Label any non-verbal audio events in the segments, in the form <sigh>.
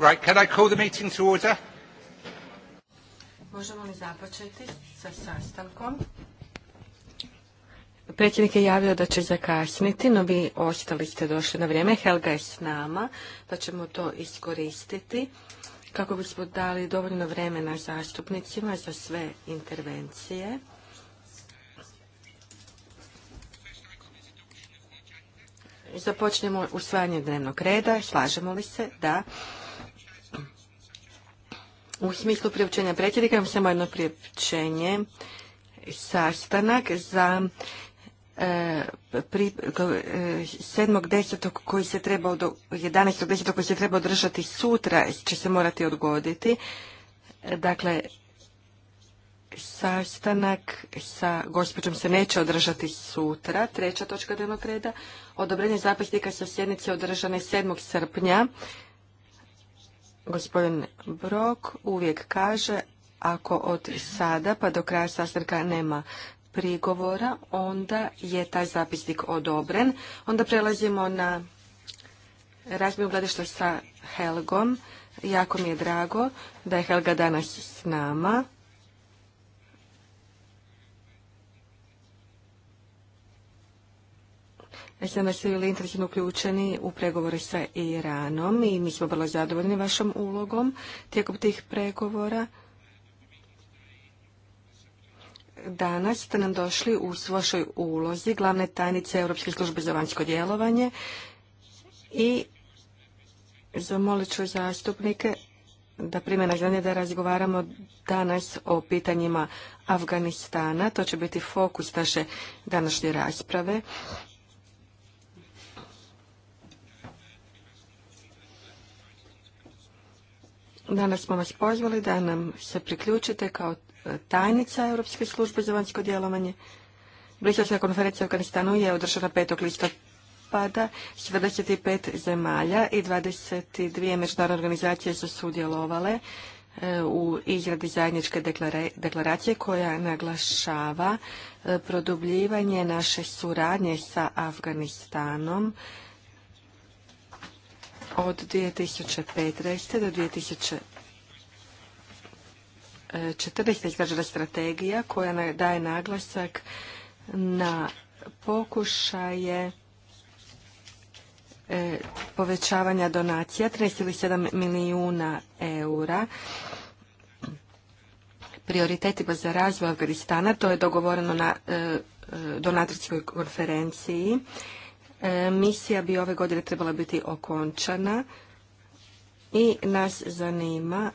Right, can I call the meeting to order? Možemo li započeti sa sastankom? Predsjednik je javio da će zakasniti, no vi ostali ste došli na vrijeme. Helga je s nama, pa ćemo to iskoristiti kako bismo dali dovoljno vremena zastupnicima za sve intervencije. Započnemo usvajanje dnevnog reda. Slažemo li se? Da. U smislu priopćenja predsjednika imam samo jedno priopćenje. Sastanak za e, e, koji se 11.10. koji se treba održati sutra će se morati odgoditi. Dakle, sastanak sa gospođom se neće održati sutra. Treća točka dnevnog reda. Odobrenje zapisnika sa sjednice održane 7. srpnja. Gospodin Brok uvijek kaže ako od sada pa do kraja sastanka nema prigovora, onda je taj zapisnik odobren. Onda prelazimo na razmiju gledišta sa Helgom. Jako mi je drago da je Helga danas s nama. Znam ste bili intenzivno uključeni u pregovore sa Iranom i mi smo vrlo zadovoljni vašom ulogom tijekom tih pregovora. Danas ste nam došli u vašoj ulozi glavne tajnice Europske službe za vanjsko djelovanje i zamolit ću zastupnike da prime na znanje da razgovaramo danas o pitanjima Afganistana. To će biti fokus naše današnje rasprave. Danas smo vas pozvali da nam se priključite kao e, tajnica Europske službe za vanjsko djelovanje. Brislavska konferencija u Afganistanu je održana 5. listopada, 45 zemalja i 22 međunarodne organizacije su sudjelovale e, u izradi zajedničke deklaracije koja naglašava e, produbljivanje naše suradnje sa Afganistanom od 2015. do 2014. izgrađena znači, strategija koja daje naglasak na pokušaje e, povećavanja donacija 13,7 milijuna eura prioritetima za razvoj Afganistana. To je dogovoreno na e, e, donatorskoj konferenciji E, misija bi ove godine trebala biti okončana i nas zanima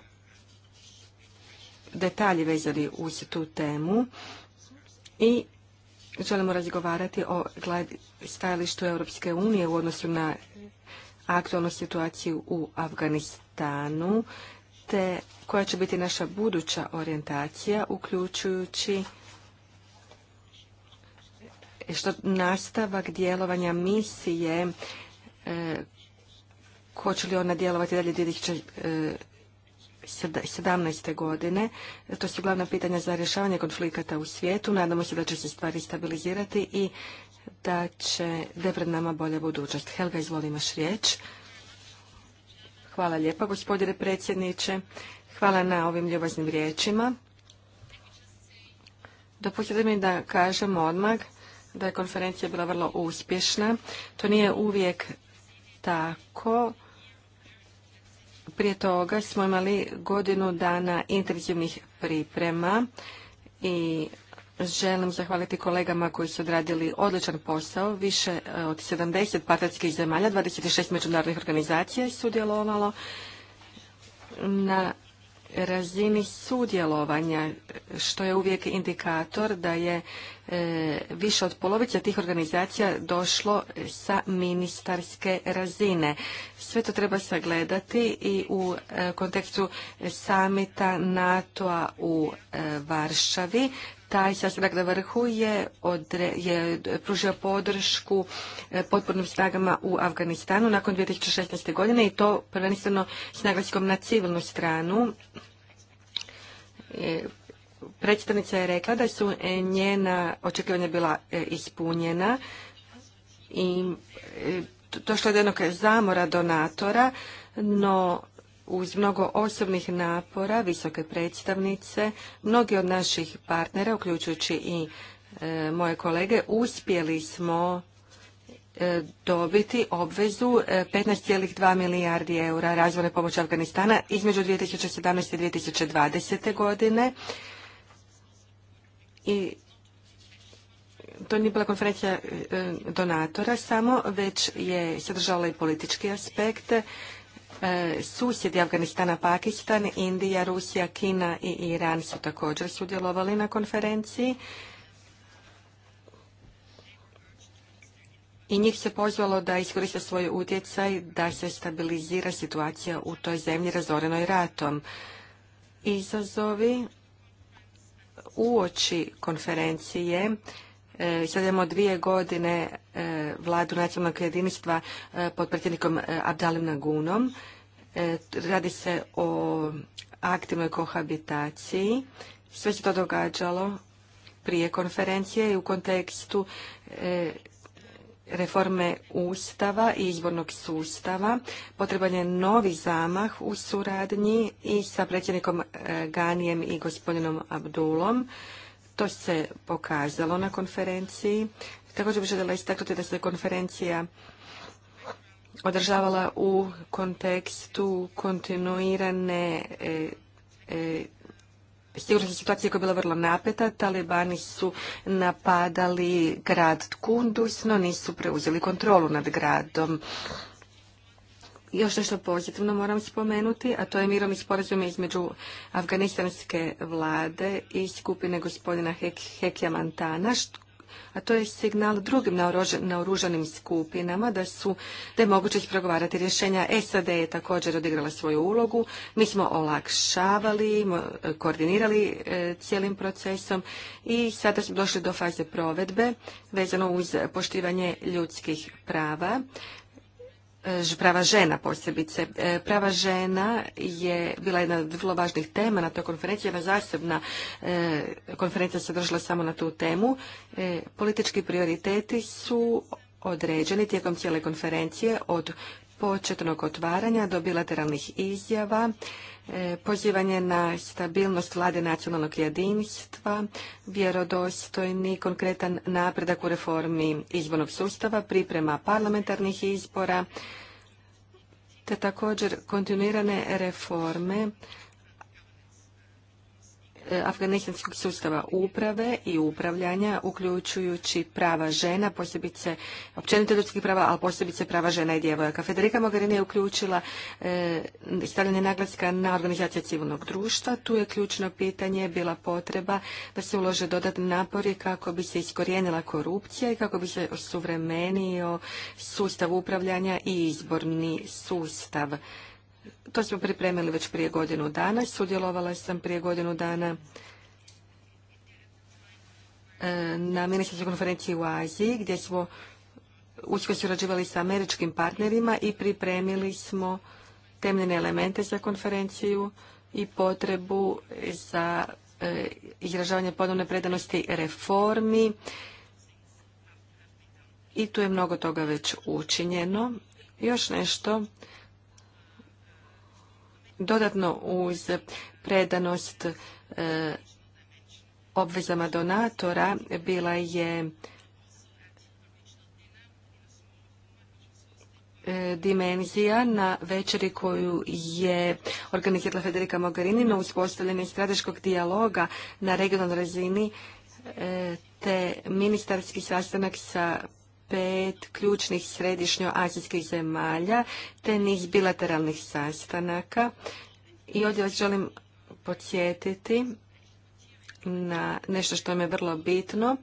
detalji vezani uz tu temu i želimo razgovarati o stajalištu Europske unije u odnosu na aktualnu situaciju u Afganistanu, te koja će biti naša buduća orijentacija, uključujući što nastavak djelovanja misije e, hoće li ona djelovati dalje 2017. E, godine. To su glavna pitanja za rješavanje konflikata u svijetu. Nadamo se da će se stvari stabilizirati i da će da pred nama bolja budućnost. Helga, izvoli imaš riječ. Hvala lijepa, gospodine predsjedniče. Hvala na ovim ljubaznim riječima. Dopustite mi da kažem odmah da je konferencija bila vrlo uspješna. To nije uvijek tako. Prije toga smo imali godinu dana intenzivnih priprema i želim zahvaliti kolegama koji su odradili odličan posao. Više e, od 70 partnerskih zemalja, 26 međunarodnih organizacija je sudjelovalo na razini sudjelovanja, što je uvijek indikator da je e, više od polovice tih organizacija došlo sa ministarske razine. Sve to treba sagledati i u e, kontekstu samita NATO-a u e, Varšavi. Taj sastanak na vrhu je, je pružio podršku e, potpornim snagama u Afganistanu nakon 2016. godine i to prvenstveno s naglaskom na civilnu stranu. E, predstavnica je rekla da su e, njena očekivanja bila ispunjena i što je do jednog zamora donatora, no uz mnogo osobnih napora visoke predstavnice, mnogi od naših partnera, uključujući i e, moje kolege, uspjeli smo e, dobiti obvezu 15,2 e, milijardi eura razvojne pomoći Afganistana između 2017. i 2020. godine. I to nije bila konferencija donatora samo, već je sadržala i politički aspekt. E, susjedi Afganistana, Pakistan, Indija, Rusija, Kina i Iran su također sudjelovali na konferenciji. I njih se pozvalo da iskoriste svoj utjecaj da se stabilizira situacija u toj zemlji razorenoj ratom. Izazovi uoči konferencije E, sad imamo dvije godine e, vladu nacionalnog jedinstva e, pod predsjednikom Abdalim Nagunom. Radi se o aktivnoj kohabitaciji. Sve se to događalo prije konferencije i u kontekstu reforme ustava i izbornog sustava. Potreban je novi zamah u suradnji i sa predsjednikom Ganijem i gospodinom Abdulom. To se pokazalo na konferenciji. Također bih željela istaknuti da se konferencija održavala u kontekstu kontinuirane e, e, situacije koja je bila vrlo napeta. Talibani su napadali grad Kundus, no nisu preuzeli kontrolu nad gradom. Još nešto pozitivno moram spomenuti, a to je i sporazum između afganistanske vlade i skupine gospodina Hek Hekja Mantana, a to je signal drugim naoružanim skupinama da su da je moguće ispregovarati rješenja. SAD je također odigrala svoju ulogu. Mi smo olakšavali, koordinirali e, cijelim procesom i sada smo došli do faze provedbe vezano uz poštivanje ljudskih prava prava žena posebice. E, prava žena je bila jedna od vrlo važnih tema na toj konferenciji. Jedna zasebna e, konferencija se držila samo na tu temu. E, politički prioriteti su određeni tijekom cijele konferencije od početnog otvaranja do bilateralnih izjava E, pozivanje na stabilnost vlade nacionalnog jedinstva, vjerodostojni konkretan napredak u reformi izbornog sustava, priprema parlamentarnih izbora, te također kontinuirane reforme E, afganistanskog sustava uprave i upravljanja, uključujući prava žena, posebice općenito ljudskih prava, ali posebice prava žena i djevojaka. Federica Mogherini je uključila e, stavljanje naglaska na organizacije civilnog društva. Tu je ključno pitanje bila potreba da se ulože dodatni napori kako bi se iskorijenila korupcija i kako bi se osuvremenio sustav upravljanja i izborni sustav to smo pripremili već prije godinu dana. Sudjelovala sam prije godinu dana e, na ministarskoj konferenciji u Aziji gdje smo usko surađivali sa američkim partnerima i pripremili smo temeljne elemente za konferenciju i potrebu za e, izražavanje ponovne predanosti reformi. I tu je mnogo toga već učinjeno. Još nešto dodatno uz predanost e, obvezama donatora bila je e, dimenzija na večeri koju je organizirala Federica Mogherini na uspostavljanje strateškog dijaloga na regionalnoj razini e, te ministarski sastanak sa pet ključnih središnjoazijskih zemalja te niz bilateralnih sastanaka. I ovdje vas želim podsjetiti na nešto što je vrlo bitno.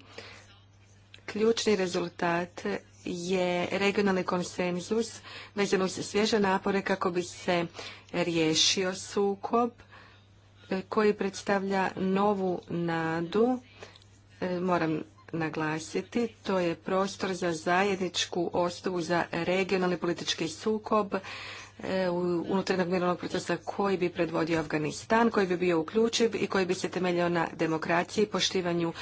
Ključni rezultat je regionalni konsenzus vezano uz svježe napore kako bi se riješio sukob e, koji predstavlja novu nadu e, moram naglasiti, to je prostor za zajedničku ostavu za regionalni politički sukob e, unutarnjeg mirovnog procesa koji bi predvodio Afganistan, koji bi bio uključiv i koji bi se temeljio na demokraciji, poštivanju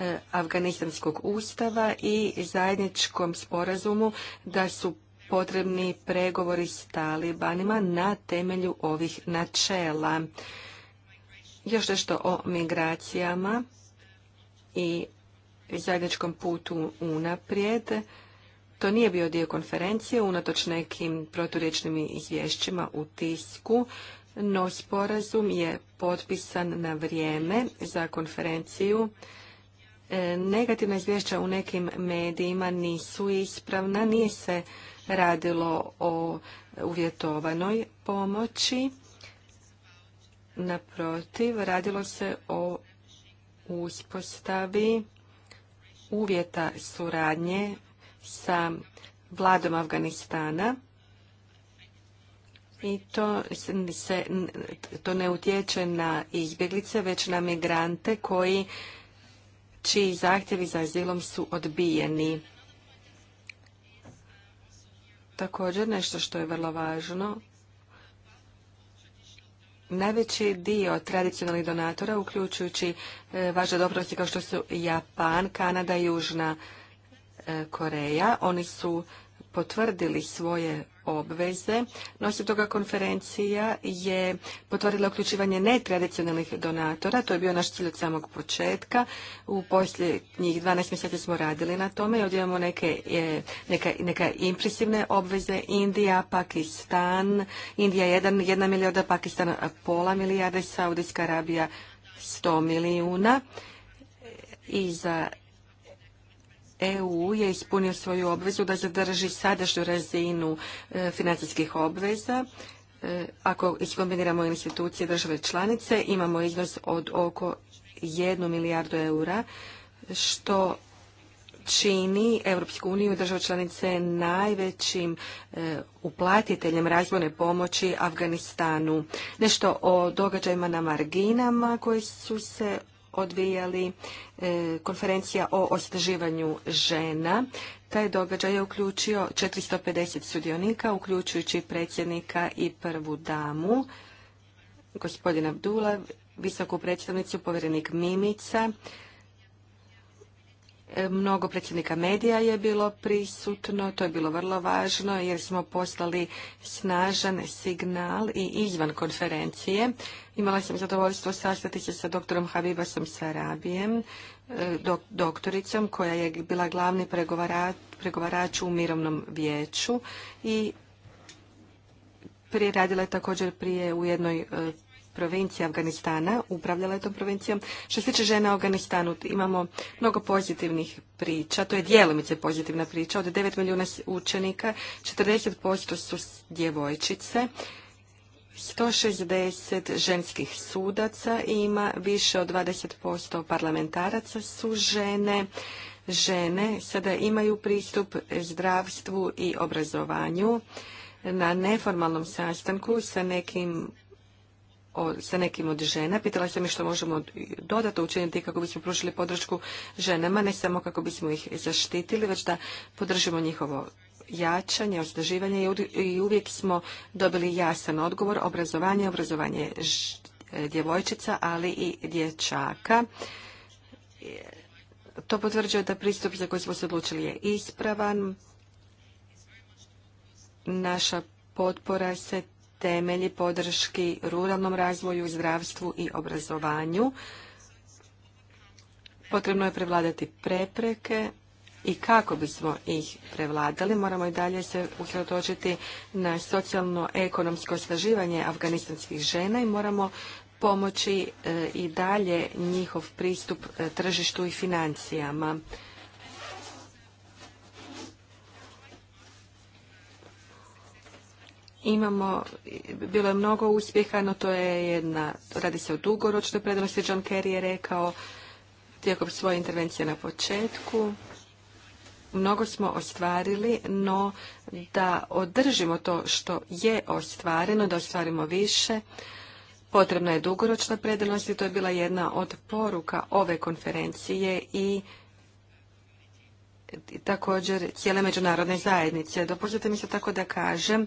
e, afganistanskog ustava i zajedničkom sporazumu da su potrebni pregovori s talibanima na temelju ovih načela. Još nešto o migracijama i zajedničkom putu unaprijed. To nije bio dio konferencije, unatoč nekim proturječnim izvješćima u tisku, no sporazum je potpisan na vrijeme za konferenciju. E, negativna izvješća u nekim medijima nisu ispravna, nije se radilo o uvjetovanoj pomoći. Naprotiv, radilo se o uspostavi uvjeta suradnje sa vladom Afganistana i to, se, to ne utječe na izbjeglice, već na migrante koji čiji zahtjevi za azilom su odbijeni. Također nešto što je vrlo važno Najveći dio tradicionalnih donatora, uključujući e, važne dobrosti kao što su Japan, Kanada i Južna e, Koreja, oni su potvrdili svoje obveze, no toga konferencija je potvorila uključivanje netradicionalnih donatora, to je bio naš cilj od samog početka. U posljednjih 12 mjeseci smo radili na tome i ovdje imamo neke, e, neka, neka impresivne obveze Indija, Pakistan, Indija jedan jedna milijarda, Pakistan pola milijarde, Saudijska Arabija 100 milijuna i za EU je ispunio svoju obvezu da zadrži sadašnju razinu e, financijskih obveza. E, ako iskombiniramo institucije države članice, imamo iznos od oko 1 milijardu eura, što čini Europsku uniju država članice najvećim e, uplatiteljem razvojne pomoći Afganistanu. Nešto o događajima na marginama koji su se odvijali e, konferencija o osnaživanju žena. Taj događaj je uključio 450 sudionika, uključujući predsjednika i prvu damu, gospodina Abdula, visoku predstavnicu, povjerenik Mimica, E, mnogo predsjednika medija je bilo prisutno, to je bilo vrlo važno jer smo poslali snažan signal i izvan konferencije. Imala sam zadovoljstvo sastati se sa doktorom Habibasom Sarabijem, e, doktoricom koja je bila glavni pregovarač, u Mirovnom vijeću i prije radila je također prije u jednoj e, provincija Afganistana, upravljala je tom provincijom. Što se tiče žena u Afganistanu, imamo mnogo pozitivnih priča, to je dijelomice pozitivna priča, od 9 milijuna učenika, 40% su djevojčice, 160 ženskih sudaca ima, više od 20% parlamentaraca su žene, žene sada imaju pristup zdravstvu i obrazovanju. Na neformalnom sastanku sa nekim o, sa nekim od žena. Pitala sam ih što možemo dodatno učiniti kako bismo pružili podršku ženama, ne samo kako bismo ih zaštitili, već da podržimo njihovo jačanje, osnaživanje i uvijek smo dobili jasan odgovor, obrazovanje, obrazovanje e, djevojčica, ali i dječaka. To potvrđuje da pristup za koji smo se odlučili je ispravan. Naša potpora se temelji podrški ruralnom razvoju, zdravstvu i obrazovanju. Potrebno je prevladati prepreke i kako bismo ih prevladali, moramo i dalje se usredotočiti na socijalno-ekonomsko osnaživanje afganistanskih žena i moramo pomoći e, i dalje njihov pristup e, tržištu i financijama. Imamo, bilo je mnogo uspjeha, no to je jedna, radi se o dugoročnoj predanosti, John Kerry je rekao tijekom svoje intervencije na početku. Mnogo smo ostvarili, no da održimo to što je ostvareno, da ostvarimo više, potrebna je dugoročna predanost i to je bila jedna od poruka ove konferencije i također cijele međunarodne zajednice. Dopustite mi se tako da kažem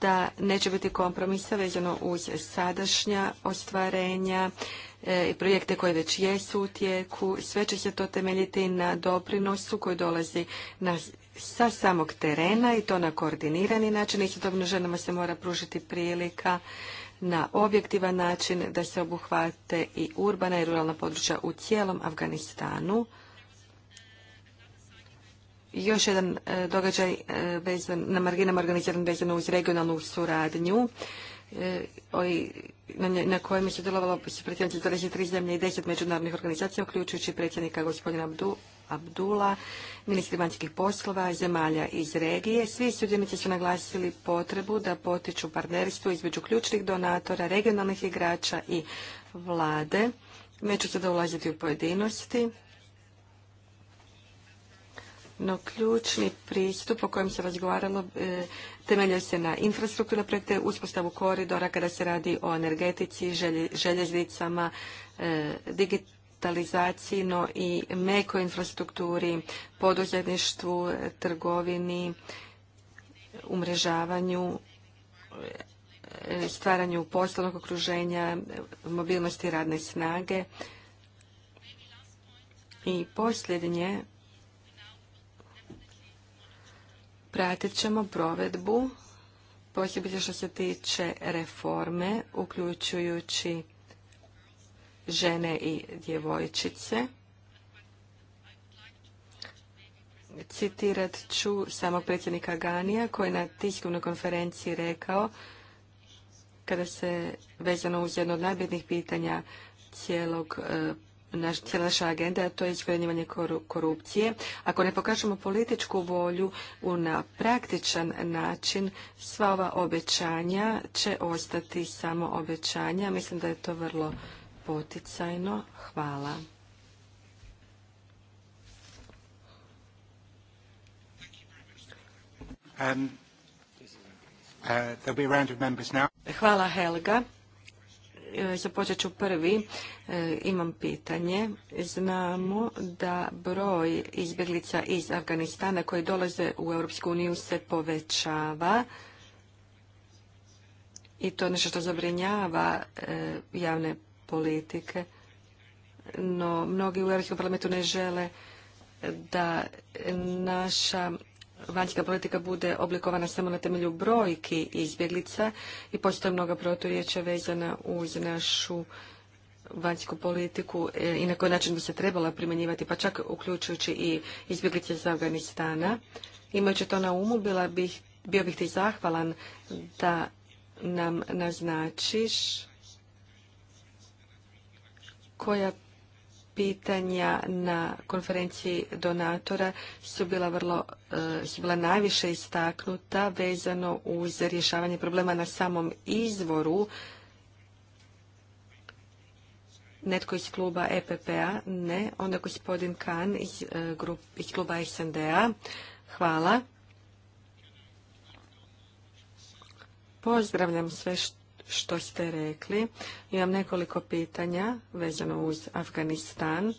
da neće biti kompromisa vezano uz sadašnja ostvarenja e, i projekte koje već jesu u tijeku. Sve će se to temeljiti na doprinosu koji dolazi na, sa samog terena i to na koordinirani način. Istodobno ženama se mora pružiti prilika na objektivan način da se obuhvate i urbana i ruralna područja u cijelom Afganistanu još jedan e, događaj e, na marginama organiziran vezano uz regionalnu suradnju e, na kojem je sudjelovalo predsjednici 23 zemlje i 10 međunarodnih organizacija, uključujući predsjednika gospodina Abdula, ministri vanjskih poslova, zemalja iz regije. Svi sudionici su naglasili potrebu da potiču partnerstvo između ključnih donatora, regionalnih igrača i vlade. Neću sada ulaziti u pojedinosti. No ključni pristup o kojem se razgovaralo e, temelja se na infrastrukturno projekte, uspostavu koridora kada se radi o energetici, željeznicama, e, digitalizaciji, no i mekoj infrastrukturi, poduzetništvu, trgovini, umrežavanju, e, stvaranju poslovnog okruženja, mobilnosti radne snage. I posljednje, Pratit ćemo provedbu, posebice što se tiče reforme, uključujući žene i djevojčice. Citirat ću samog predsjednika Ganija koji je na tiskovnoj konferenciji rekao kada se vezano uz jedno od najbitnijih pitanja cijelog e, cijela naša agenda, to je iskorjenjivanje korupcije. Ako ne pokažemo političku volju na praktičan način, sva ova obećanja će ostati samo obećanja. Mislim da je to vrlo poticajno. Hvala. Um, uh, Hvala Helga. E, započet ću prvi. E, imam pitanje. Znamo da broj izbjeglica iz Afganistana koji dolaze u Europsku uniju se povećava i to je nešto što zabrinjava e, javne politike. No, mnogi u Europskom parlamentu ne žele da naša vanjska politika bude oblikovana samo na temelju brojki izbjeglica i postoje mnoga proturječja vezana uz našu vanjsku politiku e, i na koji način bi se trebala primjenjivati, pa čak uključujući i izbjeglice iz Afganistana. Imajući to na umu, bila bih, bio bih ti zahvalan da nam naznačiš koja pitanja na konferenciji donatora su bila vrlo eh, su bila najviše istaknuta vezano uz rješavanje problema na samom izvoru netko iz kluba EPP-a ne onda gospodin Kan iz, eh, grup, iz kluba SND-a hvala pozdravljam sve što što ste rekli. Imam nekoliko pitanja vezano uz Afganistan.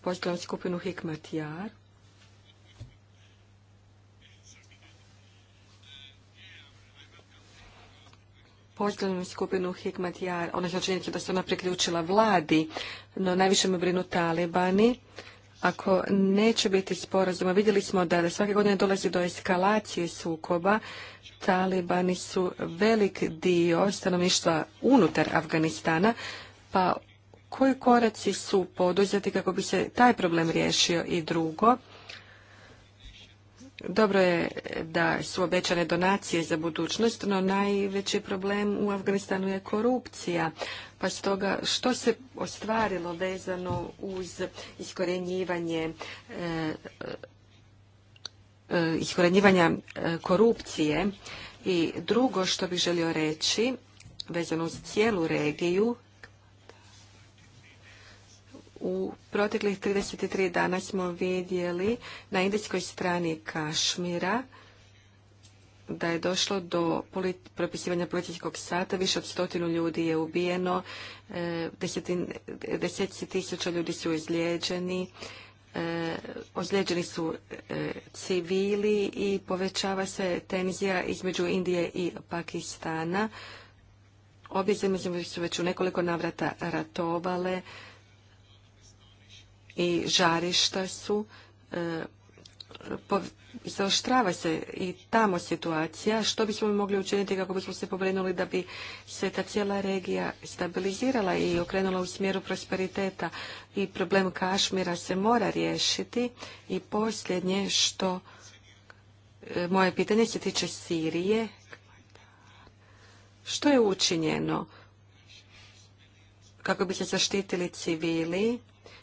Pozdravljam skupinu Hikmatjar. pozdravljam skupinu Hikmat Yar, odnosno činjenica da se ona priključila vladi, no najviše me brinu talibani ako neće biti sporazuma, vidjeli smo da svake godine dolazi do eskalacije sukoba, Talibani su velik dio stanovništva unutar Afganistana, pa koji koraci su poduzeti kako bi se taj problem riješio i drugo? Dobro je da su obećane donacije za budućnost, no najveći problem u Afganistanu je korupcija. Pa stoga što se ostvarilo vezano uz iskorjenjivanje eh, eh, iskorenjivanja eh, korupcije i drugo što bih želio reći vezano uz cijelu regiju u proteklih 33 dana smo vidjeli na indijskoj strani Kašmira da je došlo do propisivanja policijskog sata. Više od stotinu ljudi je ubijeno, e, deseci tisuća ljudi su izlijeđeni, e, ozlijeđeni su e, civili i povećava se tenzija između Indije i Pakistana. Obje zemlje su već u nekoliko navrata ratovale i žarišta su e, zaoštrava se i tamo situacija. Što bismo mogli učiniti kako bismo se pobrinuli da bi se ta cijela regija stabilizirala i okrenula u smjeru prosperiteta i problem Kašmira se mora riješiti. I posljednje što e, moje pitanje se tiče Sirije. Što je učinjeno kako bi se zaštitili civili?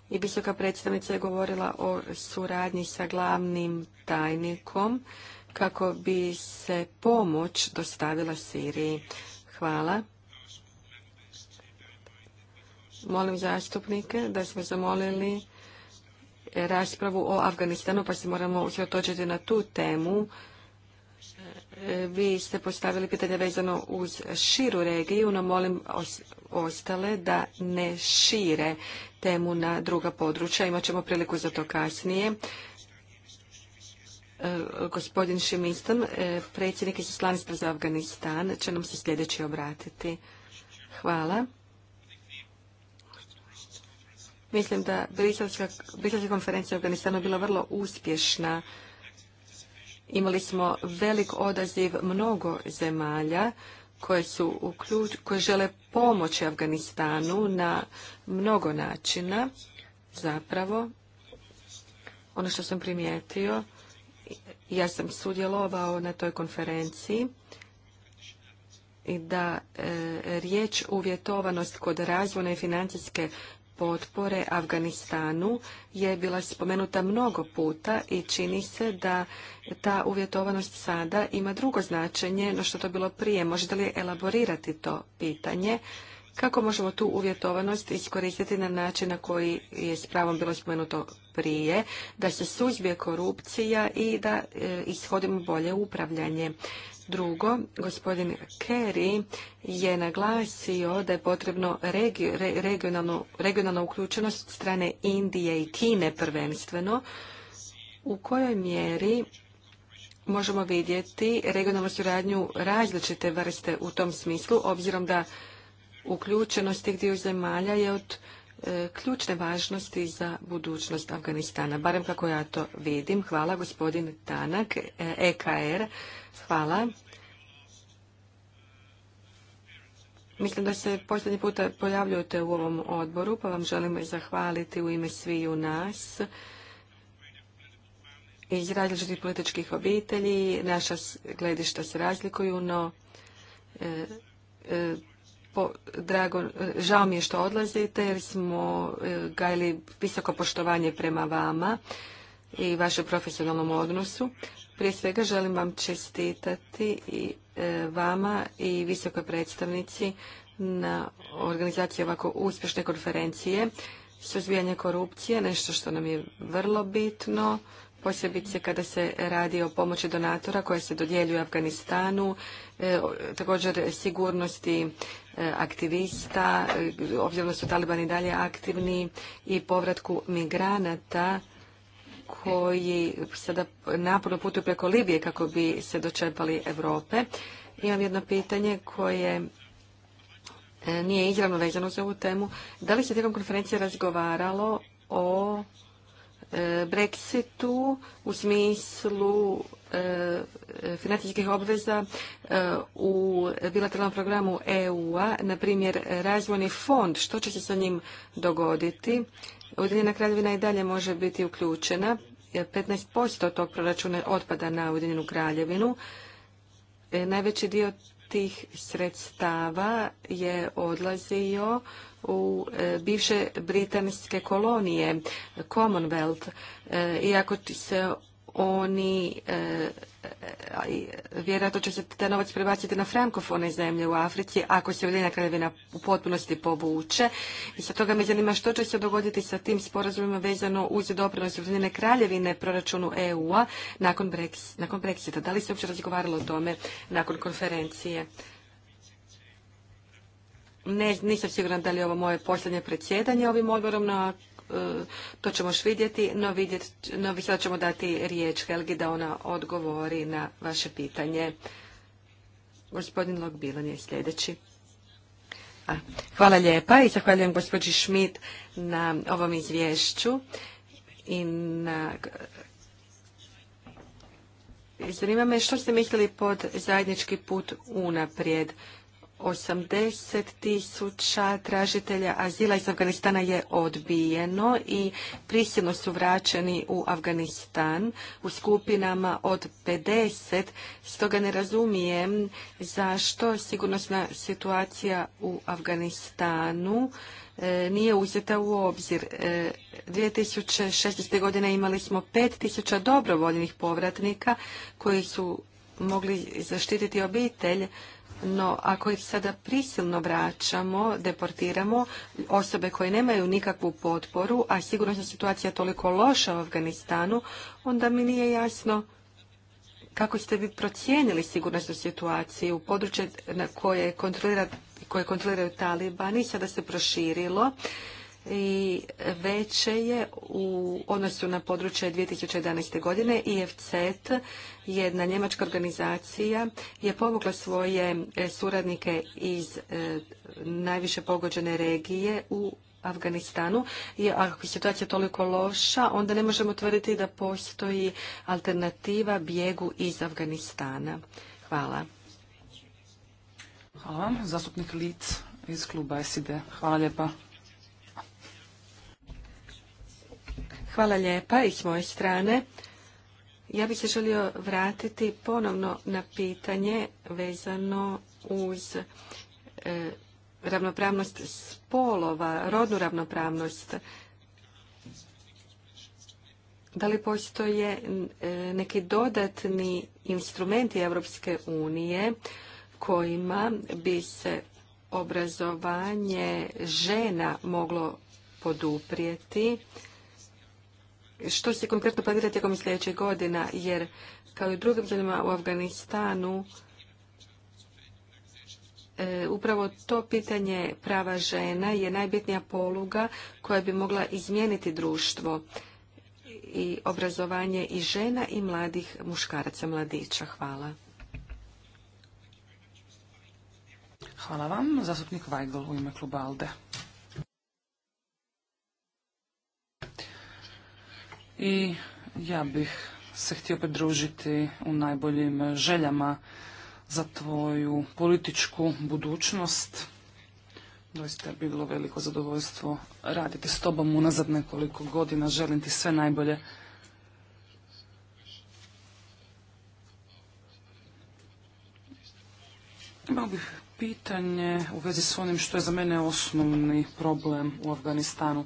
i visoka predstavnica je govorila o suradnji sa glavnim tajnikom kako bi se pomoć dostavila Siriji. Hvala. Molim zastupnike da smo zamolili raspravu o Afganistanu, pa se moramo usvjetočiti na tu temu vi ste postavili pitanje vezano uz širu regiju, no molim ostale da ne šire temu na druga područja. Imaćemo priliku za to kasnije. E, gospodin Šimistan, e, predsjednik predsjednik izoslanstva za Afganistan, će nam se sljedeći obratiti. Hvala. Mislim da Briselska konferencija u Afganistanu bila vrlo uspješna Imali smo velik odaziv mnogo zemalja koje, su koje žele pomoći Afganistanu na mnogo načina. Zapravo, ono što sam primijetio, ja sam sudjelovao na toj konferenciji i da e, riječ uvjetovanost kod razvojne i financijske potpore Afganistanu je bila spomenuta mnogo puta i čini se da ta uvjetovanost sada ima drugo značenje no što to bilo prije. Možete li elaborirati to pitanje? Kako možemo tu uvjetovanost iskoristiti na način na koji je s pravom bilo spomenuto prije, da se suzbije korupcija i da e, ishodimo bolje upravljanje. Drugo, gospodin Kerry je naglasio da je potrebno regionalnu uključenost strane Indije i Kine prvenstveno, u kojoj mjeri možemo vidjeti regionalnu suradnju različite vrste u tom smislu, obzirom da uključenost tih dio zemalja je od E, ključne važnosti za budućnost Afganistana, barem kako ja to vidim. Hvala gospodin Tanak, EKR. E Hvala. Mislim da se posljednji puta pojavljujete u ovom odboru, pa vam želim zahvaliti u ime sviju nas iz različitih političkih obitelji. Naša gledišta se razlikuju, no e, po, drago, žao mi je što odlazite jer smo e, gajili visoko poštovanje prema vama i vašem profesionalnom odnosu. Prije svega želim vam čestitati i e, vama i visokoj predstavnici na organizaciji ovako uspješne konferencije. Suzbijanje korupcije, nešto što nam je vrlo bitno, posebice kada se radi o pomoći donatora koja se dodjeljuje Afganistanu, e, također sigurnosti E, aktivista, e, obzirom da su talibani dalje aktivni i povratku migranata koji sada naporno putuju preko Libije kako bi se dočepali Europe. Imam jedno pitanje koje e, nije izravno vezano za ovu temu. Da li se tijekom konferencije razgovaralo o E, Brexitu u smislu e, financijskih obveza e, u bilateralnom programu EU-a, na primjer razvojni fond, što će se sa njim dogoditi? Ujedinjena kraljevina i dalje može biti uključena. 15% tog proračuna otpada na Ujedinjenu kraljevinu. najveći dio tih sredstava je odlazio u e, bivše britanske kolonije, Commonwealth, e, iako se oni e, vjerojatno će se taj novac prebaciti na frankofone zemlje u Africi ako se Ujedinjena kraljevina u potpunosti povuče. I sa toga me zanima što će se dogoditi sa tim sporazumima vezano uz doprinos Ujedinjene kraljevine proračunu EU-a nakon, Brexita. Da li se uopće razgovaralo o tome nakon konferencije? Ne, nisam sigurna da li je ovo moje posljednje predsjedanje ovim odborom, no e, to ćemo još vidjeti, no, vidjet, sada ćemo dati riječ Helgi da ona odgovori na vaše pitanje. Gospodin Logbilan je sljedeći. hvala lijepa i zahvaljujem gospođi Šmit na ovom izvješću i na Zanima me što ste mislili pod zajednički put unaprijed. 80 tisuća tražitelja azila iz Afganistana je odbijeno i prisilno su vraćeni u Afganistan u skupinama od 50. Stoga ne razumijem zašto sigurnosna situacija u Afganistanu e, nije uzeta u obzir. 2016. E, godine imali smo 5000 dobrovoljnih povratnika koji su mogli zaštititi obitelj no ako ih sada prisilno vraćamo, deportiramo osobe koje nemaju nikakvu potporu, a sigurnosna situacija je toliko loša u Afganistanu, onda mi nije jasno kako ste vi procijenili sigurnosnu situaciju, područje na koje, kontrolira, koje kontroliraju talibani, sada se proširilo i veće je u odnosu na područje 2011. godine. IFCET, jedna njemačka organizacija, je povukla svoje e, suradnike iz e, najviše pogođene regije u Afganistanu. I ako je situacija toliko loša, onda ne možemo tvrditi da postoji alternativa bijegu iz Afganistana. Hvala. Hvala vam. Zastupnik Lic iz kluba SID. Hvala lijepa. Hvala lijepa i s moje strane. Ja bih se želio vratiti ponovno na pitanje vezano uz e, ravnopravnost spolova, rodnu ravnopravnost. Da li postoje e, neki dodatni instrumenti Europske unije kojima bi se obrazovanje žena moglo poduprijeti? što se konkretno planirati tijekom sljedećih godina, jer kao i u drugim zemljama u Afganistanu, e, upravo to pitanje prava žena je najbitnija poluga koja bi mogla izmijeniti društvo i obrazovanje i žena i mladih muškaraca, mladića. Hvala. Hvala vam. Zastupnik Weigl u ime kluba i ja bih se htio pridružiti u najboljim željama za tvoju političku budućnost. Doista je bilo veliko zadovoljstvo raditi s tobom unazad nekoliko godina. Želim ti sve najbolje. Imao bih pitanje u vezi s onim što je za mene osnovni problem u Afganistanu.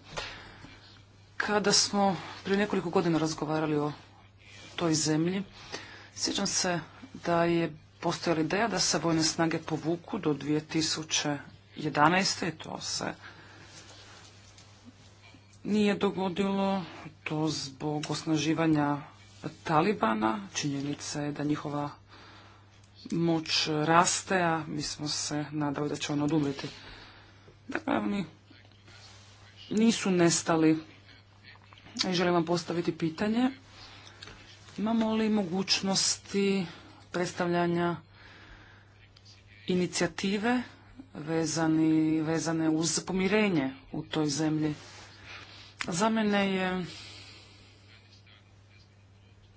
Kada smo prije nekoliko godina razgovarali o toj zemlji, sjećam se da je postojala ideja da se vojne snage povuku do 2011. i to se nije dogodilo, to zbog osnaživanja Talibana. Činjenica je da njihova moć raste, a mi smo se nadali da će ono odumriti. Dakle, oni nisu nestali i želim vam postaviti pitanje. Imamo li mogućnosti predstavljanja inicijative vezani, vezane uz pomirenje u toj zemlji? Za mene je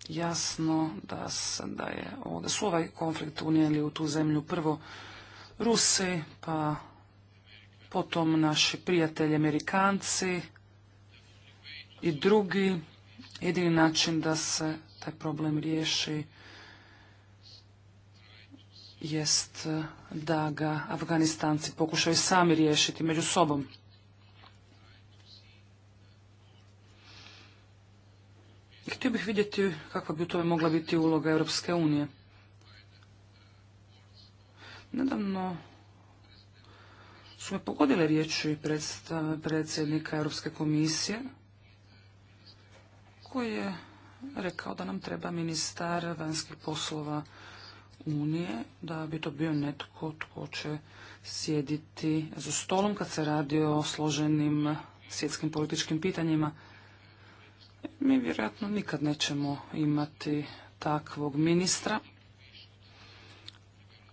jasno da, da, je, da su ovaj konflikt unijeli u tu zemlju prvo Rusi, pa potom naši prijatelji Amerikanci, i drugi jedini način da se taj problem riješi jest da ga Afganistanci pokušaju sami riješiti među sobom. I htio bih vidjeti kakva bi u tome mogla biti uloga Europske unije. Nedavno su me pogodile riječi predsjednika Europske komisije je rekao da nam treba ministar vanjskih poslova Unije, da bi to bio netko tko će sjediti za stolom kad se radi o složenim svjetskim političkim pitanjima. Mi vjerojatno nikad nećemo imati takvog ministra,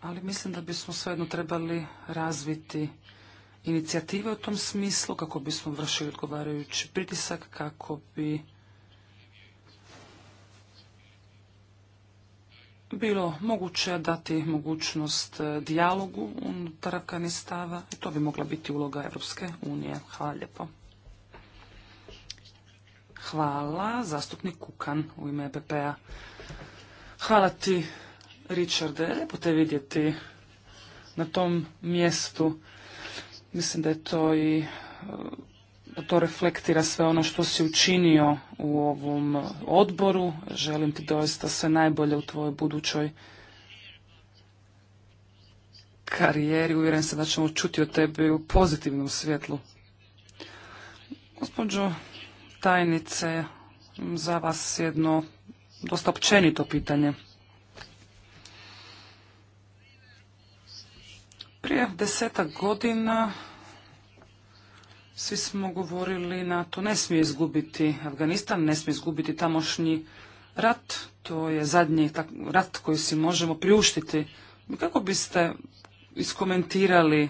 ali mislim da bismo svejedno trebali razviti inicijative u tom smislu kako bismo vršili odgovarajući pritisak, kako bi bilo moguće dati mogućnost e, dijalogu unutar Afganistava i to bi mogla biti uloga Europske unije. Hvala lijepo. Hvala, zastupnik Kukan u ime EPP-a. Hvala ti, Richarde, lijepo te vidjeti na tom mjestu. Mislim da je to i e, to reflektira sve ono što si učinio u ovom odboru. Želim ti doista sve najbolje u tvojoj budućoj karijeri. Uvjeren se da ćemo čuti o tebi u pozitivnom svjetlu. Gospođo tajnice, za vas jedno dosta općenito pitanje. Prije desetak godina svi smo govorili na to ne smije izgubiti Afganistan, ne smije izgubiti tamošnji rat. To je zadnji rat koji si možemo priuštiti. Kako biste iskomentirali e,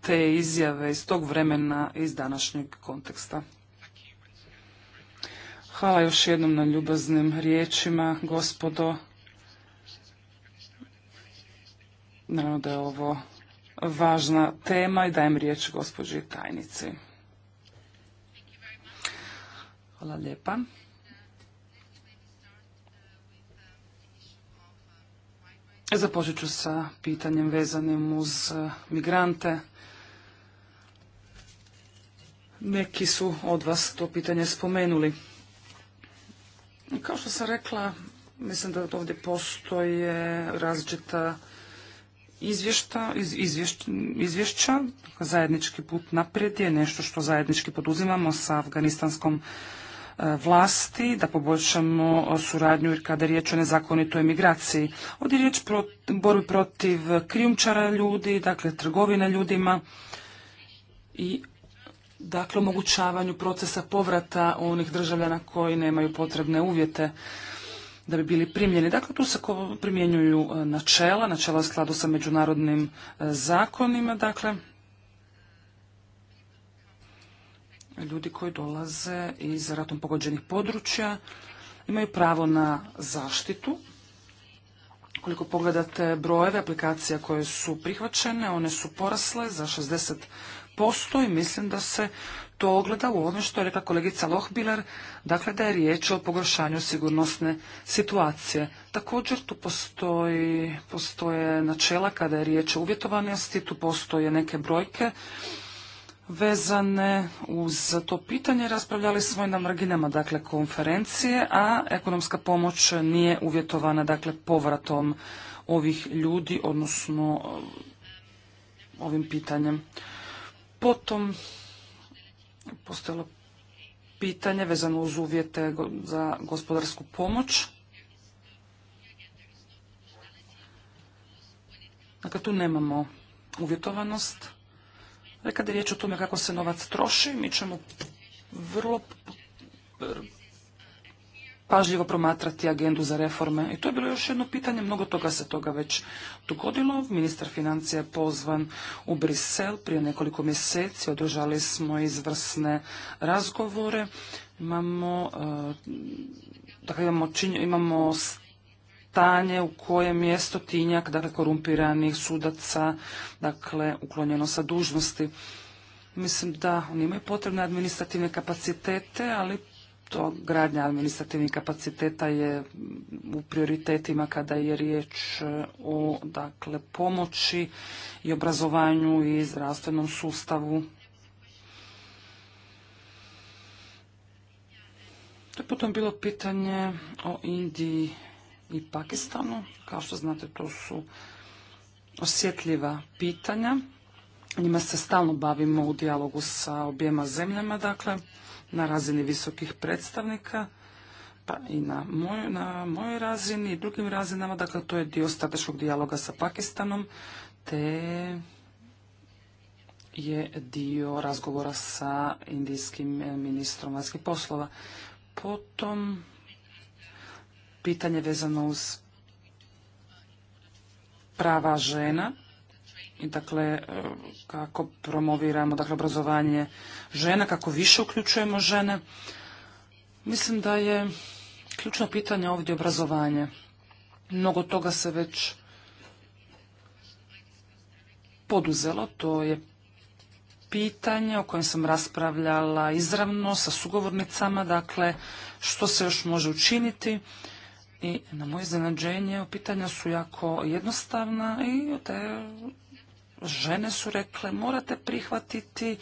te izjave iz tog vremena, iz današnjeg konteksta? Hvala još jednom na ljubaznim riječima, gospodo. Naravno da je ovo važna tema i dajem riječ gospođi tajnici. Hvala lijepa. Započet ću sa pitanjem vezanim uz e, migrante. Neki su od vas to pitanje spomenuli. Kao što sam rekla, mislim da ovdje postoje različita izvješća, zajednički put naprijed je nešto što zajednički poduzimamo sa afganistanskom e, vlasti da poboljšamo e, suradnju jer kada je riječ o nezakonitoj emigraciji. Ovdje je riječ o borbi protiv krijumčara ljudi, dakle trgovine ljudima i dakle omogućavanju procesa povrata onih državljana koji nemaju potrebne uvjete da bi bili primljeni. Dakle, tu se primjenjuju e, načela, načela u skladu sa međunarodnim e, zakonima, dakle, ljudi koji dolaze iz ratom pogođenih područja imaju pravo na zaštitu. Koliko pogledate brojeve aplikacija koje su prihvaćene, one su porasle za 60% i mislim da se to ogleda u ono što je rekla kolegica Lohbiler, dakle da je riječ o pogoršanju sigurnosne situacije. Također tu postoji, postoje načela kada je riječ o uvjetovanosti, tu postoje neke brojke vezane uz to pitanje. Raspravljali smo i na marginama dakle, konferencije, a ekonomska pomoć nije uvjetovana dakle, povratom ovih ljudi, odnosno ovim pitanjem. Potom postojalo pitanje vezano uz uvjete za gospodarsku pomoć. Dakle, tu nemamo uvjetovanost. Kada je riječ o tome kako se novac troši, mi ćemo vrlo pažljivo promatrati agendu za reforme. I to je bilo još jedno pitanje, mnogo toga se toga već dogodilo. Ministar financija je pozvan u Brisel prije nekoliko mjeseci, održali smo izvrsne razgovore. Imamo, eh, dakle, imamo, imamo stanje u kojem je stotinjak, dakle, korumpiranih sudaca, dakle, uklonjeno sa dužnosti. Mislim da oni imaju potrebne administrativne kapacitete, ali to gradnja administrativnih kapaciteta je u prioritetima kada je riječ e, o dakle, pomoći i obrazovanju i zdravstvenom sustavu. To je potom bilo pitanje o Indiji i Pakistanu. Kao što znate, to su osjetljiva pitanja. Njima se stalno bavimo u dijalogu sa objema zemljama, dakle na razini visokih predstavnika, pa i na mojoj, na razini i drugim razinama, dakle to je dio strateškog dijaloga sa Pakistanom, te je dio razgovora sa indijskim e, ministrom vanjskih poslova. Potom pitanje vezano uz prava žena dakle e, kako promoviramo dakle obrazovanje žena, kako više uključujemo žene. Mislim da je ključno pitanje ovdje obrazovanje. Mnogo toga se već poduzelo, to je pitanje o kojem sam raspravljala izravno sa sugovornicama, dakle što se još može učiniti. I na moje iznenađenje pitanja su jako jednostavna i te žene su rekle morate prihvatiti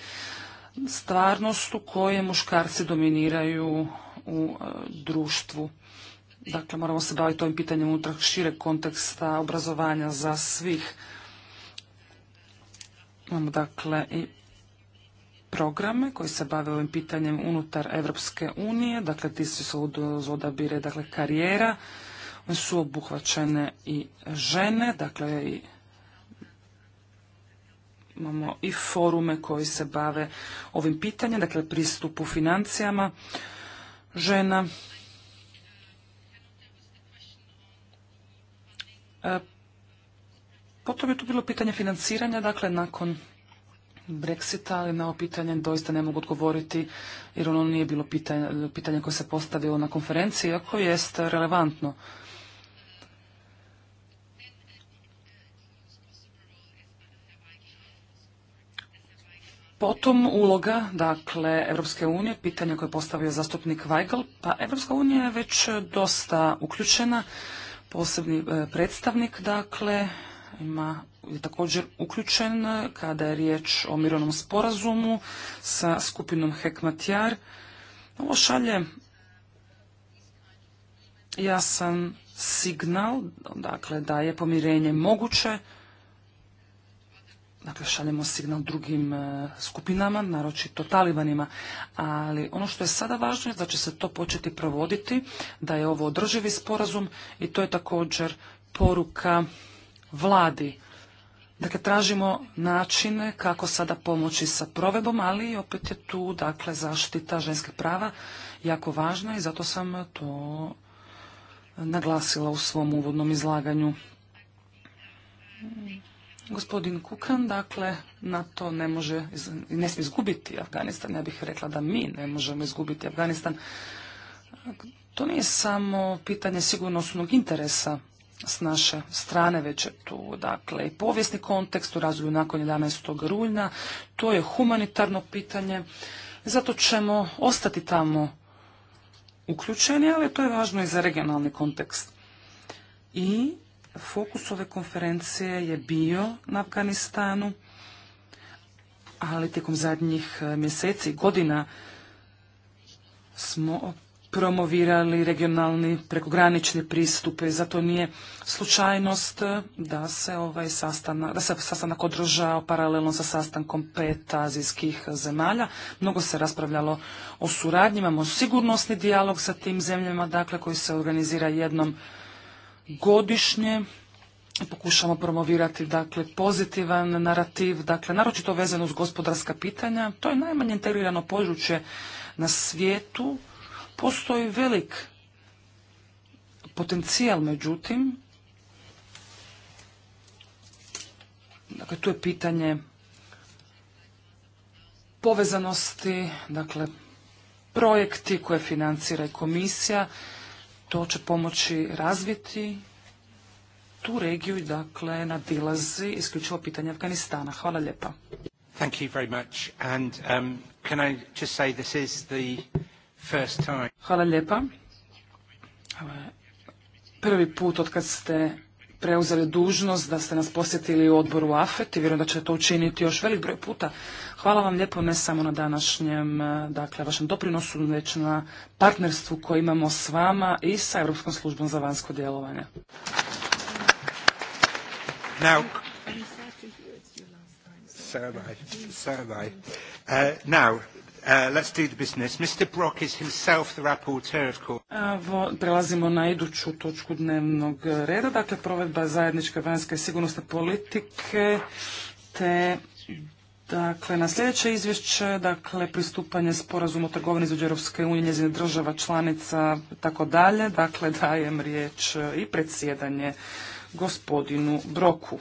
stvarnost u kojoj muškarci dominiraju u e, društvu. Dakle, moramo se baviti ovim pitanjem unutar šireg konteksta obrazovanja za svih. Imamo dakle i programe koji se bave ovim pitanjem unutar Evropske unije, dakle ti su odabire dakle, karijera, su obuhvaćene i žene, dakle i imamo i forume koji se bave ovim pitanjem, dakle pristupu financijama žena. E, potom je tu bilo pitanje financiranja, dakle nakon Brexita, ali na ovo pitanje doista ne mogu odgovoriti jer ono nije bilo pitanje, pitanje koje se postavilo na konferenciji, iako jest relevantno. Potom uloga, dakle, Europske unije, pitanje koje je postavio zastupnik Weigl, pa Europska unija je već dosta uključena, posebni e, predstavnik, dakle, ima je također uključen kada je riječ o mirovnom sporazumu sa skupinom Hekmatjar. Ovo šalje jasan signal, dakle, da je pomirenje moguće, dakle šaljemo signal drugim e, skupinama, naročito talibanima, ali ono što je sada važno je da će se to početi provoditi, da je ovo održivi sporazum i to je također poruka vladi. Dakle, tražimo načine kako sada pomoći sa provedbom, ali opet je tu, dakle, zaštita ženskih prava jako važna i zato sam to naglasila u svom uvodnom izlaganju. Gospodin Kukan, dakle, NATO ne može, ne smije izgubiti Afganistan. Ja bih rekla da mi ne možemo izgubiti Afganistan. To nije samo pitanje sigurnosnog interesa s naše strane, već je tu dakle i povijesni kontekst u razvoju nakon 11. rujna. To je humanitarno pitanje. Zato ćemo ostati tamo uključeni, ali to je važno i za regionalni kontekst. I Fokus ove konferencije je bio na Afganistanu, ali tijekom zadnjih e, mjeseci i godina smo promovirali regionalni prekogranični pristup i zato nije slučajnost e, da se ovaj sastanak, da se sastanak održao paralelno sa sastankom pet azijskih zemalja. Mnogo se raspravljalo o suradnji, imamo sigurnosni dijalog sa tim zemljama, dakle koji se organizira jednom godišnje. Pokušamo promovirati dakle, pozitivan narativ, dakle, naročito vezan uz gospodarska pitanja. To je najmanje integrirano područje na svijetu. Postoji velik potencijal, međutim, dakle, tu je pitanje povezanosti, dakle, projekti koje financira i komisija, to će pomoći razviti tu regiju i dakle nadilazi isključivo pitanje Afganistana. Hvala lijepa. Thank you very much. And um, can I just say this is the first time. Hvala lijepa. Prvi put od kad ste preuzeli dužnost da ste nas posjetili u odboru AFET i vjerujem da će to učiniti još velik broj puta. Hvala vam lijepo ne samo na današnjem, e, dakle, vašem doprinosu, već na partnerstvu koje imamo s vama i sa Europskom službom za vanjsko djelovanje. Uh, Uh, let's business. Mr. Brock is himself the of prelazimo na iduću točku dnevnog reda, dakle provedba zajedničke vanjske sigurnosne politike, te Dakle, na sljedeće izvješće, dakle, pristupanje sporazumu o trgovini između Europske unije, njezine država, članica, tako dalje. Dakle, dajem riječ i predsjedanje gospodinu Broku.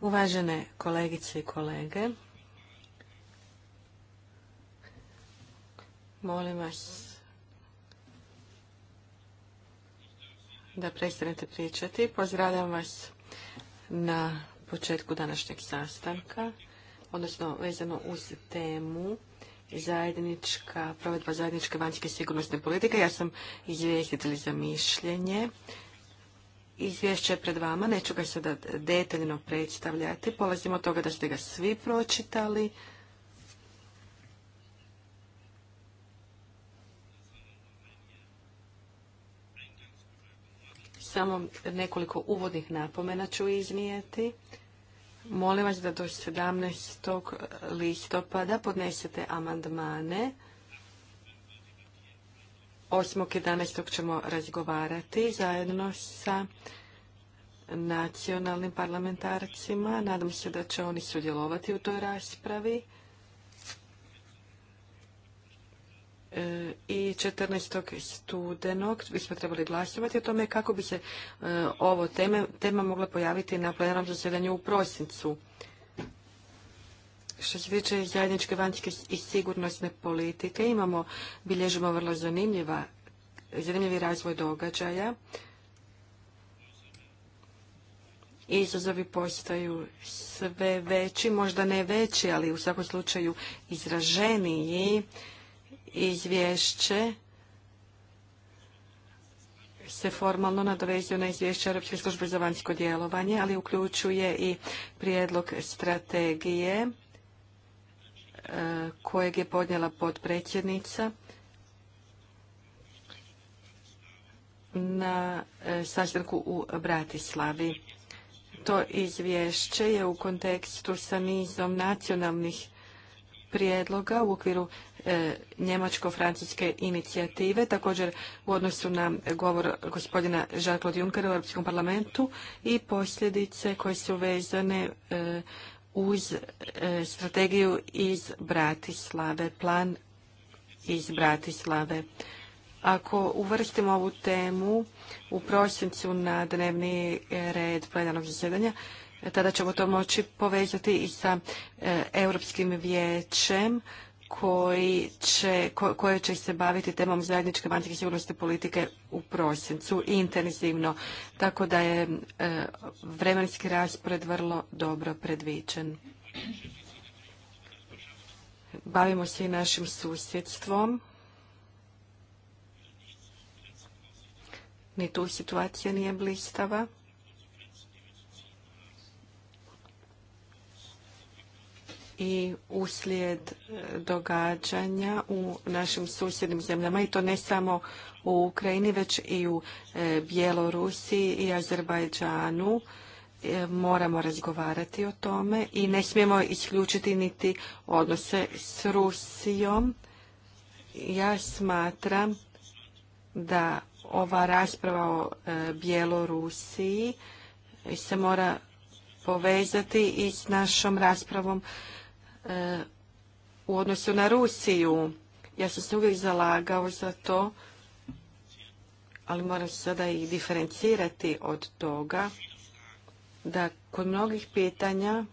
Uvažene kolegice i kolege, molim vas da prestanete pričati. Pozdravljam vas na početku današnjeg sastanka, odnosno vezano uz temu zajednička, provedba zajedničke vanjske sigurnosne politike. Ja sam izvjestitelj za mišljenje Izvješće je pred vama, neću ga sada detaljno predstavljati. Polazimo od toga da ste ga svi pročitali. Samo nekoliko uvodnih napomena ću iznijeti. Molim vas da do 17. listopada podnesete amandmane. 8. 11. ćemo razgovarati zajedno sa nacionalnim parlamentarcima. Nadam se da će oni sudjelovati u toj raspravi. E, I 14. studenog bismo trebali glasovati o tome kako bi se e, ovo tema mogla pojaviti na plenarnom zasjedanju u prosincu. Što se tiče zajedničke vanjske i sigurnosne politike, imamo, bilježimo vrlo zanimljiva, zanimljivi razvoj događaja. Izazovi postaju sve veći, možda ne veći, ali u svakom slučaju izraženiji izvješće se formalno nadovezuje na izvješće Europske službe za vanjsko djelovanje, ali uključuje i prijedlog strategije kojeg je podnijela potpredsjednica na e, sastanku u Bratislavi. To izvješće je u kontekstu sa nizom nacionalnih prijedloga u okviru e, njemačko-francuske inicijative, također u odnosu na govor gospodina jean Junkera u Europskom parlamentu i posljedice koje su vezane e, uz e, strategiju iz Bratislave, plan iz Bratislave. Ako uvrstimo ovu temu u prosincu na dnevni red plenarnog zasjedanja, e, tada ćemo to moći povezati i sa e, Europskim vijećem koji će, koje će se baviti temom zajedničke vanjske sigurnosti politike u prosincu intenzivno, tako da je e, vremenski raspored vrlo dobro predviđen. Bavimo se i našim susjedstvom. Ni tu situacija nije blistava. i uslijed e, događanja u našim susjednim zemljama i to ne samo u Ukrajini već i u e, Bjelorusiji i Azerbajdžanu e, moramo razgovarati o tome i ne smijemo isključiti niti odnose s Rusijom. Ja smatram da ova rasprava o Bjelorusiji se mora povezati i s našom raspravom E, u odnosu na Rusiju. Ja sam se uvijek zalagao za to, ali moram se sada i diferencirati od toga da kod mnogih pitanja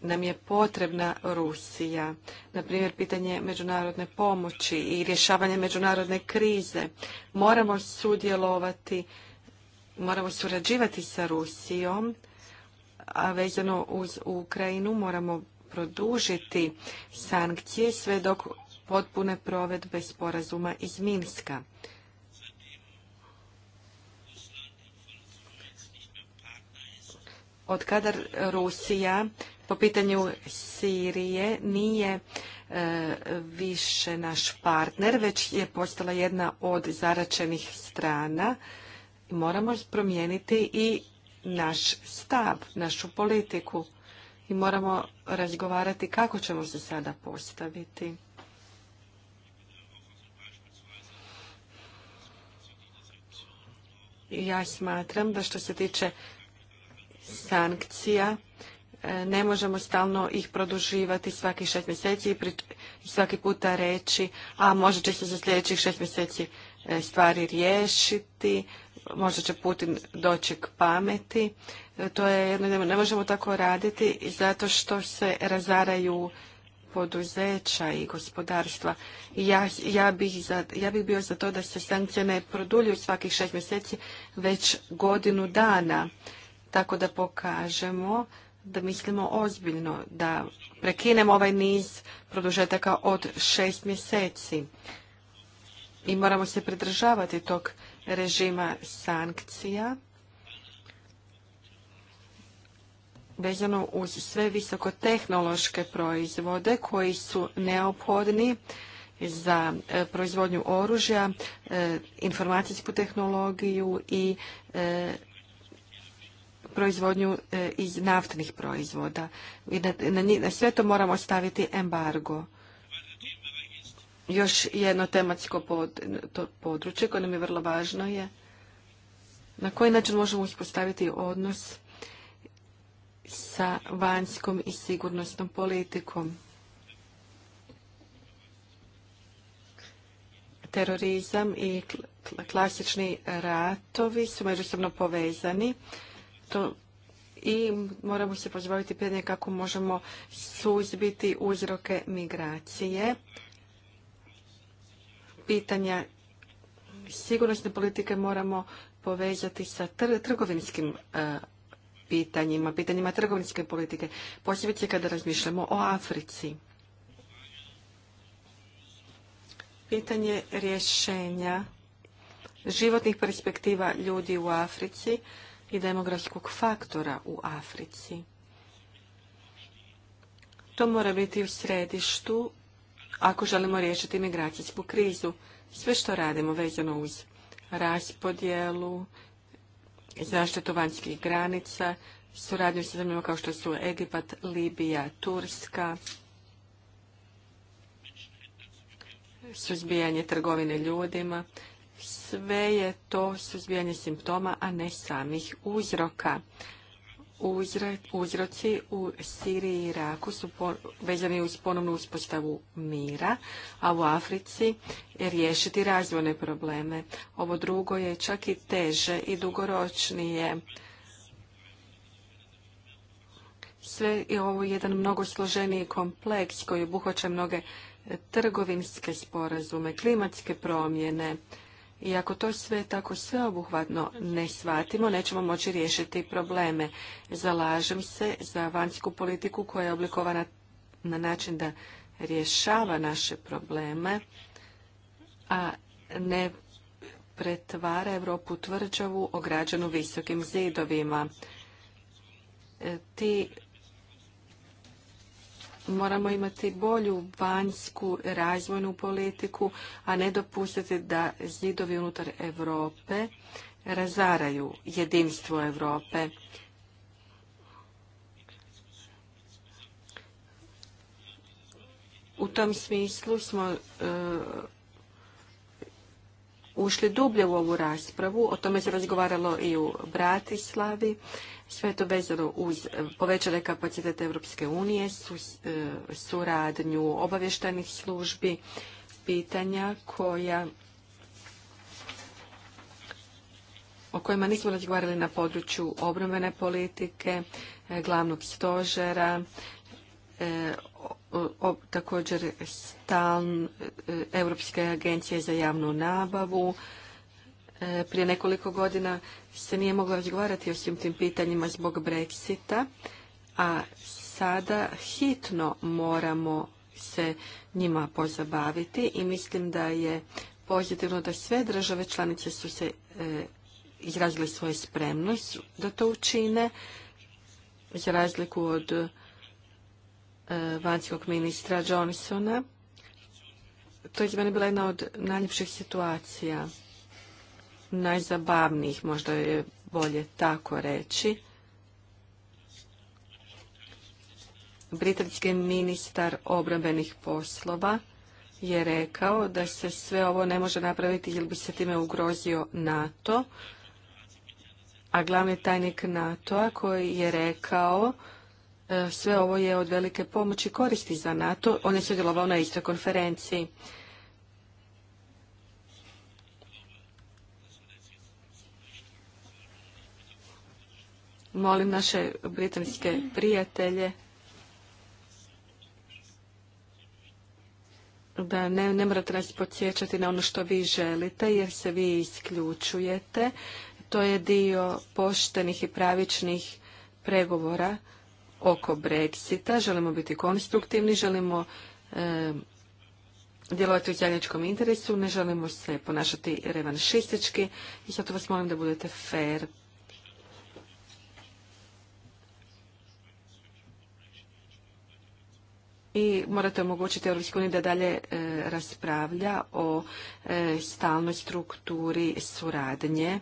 nam je potrebna Rusija. Na primjer, pitanje međunarodne pomoći i rješavanje međunarodne krize. Moramo sudjelovati, moramo surađivati sa Rusijom, a vezano uz Ukrajinu moramo produžiti sankcije sve dok potpune provedbe sporazuma iz Minska. Od kada Rusija po pitanju Sirije nije e, više naš partner, već je postala jedna od zaračenih strana. Moramo promijeniti i naš stav, našu politiku i moramo razgovarati kako ćemo se sada postaviti. Ja smatram da što se tiče sankcija, e, ne možemo stalno ih produživati svaki šest mjeseci i svaki puta reći, a možda će se za sljedećih šest mjeseci e, stvari riješiti možda će Putin doći k pameti. E, to je jedno, ne možemo tako raditi zato što se razaraju poduzeća i gospodarstva. Ja, ja, bih za, ja bih bio za to da se sankcije ne produljuju svakih šest mjeseci, već godinu dana. Tako da pokažemo da mislimo ozbiljno, da prekinemo ovaj niz produžetaka od šest mjeseci. I moramo se pridržavati tog režima sankcija vezano uz sve visokotehnološke proizvode koji su neophodni za e, proizvodnju oružja, e, informacijsku tehnologiju i e, proizvodnju iz naftnih proizvoda. na sve to moramo staviti embargo. Još jedno tematsko to područje koje nam je vrlo važno je na koji način možemo uspostaviti odnos sa vanjskom i sigurnosnom politikom. Terorizam i klasični ratovi su međusobno povezani. To i moramo se pozbaviti pitanje kako možemo suzbiti uzroke migracije pitanja sigurnosne politike moramo povezati sa trgovinskim e, pitanjima, pitanjima trgovinske politike, posebice kada razmišljamo o Africi. Pitanje rješenja životnih perspektiva ljudi u Africi i demografskog faktora u Africi. To mora biti u središtu ako želimo riješiti migracijsku krizu. Sve što radimo vezano uz raspodjelu, zaštitu vanjskih granica, suradnju sa zemljama kao što su Egipat, Libija, Turska, suzbijanje trgovine ljudima. Sve je to suzbijanje simptoma, a ne samih uzroka uzroci u Siriji i Iraku su vezani uz ponovnu uspostavu mira, a u Africi riješiti razvojne probleme. Ovo drugo je čak i teže i dugoročnije. Sve je ovo jedan mnogo složeniji kompleks koji obuhvaća mnoge trgovinske sporazume, klimatske promjene, i ako to sve tako sveobuhvatno ne shvatimo, nećemo moći riješiti probleme. Zalažem se za vanjsku politiku koja je oblikovana na način da rješava naše probleme, a ne pretvara Europu tvrđavu ograđenu visokim zidovima. E, ti moramo imati bolju vanjsku razvojnu politiku, a ne dopustiti da zidovi unutar Europe razaraju jedinstvo Europe. U tom smislu smo e, ušli dublje u ovu raspravu. O tome se razgovaralo i u Bratislavi. Sve je to vezano uz e, povećale kapacitete Europske unije, e, suradnju obavještajnih službi, pitanja koja o kojima nismo razgovarali na području obrambene politike, e, glavnog stožera, također stan Europske agencije za javnu nabavu, E, prije nekoliko godina se nije moglo razgovarati o svim tim pitanjima zbog Brexita, a sada hitno moramo se njima pozabaviti i mislim da je pozitivno da sve države članice su se e, izrazile svoju spremnost da to učine, za razliku od e, vanjskog ministra Johnsona. To je za mene bila jedna od najljepših situacija najzabavnijih, možda je bolje tako reći. Britanski ministar obrambenih poslova je rekao da se sve ovo ne može napraviti jer bi se time ugrozio NATO, a glavni tajnik NATO-a koji je rekao e, sve ovo je od velike pomoći koristi za NATO, on je sudjelovao na istoj konferenciji. Molim naše britanske prijatelje da ne, ne morate nas podsjećati na ono što vi želite jer se vi isključujete. To je dio poštenih i pravičnih pregovora oko Brexita. Želimo biti konstruktivni, želimo djelovati u zajedničkom interesu, ne želimo se ponašati revanšistički i zato vas molim da budete fair i morate omogućiti EU da dalje e, raspravlja o e, stalnoj strukturi suradnje.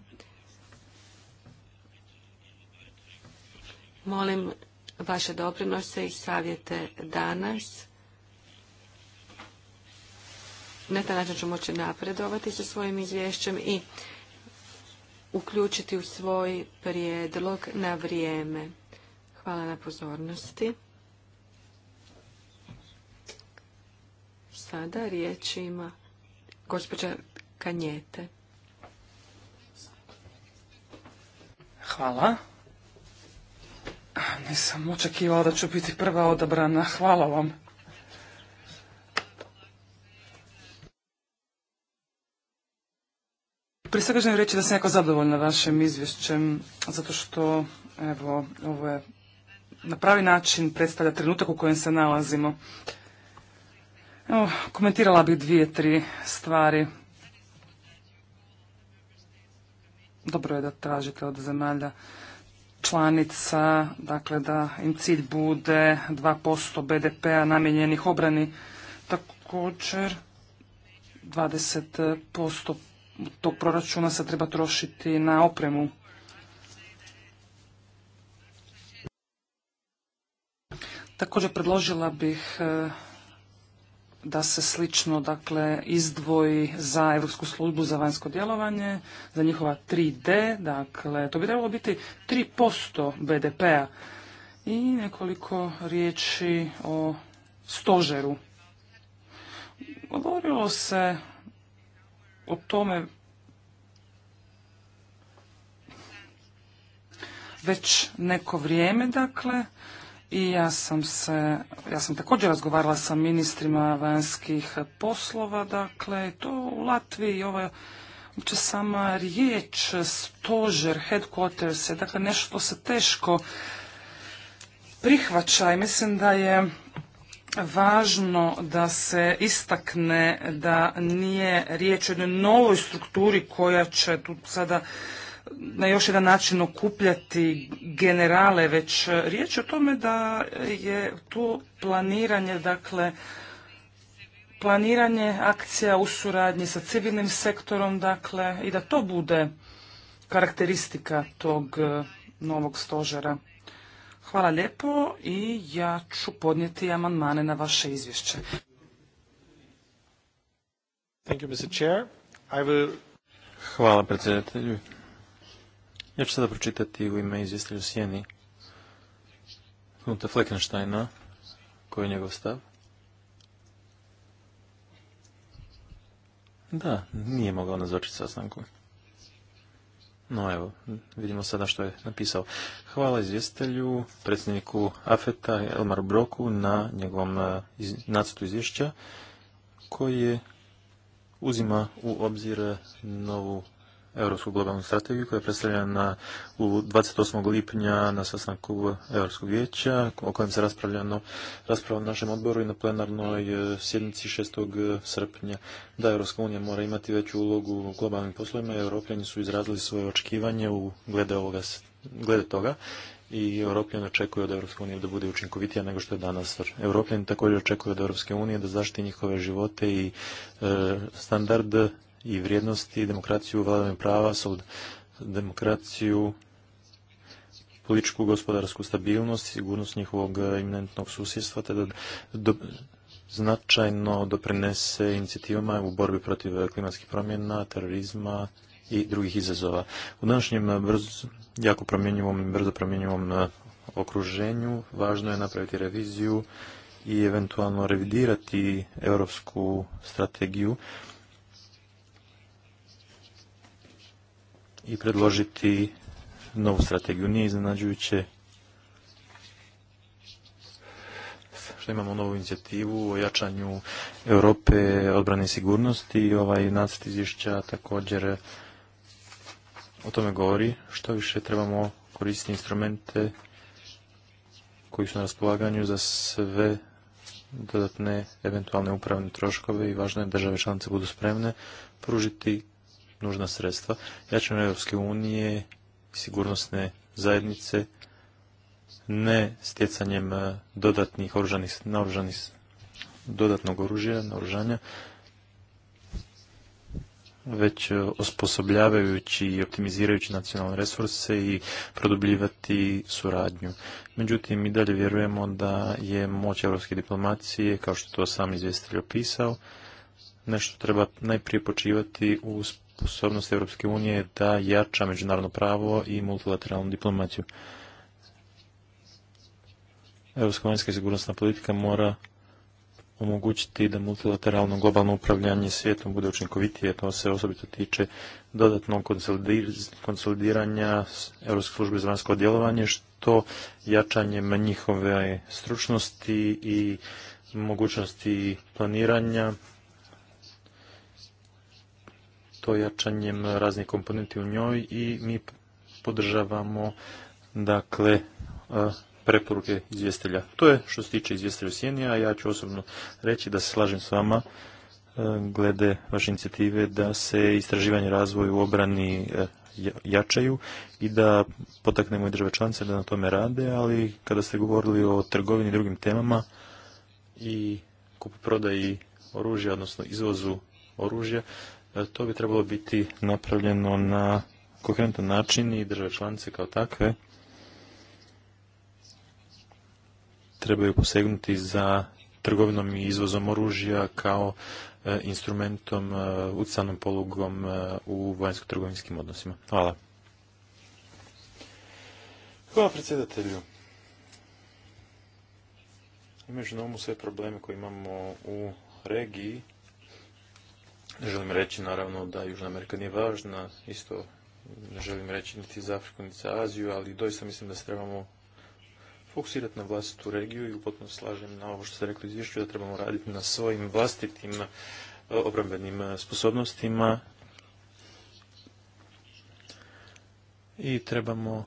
Molim vaše doprinose i savjete danas. Na taj način ću moći napredovati sa svojim izvješćem i uključiti u svoj prijedlog na vrijeme. Hvala na pozornosti. sada riječ ima gospođa Kanjete. Hvala. Nisam očekivala da ću biti prva odabrana. Hvala vam. Prije svega želim reći da sam jako zadovoljna vašim izvješćem, zato što evo, ovo je na pravi način predstavlja trenutak u kojem se nalazimo. Evo, komentirala bih dvije, tri stvari. Dobro je da tražite od zemalja članica, dakle da im cilj bude 2% BDP-a namijenjenih obrani. Također 20% tog proračuna se treba trošiti na opremu. Također predložila bih da se slično dakle izdvoji za Europsku službu za vanjsko djelovanje, za njihova 3D, dakle to bi trebalo biti 3% BDP-a. I nekoliko riječi o stožeru. Govorilo se o tome već neko vrijeme, dakle, i ja sam se, ja sam također razgovarala sa ministrima vanjskih poslova, dakle to u Latviji ova uopće sama riječ stožer, headquarters, dakle nešto se teško prihvaća i mislim da je važno da se istakne da nije riječ o jednoj novoj strukturi koja će tu sada na još jedan način okupljati generale, već e, riječ je o tome da je tu planiranje, dakle, planiranje akcija u suradnji sa civilnim sektorom, dakle, i da to bude karakteristika tog e, novog stožera. Hvala lijepo i ja ću podnijeti amandmane na vaše izvješće. Hvala predsjedatelju. Ja ću sada pročitati u ime izvjestelju Sjeni Gunta Fleckensteina, koji je njegov stav. Da, nije mogao nazočiti sastanku. No evo, vidimo sada što je napisao. Hvala izvjestitelju, predsjedniku Afeta, Elmar Broku, na njegovom eh, iz, nacrtu izvješća, koji je uzima u obzir eh, novu Europsku globalnu strategiju koja je predstavljena u 28. lipnja na sastanku Europskog vijeća o kojem se raspravljano rasprava na našem odboru i na plenarnoj e, sjednici 6. E, srpnja da Europska unija mora imati veću ulogu u globalnim poslovima. Europljani su izrazili svoje očekivanje u glede, glede toga i Europljani očekuju od Europske unije da bude učinkovitija nego što je danas. Europljani također očekuju od Europske unije da zaštiti njihove živote i e, standard i vrijednosti, demokraciju, vladavinu prava, demokraciju, političku gospodarsku stabilnost, sigurnost njihovog e, iminentnog susjedstva, te da značajno doprinese inicijativama u borbi protiv e, klimatskih promjena, terorizma i drugih izazova. U današnjem e, brzo, jako promjenjivom i brzo promjenjivom okruženju važno je napraviti reviziju i eventualno revidirati europsku strategiju i predložiti novu strategiju. Nije iznenađujuće što imamo novu inicijativu o jačanju Europe odbrane i sigurnosti. Ovaj nacrt izvješća također o tome govori. Što više trebamo koristiti instrumente koji su na raspolaganju za sve dodatne eventualne upravne troškove i važne države članice budu spremne pružiti nužna sredstva. Jačanje Europske unije i sigurnosne zajednice ne stjecanjem e, dodatnih oružanih, naoružanih, dodatnog oružja, naoružanja, već e, osposobljavajući i optimizirajući nacionalne resurse i produbljivati suradnju. Međutim, mi dalje vjerujemo da je moć europske diplomacije, kao što to sam izvjestitelj opisao, nešto treba najprije počivati u sposobnost Europske unije da jača međunarodno pravo i multilateralnu diplomaciju. Europska vanjska i sigurnosna politika mora omogućiti da multilateralno globalno upravljanje svijetom bude učinkovitije. To se osobito tiče dodatnog konsolidiranja Europske službe za vanjsko djelovanje, što jačanjem njihove stručnosti i mogućnosti planiranja to jačanjem raznih komponenti u njoj i mi podržavamo dakle e, preporuke izvjestelja. To je što se tiče izvjestelja Sjenija, a ja ću osobno reći da se slažem s vama e, glede vaše inicijative da se istraživanje razvoju u obrani e, jačaju i da potaknemo i države članice da na tome rade, ali kada ste govorili o trgovini i drugim temama i kupoprodaji oružja, odnosno izvozu oružja, E, to bi trebalo biti napravljeno na koherentan način i države članice kao takve trebaju posegnuti za trgovinom i izvozom oružja kao e, instrumentom e, ucanom polugom u vanjsko-trgovinskim odnosima. Hvala. Hvala predsjedatelju. Imajući na umu sve probleme koje imamo u regiji, ne želim reći naravno da Južna Amerika nije važna, isto ne želim reći niti za Afriku, niti za Aziju, ali doista mislim da se trebamo fokusirati na vlastitu regiju i u potpuno slažem na ovo što ste rekli u izvješću, da trebamo raditi na svojim vlastitim e, obrambenim e, sposobnostima i trebamo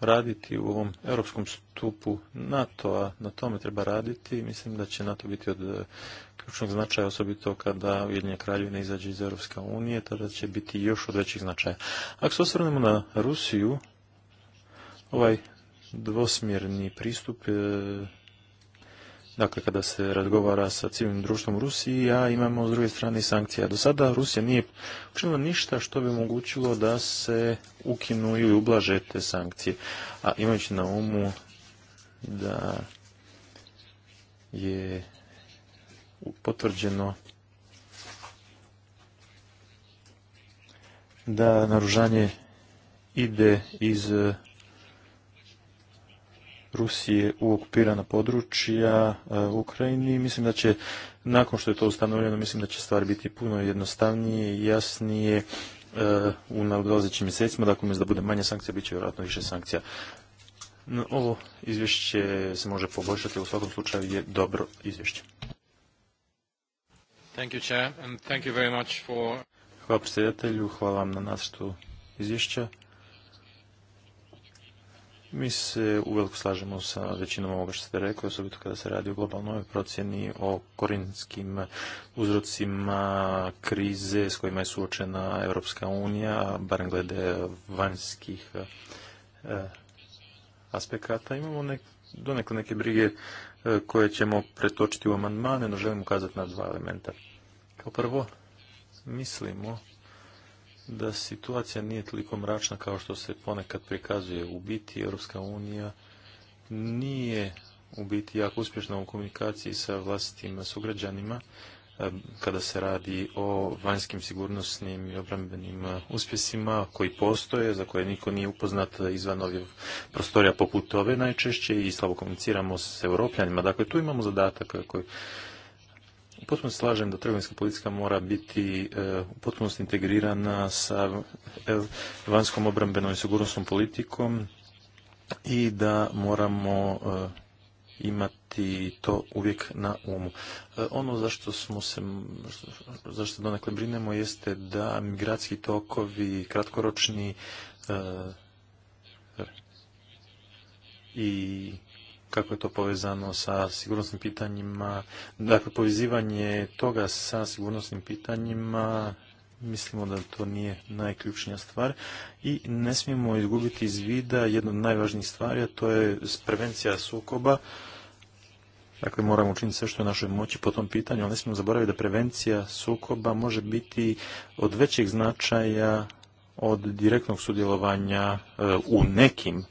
raditi u ovom europskom stupu NATO-a, na tome treba raditi. Mislim da će NATO biti od eh, ključnog značaja, osobito kada Ujedinja kraljevina izađe iz Europske unije, tada će biti još od većih značaja. Ako se osvrnemo na Rusiju, ovaj dvosmjerni pristup eh, Dakle, kada se razgovara sa civilnim društvom u Rusiji, a imamo s druge strane sankcije. Do sada Rusija nije učinila ništa što bi omogućilo da se ukinu ili ublaže te sankcije. A imajući na umu da je potvrđeno da naružanje ide iz Rusije u okupirana područja e, u Ukrajini. Mislim da će, nakon što je to ustanovljeno, mislim da će stvari biti puno jednostavnije i jasnije e, u nadolazećim mjesecima. Dakle, mislim da bude manje sankcija, bit će vjerojatno više sankcija. No, ovo izvješće se može poboljšati, u svakom slučaju je dobro izvješće. Thank Hvala predsjedatelju, hvala vam na nastu izvješća. Mi se uveliko slažemo sa većinom ovoga što ste rekli, osobito kada se radi o globalnoj procjeni o korinskim uzrocima krize s kojima je suočena Europska unija, barem glede vanjskih eh, aspekata. Imamo donekle neke brige eh, koje ćemo pretočiti u amandmane, no želim ukazati na dva elementa. Kao prvo, mislimo da situacija nije toliko mračna kao što se ponekad prikazuje. U biti Europska unija nije u biti jako uspješna u komunikaciji sa vlastitim sugrađanima kada se radi o vanjskim sigurnosnim i obrambenim uspjesima koji postoje, za koje niko nije upoznat izvan ovih prostorija poput ove najčešće i slabo komuniciramo s europljanima. Dakle, tu imamo zadatak koji potpuno slažem da trgovinska politika mora biti e, u potpunosti integrirana sa e, vanjskom obrambenom i sigurnosnom politikom i da moramo e, imati to uvijek na umu. Ono zašto smo se, zašto donekle brinemo jeste da migracijski tokovi kratkoročni i kako je to povezano sa sigurnosnim pitanjima. Dakle, povezivanje toga sa sigurnosnim pitanjima mislimo da to nije najključnija stvar i ne smijemo izgubiti iz vida jednu od najvažnijih stvari, a to je prevencija sukoba. Dakle, moramo učiniti sve što je našoj moći po tom pitanju, ali ne smijemo zaboraviti da prevencija sukoba može biti od većeg značaja od direktnog sudjelovanja e, u nekim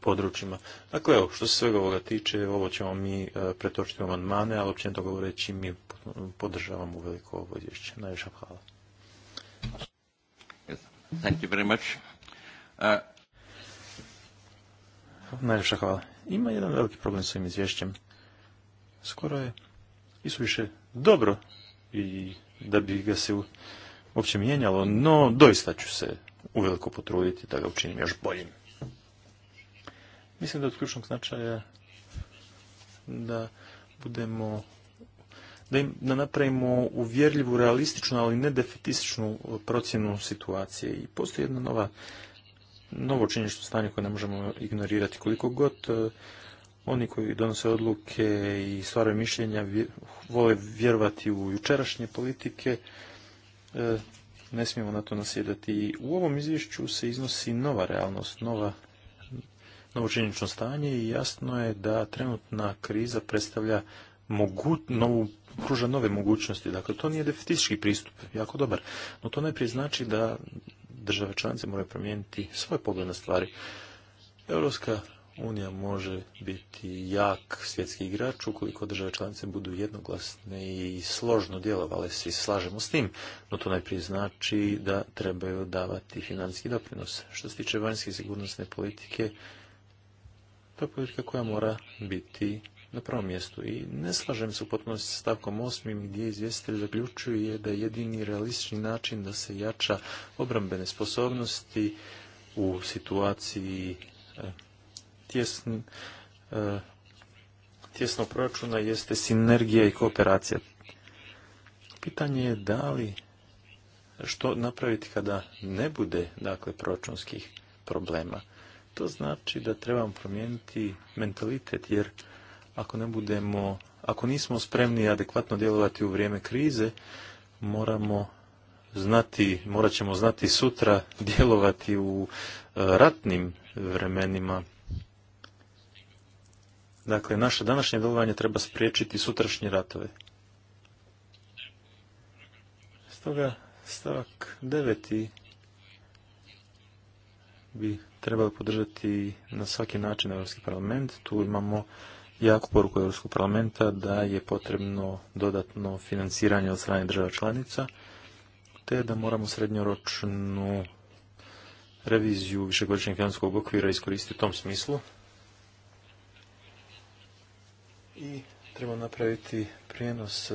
područjima. Dakle, evo, što se svega ovoga tiče, ovo ćemo mi e, pretočiti u amandmane, ali općenito govoreći mi podržavamo veliko ovo izvješće. Najviša hvala. Thank you very much. Uh, hvala. Ima jedan veliki problem s ovim izvješćem. Skoro je i više dobro i da bi ga se uopće mijenjalo, no doista ću se uveliko potruditi da ga učinim još boljim. Mislim da je od ključnog značaja da budemo da, napravimo uvjerljivu, realističnu, ali ne defetističnu procjenu situacije. I postoji jedna nova, novo činjenično stanje koje ne možemo ignorirati. Koliko god e, oni koji donose odluke i stvaraju mišljenja vole vjerovati u jučerašnje politike, e, ne smijemo na to nasjedati. I u ovom izvješću se iznosi nova realnost, nova novo činjenično stanje i jasno je da trenutna kriza predstavlja novu, pruža nove mogućnosti. Dakle, to nije defetistički pristup, jako dobar. No to najprije znači da države članice moraju promijeniti svoje pogled na stvari. Europska unija može biti jak svjetski igrač ukoliko države članice budu jednoglasne i složno djelovale se slažemo s tim, no to najprije znači da trebaju davati financijski doprinos. Što se tiče vanjske sigurnosne politike, to je politika koja mora biti na prvom mjestu. I ne slažem se u potpunosti sa stavkom osmim gdje izvjestitelj zaključuje da je jedini realistični način da se jača obrambene sposobnosti u situaciji e, e, tjesnog proračuna jeste sinergija i kooperacija. Pitanje je da li što napraviti kada ne bude dakle proračunskih problema to znači da trebamo promijeniti mentalitet, jer ako ne budemo, ako nismo spremni adekvatno djelovati u vrijeme krize, moramo znati, morat ćemo znati sutra djelovati u e, ratnim vremenima. Dakle, naše današnje djelovanje treba spriječiti sutrašnje ratove. Stoga stavak deveti bi treba podržati na svaki način Europski parlament. Tu imamo jako poruku Europskog parlamenta da je potrebno dodatno financiranje od strane država članica, te da moramo srednjoročnu reviziju višegodišnjeg financijskog okvira iskoristiti u tom smislu. I treba napraviti prijenos,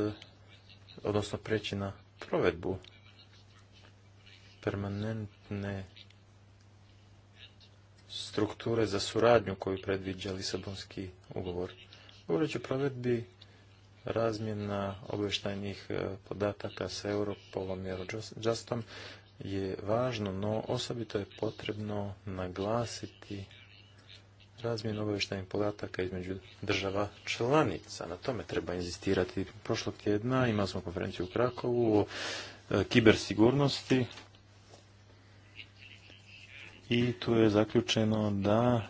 odnosno preći na provedbu permanentne strukture za suradnju koju predviđa Lisabonski ugovor. Govoreći o provedbi razmjena obještajnih e, podataka sa Europolom i Eurojustom je važno, no osobito je potrebno naglasiti razmjenu obavještajnih podataka između država članica. Na tome treba inzistirati. Prošlog tjedna imali smo konferenciju u Krakovu o e, kibersigurnosti i tu je zaključeno da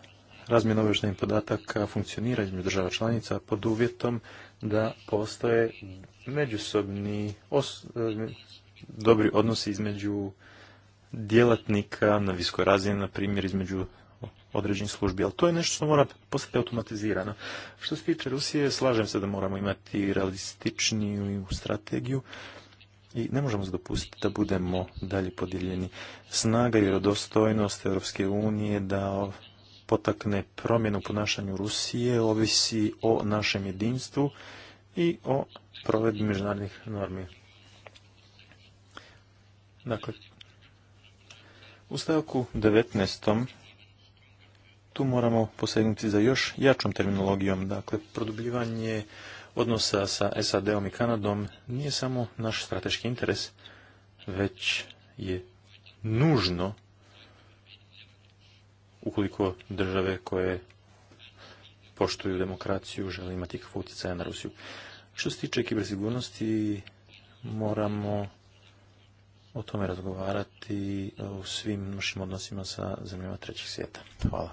razmjena obještenih podataka funkcionira između država članica pod uvjetom da postoje međusobni eh, dobri odnosi između djelatnika na viskoj razini, na primjer između određenih službi, ali to je nešto što mora postati automatizirano. Što se tiče Rusije, slažem se da moramo imati realističniju strategiju, i ne možemo dopustiti da budemo dalje podijeljeni. Snaga i vjerodostojnost Europske unije da potakne promjenu ponašanju Rusije ovisi o našem jedinstvu i o provedbi međunarodnih normi. Dakle, u stavku 19. tu moramo posegnuti za još jačom terminologijom, dakle, produbljivanje odnosa sa SAD-om i Kanadom nije samo naš strateški interes, već je nužno ukoliko države koje poštuju demokraciju žele imati kakvu utjecaja na Rusiju. Što se tiče kibersigurnosti, moramo o tome razgovarati u svim našim odnosima sa zemljama trećeg svijeta. Hvala.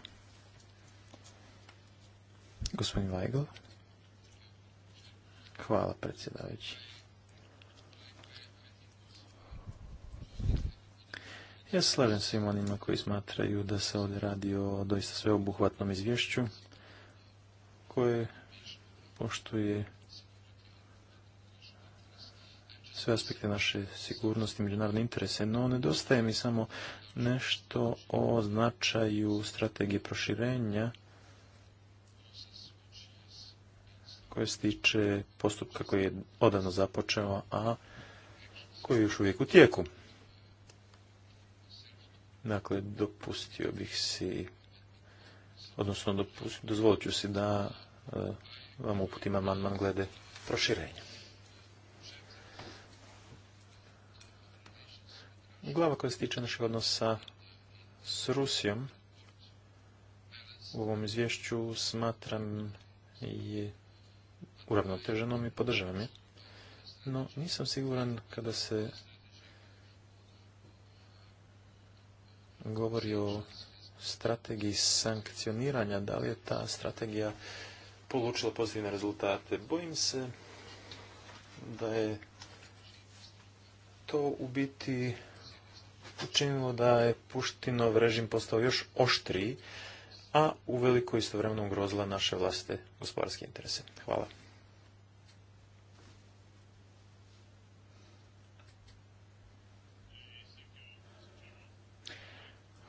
Gospodin Weigl, Hvala predsjedavajući. Ja se slažem svim onima koji smatraju da se ovdje radi o doista sveobuhvatnom izvješću koje poštuje sve aspekte naše sigurnosti i međunarodne interese, no nedostaje mi samo nešto o značaju strategije proširenja koje se tiče postupka koji je odavno započeo, a koji je još uvijek u tijeku. Dakle, dopustio bih si, odnosno dozvolit ću si da e, vam uputim amandman glede proširenja. Glava koja se tiče našeg odnosa s Rusijom u ovom izvješću smatram je uravnoteženom i podržavam je. No, nisam siguran kada se govori o strategiji sankcioniranja, da li je ta strategija polučila pozitivne rezultate. Bojim se da je to u biti učinilo da je Puštinov režim postao još oštriji, a u veliko istovremeno ugrozila naše vlastite gospodarske interese. Hvala.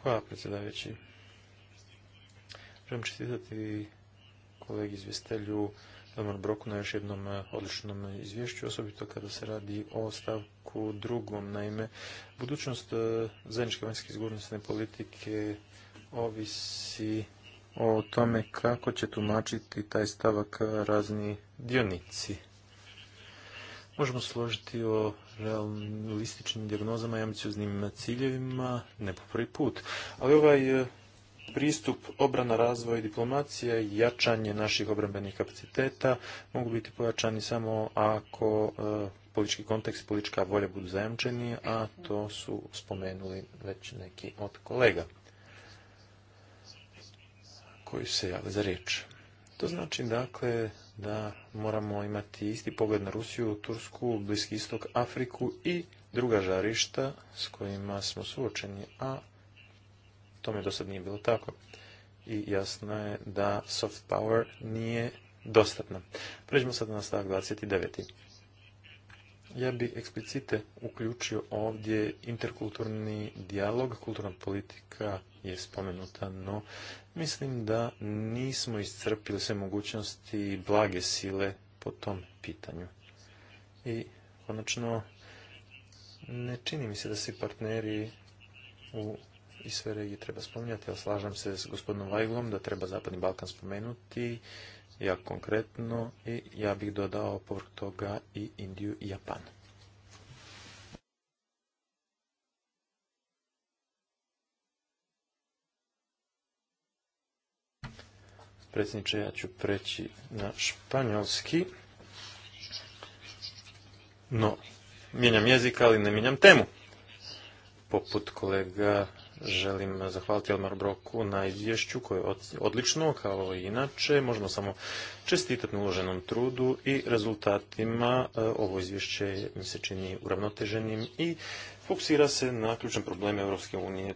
Hvala predsjedavajući. Želim čestitati kolegi izvjestelju domar Broku na još jednom e, odličnom izvješću, osobito kada se radi o stavku drugom. Naime, budućnost e, zajedničke vanjske sigurnosne politike ovisi o tome kako će tumačiti taj stavak razni dionici. Možemo složiti o realističnim dijagnozama i ambicioznim ciljevima, ne po prvi put. Ali ovaj e, pristup obrana, razvoj, diplomacija i jačanje naših obrambenih kapaciteta mogu biti pojačani samo ako e, politički kontekst i politička volja budu zajamčeni, a to su spomenuli već neki od kolega koji se jave za riječ. To znači, dakle, da moramo imati isti pogled na Rusiju, Tursku, Bliski istok, Afriku i druga žarišta s kojima smo suočeni, a tome do sad nije bilo tako. I jasno je da soft power nije dostatna. Pređemo sad na stavak 29. Ja bi eksplicite uključio ovdje interkulturni dijalog, kulturna politika je spomenuta, no Mislim da nismo iscrpili sve mogućnosti blage sile po tom pitanju. I konačno ne čini mi se da svi partneri u i sve regije treba spominjati, ali slažem se s gospodinom Vajglom da treba Zapadni Balkan spomenuti, ja konkretno, i ja bih dodao povrh toga i Indiju i Japan. predsjedniče, ja ću preći na španjolski. No, mijenjam jezik, ali ne mijenjam temu. Poput kolega želim zahvaliti Elmar Broku na izvješću koje je odlično, kao i inače. Možemo samo čestitati na uloženom trudu i rezultatima. E, ovo izvješće mi se čini uravnoteženim i fokusira se na ključne probleme Europske unije.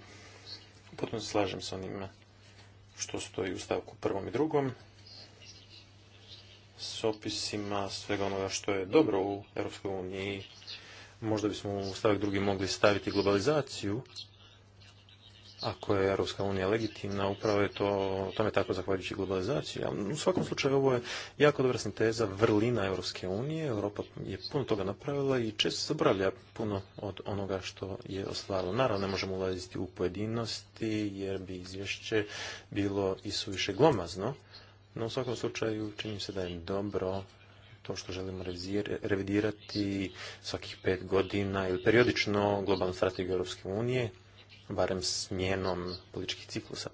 Potom se slažem s onima što stoji u stavku prvom i drugom s opisima svega onoga što je dobro u Europskoj uniji. Možda bismo u stavak drugi mogli staviti globalizaciju ako je Europska unija legitimna, upravo je to, tome tako zahvaljujući globalizaciji. u svakom slučaju ovo je jako dobra sinteza vrlina Europske unije. Europa je puno toga napravila i često se zaboravlja puno od onoga što je ostvarilo. Naravno ne možemo ulaziti u pojedinosti jer bi izvješće bilo i suviše glomazno. No u svakom slučaju čini se da je dobro to što želimo revidirati svakih pet godina ili periodično globalnu strategiju Europske unije barem smjenom političkih ciklusa.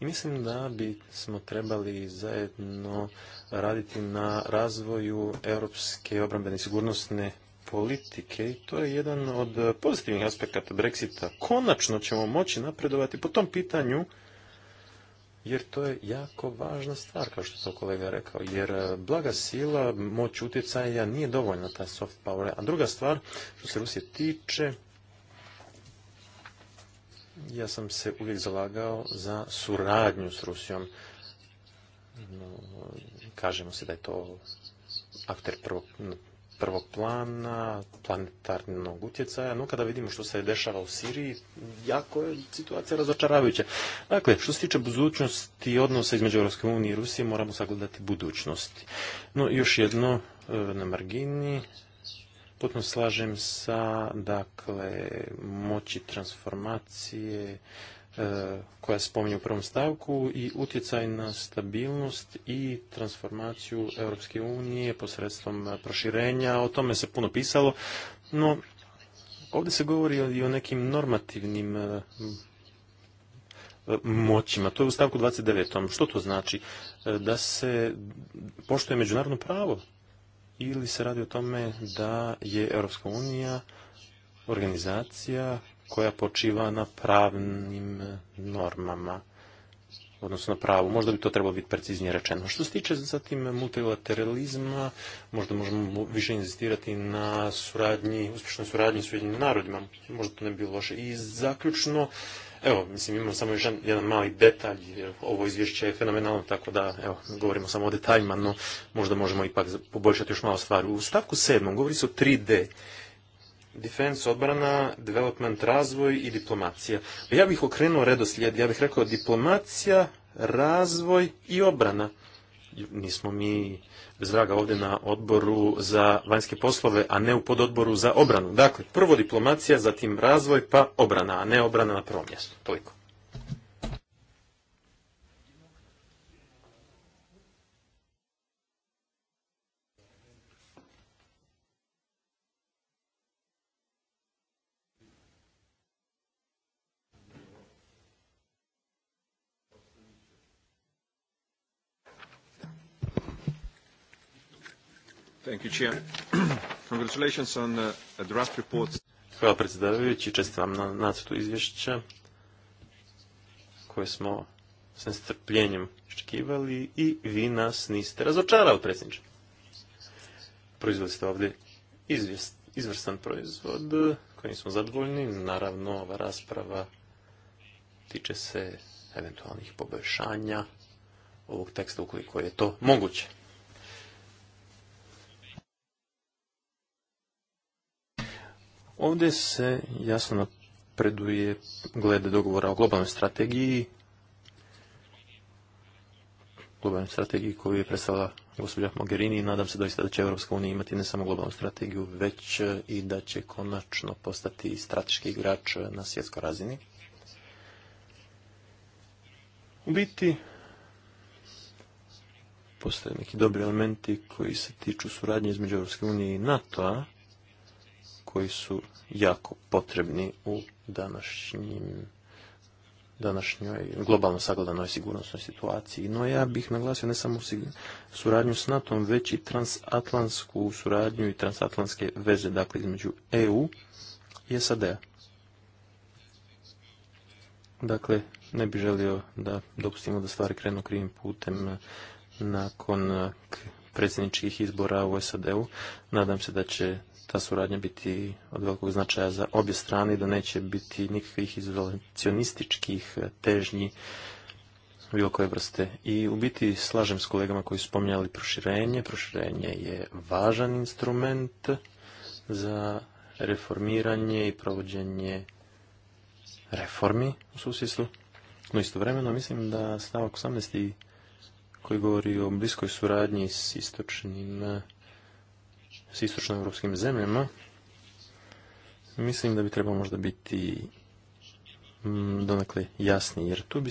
I mislim da bi smo trebali zajedno raditi na razvoju europske obrambene sigurnosne politike i to je jedan od pozitivnih aspekata Brexita. Konačno ćemo moći napredovati po tom pitanju jer to je jako važna stvar, kao što je to kolega rekao, jer blaga sila, moć utjecaja nije dovoljna, ta soft power. A druga stvar, što se Rusije tiče, ja sam se uvijek zalagao za suradnju s Rusijom. kažemo se da je to akter prvog, prvog plana, planetarnog utjecaja, no kada vidimo što se dešava u Siriji, jako je situacija razočaravajuća. Dakle, što se tiče budućnosti i odnosa između Europske unije i Rusije, moramo sagledati budućnosti. No, još jedno e, na margini, potpuno slažem sa dakle moći transformacije e, koja spominje u prvom stavku i utjecaj na stabilnost i transformaciju Europske unije posredstvom proširenja. O tome se puno pisalo, no ovdje se govori i o nekim normativnim e, moćima. To je u stavku 29. Što to znači? E, da se poštuje međunarodno pravo? ili se radi o tome da je Europska unija organizacija koja počiva na pravnim normama, odnosno na pravu. Možda bi to trebalo biti preciznije rečeno. Što se tiče zatim multilateralizma, možda možemo više inzistirati na suradnji, uspješnoj suradnji s Ujedinim narodima. Možda to ne bi bilo loše. I zaključno, Evo, mislim, imam samo još jedan mali detalj, ovo izvješće je fenomenalno, tako da, evo, govorimo samo o detaljima, no možda možemo ipak poboljšati još malo stvari. U stavku 7. govori se o 3D. Defense, odbrana, development, razvoj i diplomacija. Ja bih okrenuo redoslijed, ja bih rekao diplomacija, razvoj i obrana nismo mi bez vraga ovdje na odboru za vanjske poslove, a ne u pododboru za obranu. Dakle, prvo diplomacija, zatim razvoj, pa obrana, a ne obrana na prvom mjestu. Toliko. <clears throat> Uh, Hvala predsjedavajući, čestitam na nacrtu izvješća koje smo s nestrpljenjem iščekivali i vi nas niste razočarali, predsjedniče. Proizvod ste ovdje izvrstan proizvod kojim smo zadovoljni. Naravno, ova rasprava tiče se eventualnih poboljšanja ovog teksta ukoliko je to moguće. Ovdje se jasno napreduje glede dogovora o globalnoj strategiji, globalnoj strategiji koju je predstavila gospođa Mogherini i nadam se doista da će Europska unija imati ne samo globalnu strategiju, već e, i da će konačno postati strateški igrač na svjetskoj razini. U biti, postoje neki dobri elementi koji se tiču suradnje između Europske unije i NATO-a, koji su jako potrebni u današnjim današnjoj globalno sagledanoj sigurnosnoj situaciji. No ja bih naglasio ne samo suradnju s NATO-om, već i transatlantsku suradnju i transatlantske veze, dakle između EU i SAD-a. Dakle, ne bih želio da dopustimo da stvari krenu krivim putem nakon predsjedničkih izbora u SAD-u. Nadam se da će ta suradnja biti od velikog značaja za obje strane i da neće biti nikakvih izolacionističkih težnji bilo koje vrste. I u biti slažem s kolegama koji su spominjali proširenje. Proširenje je važan instrument za reformiranje i provođenje reformi u susjedstvu. No istovremeno mislim da stavak 18. koji govori o bliskoj suradnji s istočnim s istočnoevropskim zemljama, mislim da bi trebalo možda biti mm, donakle jasniji, jer tu bi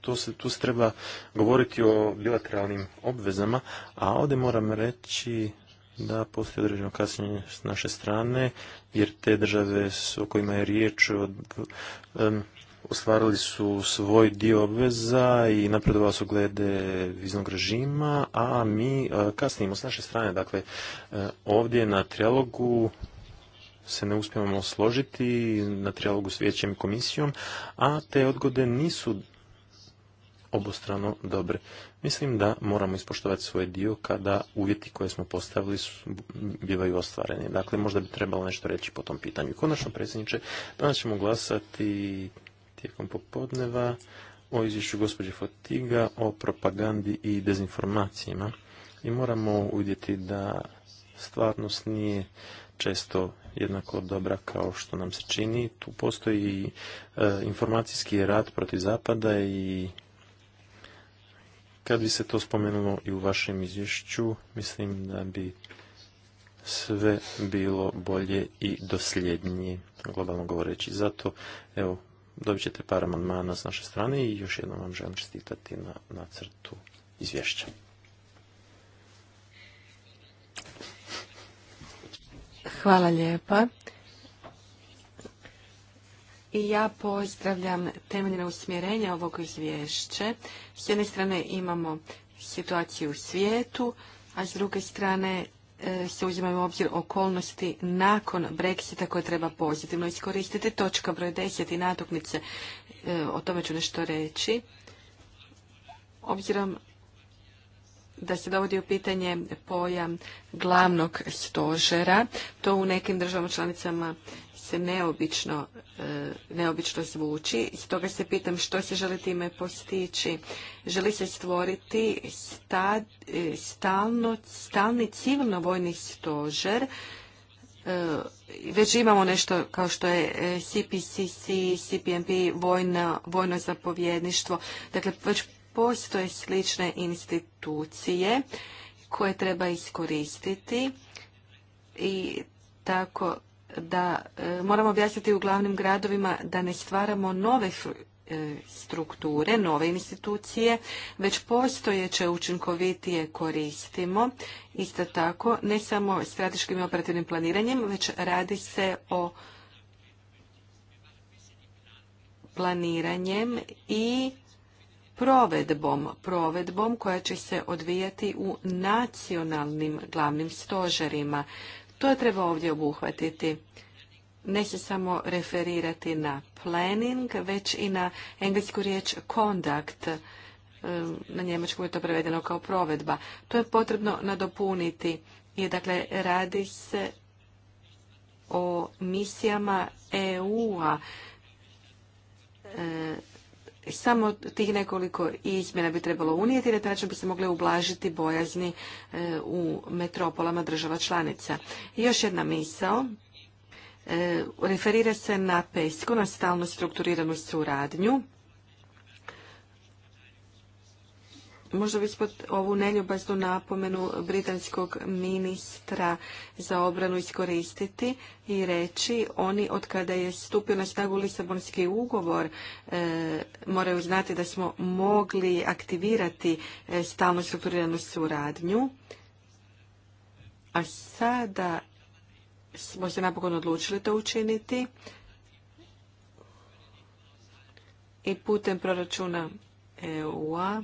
tu se, tu treba govoriti o bilateralnim obvezama, a ovdje moram reći da postoji određeno kasnije s naše strane, jer te države o kojima je riječ od, ostvarili su svoj dio obveza i napredovali su glede viznog režima, a mi e, kasnimo s naše strane. Dakle, e, ovdje na trijalogu se ne uspijemo složiti na trijalogu s vijećem i komisijom, a te odgode nisu obostrano dobre. Mislim da moramo ispoštovati svoj dio kada uvjeti koje smo postavili su, bivaju ostvareni. Dakle, možda bi trebalo nešto reći po tom pitanju. Konačno, predsjedniče, danas ćemo glasati tijekom popodneva o izvješću gospođe Fotiga o propagandi i dezinformacijama. I moramo uvidjeti da stvarnost nije često jednako dobra kao što nam se čini. Tu postoji e, informacijski rat protiv zapada i kad bi se to spomenulo i u vašem izvješću, mislim da bi sve bilo bolje i dosljednije, globalno govoreći. Zato, evo, dobit ćete par amandmana s naše strane i još jednom vam želim čestitati na nacrtu izvješća. Hvala lijepa. I ja pozdravljam temeljna usmjerenja ovog izvješće. S jedne strane imamo situaciju u svijetu, a s druge strane E, se uzimaju u obzir okolnosti nakon Brexita koje treba pozitivno iskoristiti. Točka broj 10 i natuknice, e, o tome ću nešto reći. Obzirom da se dovodi u pitanje pojam glavnog stožera, to u nekim državama članicama se neobično, e, neobično zvuči. Stoga se pitam što se želi time postići. Želi se stvoriti e, stalni civilno-vojni stožer e, već imamo nešto kao što je CPCC, CPMP, vojno zapovjedništvo. Dakle, već postoje slične institucije koje treba iskoristiti i tako da e, moramo objasniti u glavnim gradovima da ne stvaramo nove e, strukture, nove institucije, već postojeće učinkovitije koristimo, isto tako ne samo strateškim i operativnim planiranjem, već radi se o planiranjem i provedbom, provedbom koja će se odvijati u nacionalnim glavnim stožerima. To je treba ovdje obuhvatiti. Ne se samo referirati na planning, već i na englesku riječ conduct. E, na njemačkom je to prevedeno kao provedba. To je potrebno nadopuniti. I dakle, radi se o misijama EU-a e, samo tih nekoliko izmjena bi trebalo unijeti, na taj način bi se mogle ublažiti bojazni e, u metropolama država članica. još jedna misao, e, referira se na PESCO, na stalno strukturiranu suradnju. možda već pod ovu neljubaznu napomenu britanskog ministra za obranu iskoristiti i reći oni od kada je stupio na snagu Lisabonski ugovor e, moraju znati da smo mogli aktivirati e, stalno strukturiranu suradnju. A sada smo se napokon odlučili to učiniti i putem proračuna EU-a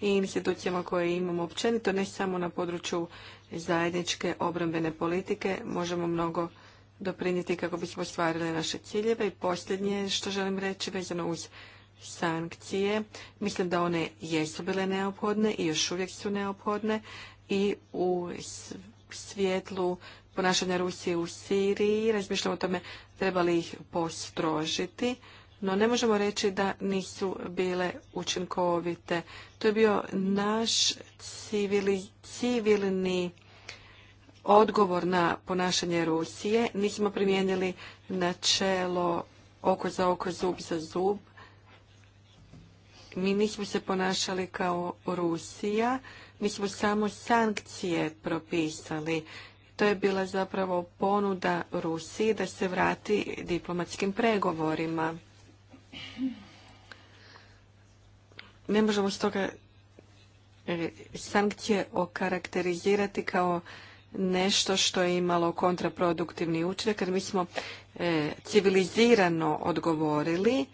i institucijama koje imamo općenito, ne samo na području zajedničke obrambene politike, možemo mnogo doprinijeti kako bismo ostvarili naše ciljeve. I posljednje što želim reći vezano uz sankcije, mislim da one jesu bile neophodne i još uvijek su neophodne i u svjetlu ponašanja Rusije u Siriji razmišljamo o tome treba li ih postrožiti no ne možemo reći da nisu bile učinkovite. To je bio naš civilni odgovor na ponašanje Rusije. Nismo primijenili načelo oko za oko, zub za zub. Mi nismo se ponašali kao Rusija, mi smo samo sankcije propisali. To je bila zapravo ponuda Rusiji da se vrati diplomatskim pregovorima. Ne možemo stoga e, sankcije okarakterizirati kao nešto što je imalo kontraproduktivni učinak, jer mi smo e, civilizirano odgovorili,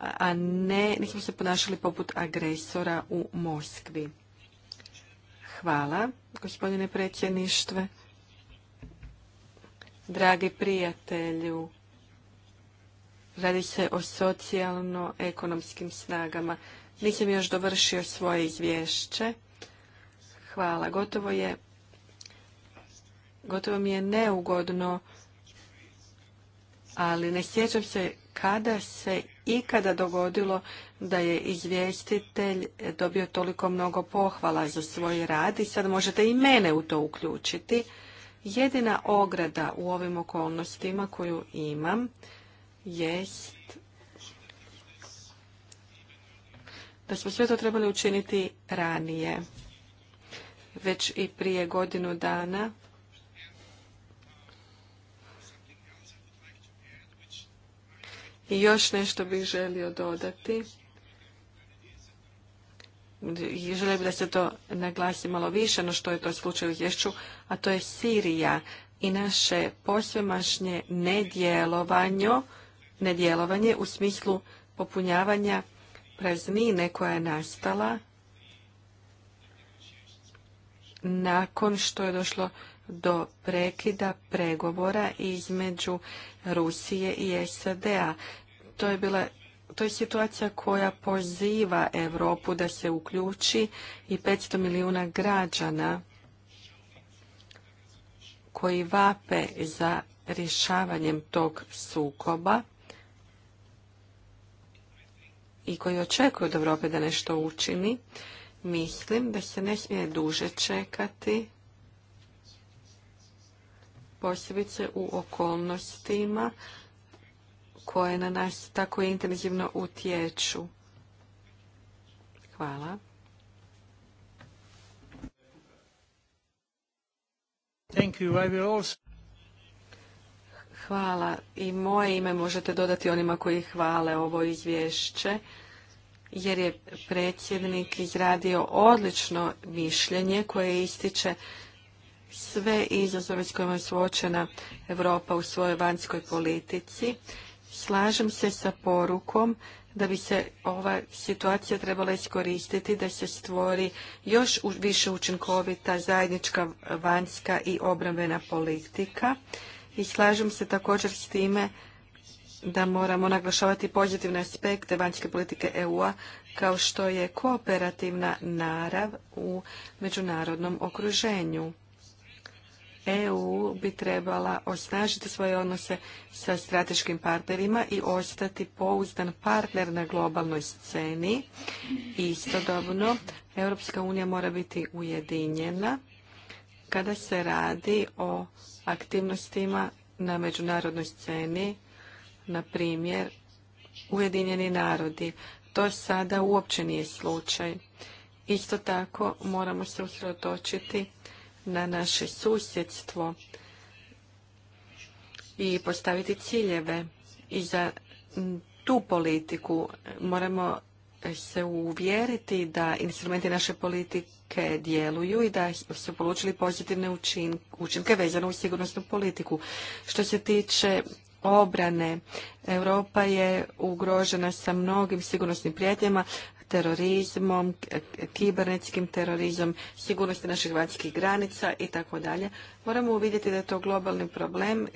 a ne, nismo se ponašali poput agresora u Moskvi. Hvala, gospodine predsjedništve. Dragi prijatelju, Radi se o socijalno-ekonomskim snagama. Nisam još dovršio svoje izvješće. Hvala. Gotovo je gotovo mi je neugodno, ali ne sjećam se kada se ikada dogodilo da je izvjestitelj dobio toliko mnogo pohvala za svoj rad i sad možete i mene u to uključiti. Jedina ograda u ovim okolnostima koju imam jest da smo sve to trebali učiniti ranije, već i prije godinu dana. I još nešto bih želio dodati. Želio bih da se to naglasi malo više, no što je to slučaj u izvješću, a to je Sirija i naše posvemašnje nedjelovanje nedjelovanje u smislu popunjavanja praznine koja je nastala nakon što je došlo do prekida pregovora između Rusije i SAD-a. To je bila to je situacija koja poziva Europu da se uključi i 500 milijuna građana koji vape za rješavanjem tog sukoba i koji očekuju od Europe da nešto učini, mislim da se ne smije duže čekati, posebice u okolnostima koje na nas tako intenzivno utječu. Hvala. Thank you. Hvala. I moje ime možete dodati onima koji hvale ovo izvješće, jer je predsjednik izradio odlično mišljenje koje ističe sve izazove s kojima je suočena Europa u svojoj vanjskoj politici. Slažem se sa porukom da bi se ova situacija trebala iskoristiti da se stvori još više učinkovita zajednička vanjska i obrambena politika i slažem se također s time da moramo naglašavati pozitivne aspekte vanjske politike EU-a kao što je kooperativna narav u međunarodnom okruženju. EU bi trebala osnažiti svoje odnose sa strateškim partnerima i ostati pouzdan partner na globalnoj sceni. Istodobno, Europska unija mora biti ujedinjena kada se radi o aktivnostima na međunarodnoj sceni, na primjer Ujedinjeni narodi. To sada uopće nije slučaj. Isto tako moramo se usredotočiti na naše susjedstvo i postaviti ciljeve i za tu politiku moramo se uvjeriti da instrumenti naše politike djeluju i da su polučili pozitivne učinke vezano u sigurnosnu politiku. Što se tiče obrane, Europa je ugrožena sa mnogim sigurnosnim prijateljima, terorizmom, kibernetskim terorizmom, sigurnosti naših vanjskih granica i tako dalje. Moramo uvidjeti da je to globalni problem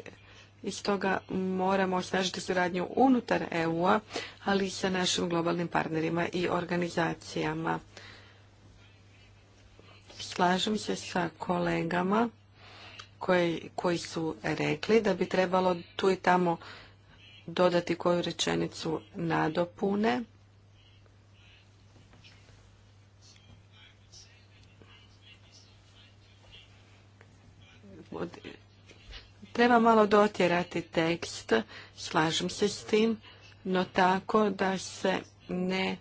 i stoga moramo osnažiti suradnju unutar EU-a, ali i sa našim globalnim partnerima i organizacijama. Slažem se sa kolegama koji, koji su rekli da bi trebalo tu i tamo dodati koju rečenicu nadopune. Treba malo dotjerati tekst, slažem se s tim, no tako da se ne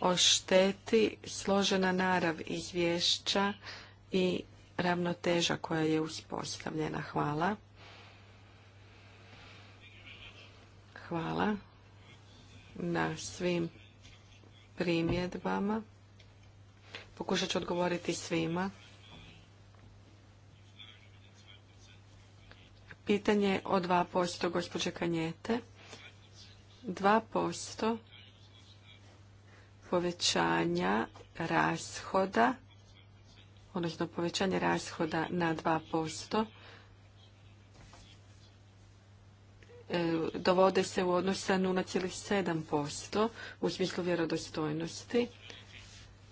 ošteti složena narav izvješća i ravnoteža koja je uspostavljena. Hvala. Hvala na svim primjedbama. Pokušat ću odgovoriti svima. pitanje o 2% gospođe Kanjete. 2% povećanja rashoda, odnosno povećanje rashoda na 2%, e, dovode se u odnos sa 0,7% u smislu vjerodostojnosti.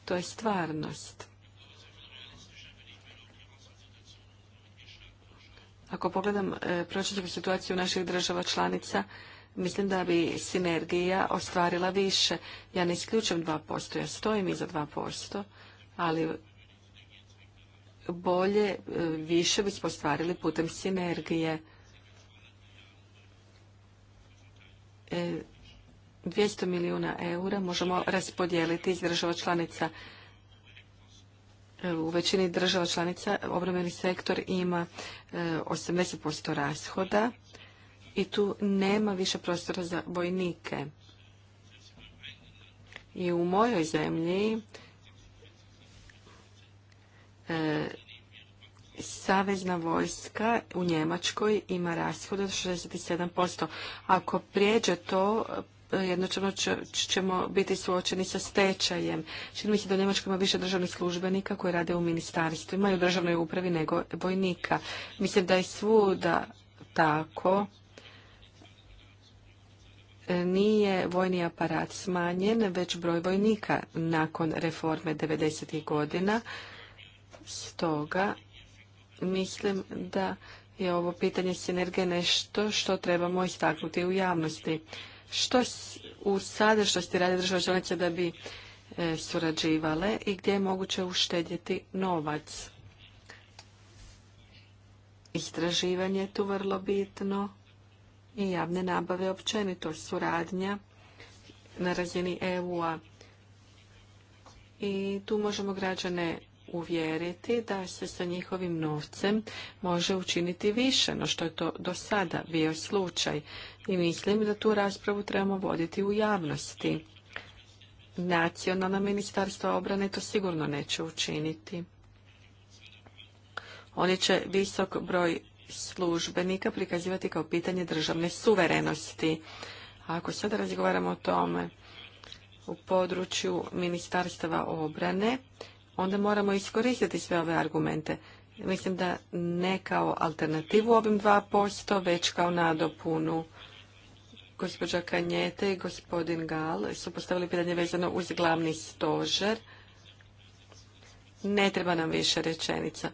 To je stvarnost. Ako pogledam e, pročitavu situaciju naših država članica, mislim da bi sinergija ostvarila više. Ja ne isključujem 2%, ja stojim iza 2%, ali bolje, e, više bismo ostvarili putem sinergije. 200 e, milijuna eura možemo raspodijeliti iz država članica E, u većini država članica obrambeni sektor ima 80% e, rashoda i tu nema više prostora za vojnike. I u mojoj zemlji e, Savezna vojska u Njemačkoj ima rashod od 67%. Ako prijeđe to, jednočeno ćemo biti suočeni sa stečajem. Čini mi se da u Njemačkoj ima više državnih službenika koji rade u ministarstvima i u državnoj upravi nego vojnika. Mislim da je svuda tako. Nije vojni aparat smanjen, već broj vojnika nakon reforme 90. godina. Stoga mislim da je ovo pitanje sinergije nešto što trebamo istaknuti u javnosti što u sadašnjosti radi država članica da bi e, surađivale i gdje je moguće uštedjeti novac. Istraživanje je tu vrlo bitno i javne nabave općenito suradnja na razini EU-a. I tu možemo građane uvjeriti da se sa njihovim novcem može učiniti više, no što je to do sada bio slučaj. I mislim da tu raspravu trebamo voditi u javnosti. Nacionalna ministarstva obrane to sigurno neće učiniti. Oni će visok broj službenika prikazivati kao pitanje državne suverenosti. ako sada razgovaramo o tome u području ministarstva obrane, onda moramo iskoristiti sve ove argumente. Mislim da ne kao alternativu ovim 2%, već kao nadopunu. Gospođa Kanjete i gospodin Gal su postavili pitanje vezano uz glavni stožer. Ne treba nam više rečenica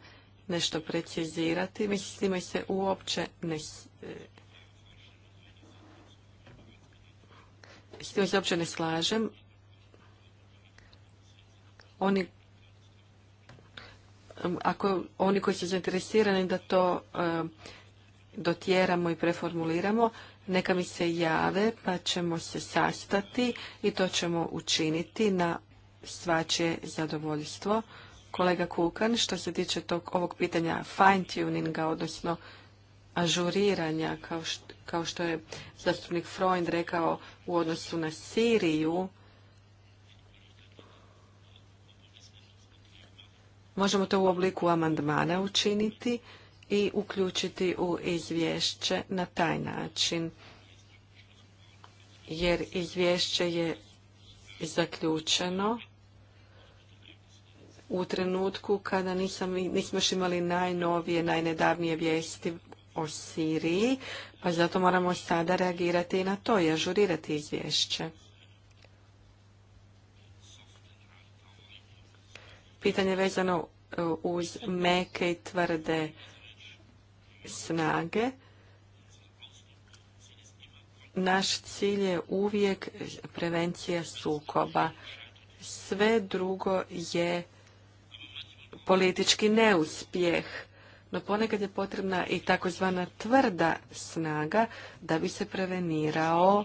nešto precizirati. Mislim, s se uopće ne... S e, time se uopće ne slažem. Oni ako oni koji su zainteresirani da to dotjeramo i preformuliramo, neka mi se jave pa ćemo se sastati i to ćemo učiniti na svačije zadovoljstvo. Kolega Kukan, što se tiče tog, ovog pitanja fine-tuninga, odnosno ažuriranja, kao što, kao što je zastupnik Freund rekao u odnosu na Siriju, Možemo to u obliku amandmana učiniti i uključiti u izvješće na taj način. Jer izvješće je zaključeno u trenutku kada nismo još imali najnovije, najnedavnije vijesti o Siriji, pa zato moramo sada reagirati i na to i ažurirati izvješće. pitanje vezano e, uz meke i tvrde snage. Naš cilj je uvijek prevencija sukoba. Sve drugo je politički neuspjeh. No ponekad je potrebna i takozvana tvrda snaga da bi se prevenirao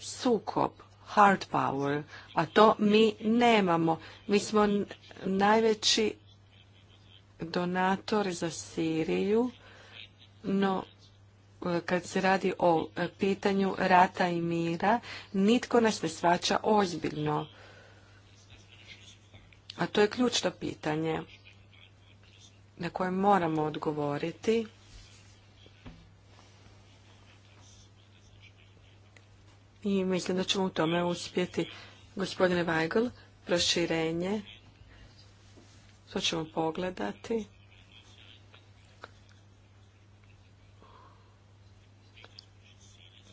sukob hard power, a to mi nemamo. Mi smo najveći donator za Siriju, no e, kad se radi o e, pitanju rata i mira, nitko nas ne svača ozbiljno. A to je ključno pitanje na koje moramo odgovoriti. i mislim da ćemo u tome uspjeti. Gospodine Weigl, proširenje, to ćemo pogledati.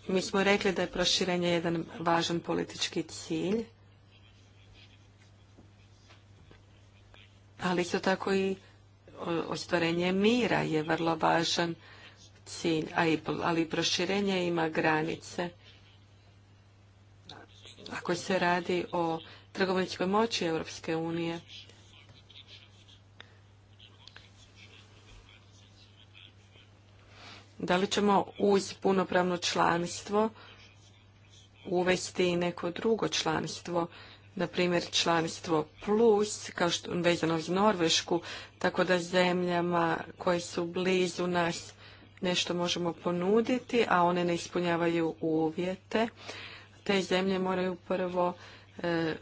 Mi smo rekli da je proširenje jedan važan politički cilj, ali isto tako i ostvarenje mira je vrlo važan cilj, ali i proširenje ima granice ako se radi o trgovinskoj moći Europske unije. Da li ćemo uz punopravno članstvo uvesti i neko drugo članstvo, na primjer članstvo plus, kao što vezano uz Norvešku, tako da zemljama koje su blizu nas nešto možemo ponuditi, a one ne ispunjavaju uvjete te zemlje moraju prvo e,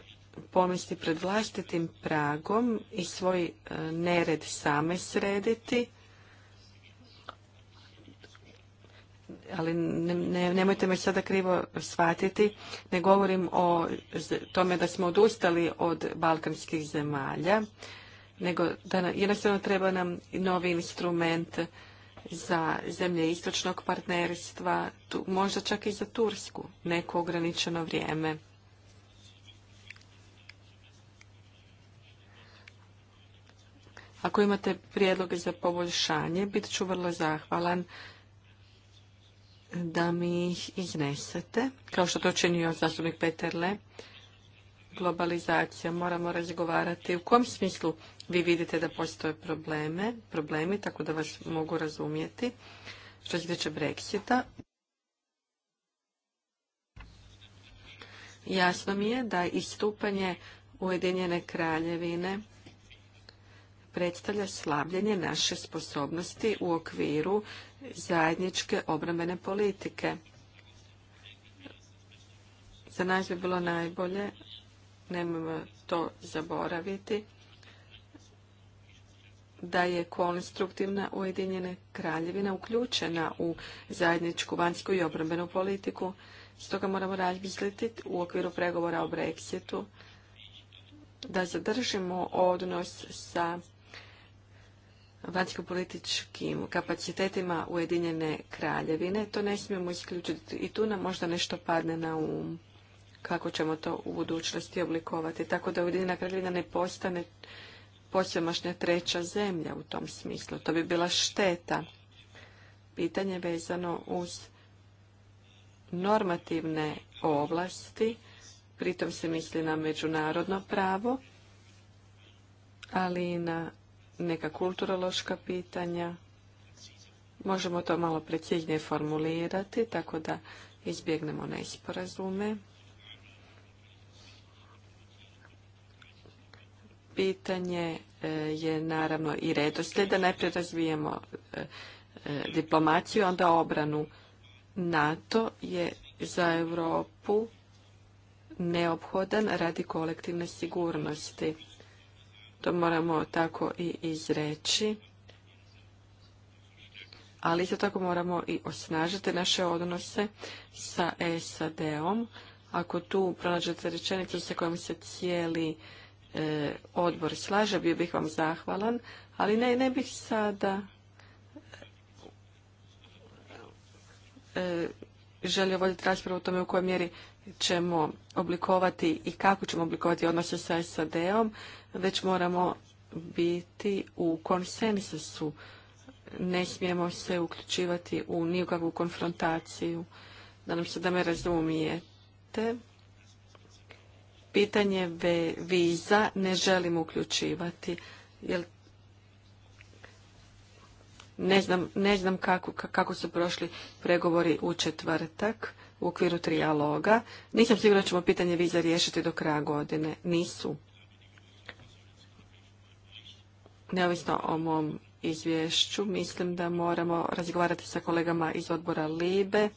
pomesti pred vlastitim pragom i svoj e, nered same srediti. ali nemojte me sada krivo shvatiti, ne govorim o tome da smo odustali od balkanskih zemalja, nego da jednostavno treba nam novi instrument za zemlje istočnog partnerstva, tu, možda čak i za Tursku, neko ograničeno vrijeme. Ako imate prijedloge za poboljšanje, bit ću vrlo zahvalan da mi ih iznesete, kao što to činio zastupnik Peterle globalizacija, moramo razgovarati u kom smislu vi vidite da postoje probleme, problemi, tako da vas mogu razumjeti. Što se tiče Brexita, jasno mi je da istupanje Ujedinjene kraljevine predstavlja slabljenje naše sposobnosti u okviru zajedničke obrambene politike. Za nas bi bilo najbolje, nemojmo to zaboraviti, da je konstruktivna Ujedinjena kraljevina uključena u zajedničku vanjsku i obrambenu politiku. Stoga moramo razmisliti u okviru pregovora o Brexitu da zadržimo odnos sa vanjsko-političkim kapacitetima Ujedinjene kraljevine. To ne smijemo isključiti i tu nam možda nešto padne na um kako ćemo to u budućnosti oblikovati. Tako da Ujedinjena kraljevina ne postane posjemašnja treća zemlja u tom smislu. To bi bila šteta. Pitanje vezano uz normativne ovlasti, pritom se misli na međunarodno pravo, ali i na neka kulturološka pitanja. Možemo to malo preciznije formulirati, tako da izbjegnemo nesporazume. pitanje e, je naravno i da Najprije razvijemo e, e, diplomaciju, onda obranu. NATO je za Europu neophodan radi kolektivne sigurnosti. To moramo tako i izreći. Ali isto tako moramo i osnažiti naše odnose sa SAD-om. Ako tu pronađete rečenicu sa kojom se cijeli E, odbor slaže, bio bih vam zahvalan, ali ne, ne bih sada e, želio voditi raspravu o tome u kojoj mjeri ćemo oblikovati i kako ćemo oblikovati odnose sa SAD-om, već moramo biti u konsensusu. Ne smijemo se uključivati u nikakvu konfrontaciju. nam se da me razumijete pitanje viza ne želim uključivati. Jer ne znam, kako, su prošli pregovori u četvrtak u okviru trijaloga. Nisam sigurna da ćemo pitanje viza riješiti do kraja godine. Nisu. Neovisno o mom izvješću, mislim da moramo razgovarati sa kolegama iz odbora LIBE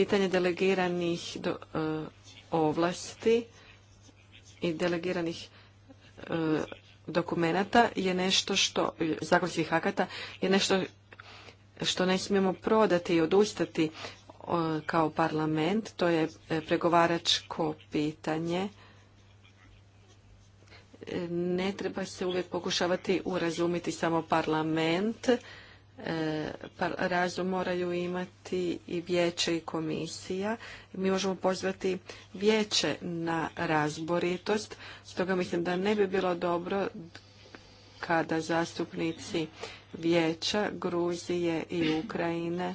pitanje delegiranih do, e, ovlasti i delegiranih e, dokumenata je nešto što, zakonskih akata, je nešto što ne smijemo prodati i odustati e, kao parlament. To je pregovaračko pitanje. Ne treba se uvijek pokušavati urazumiti samo parlament. E, pa razum moraju imati i vijeće i komisija. Mi možemo pozvati vijeće na razboritost, stoga mislim da ne bi bilo dobro kada zastupnici vijeća Gruzije i Ukrajine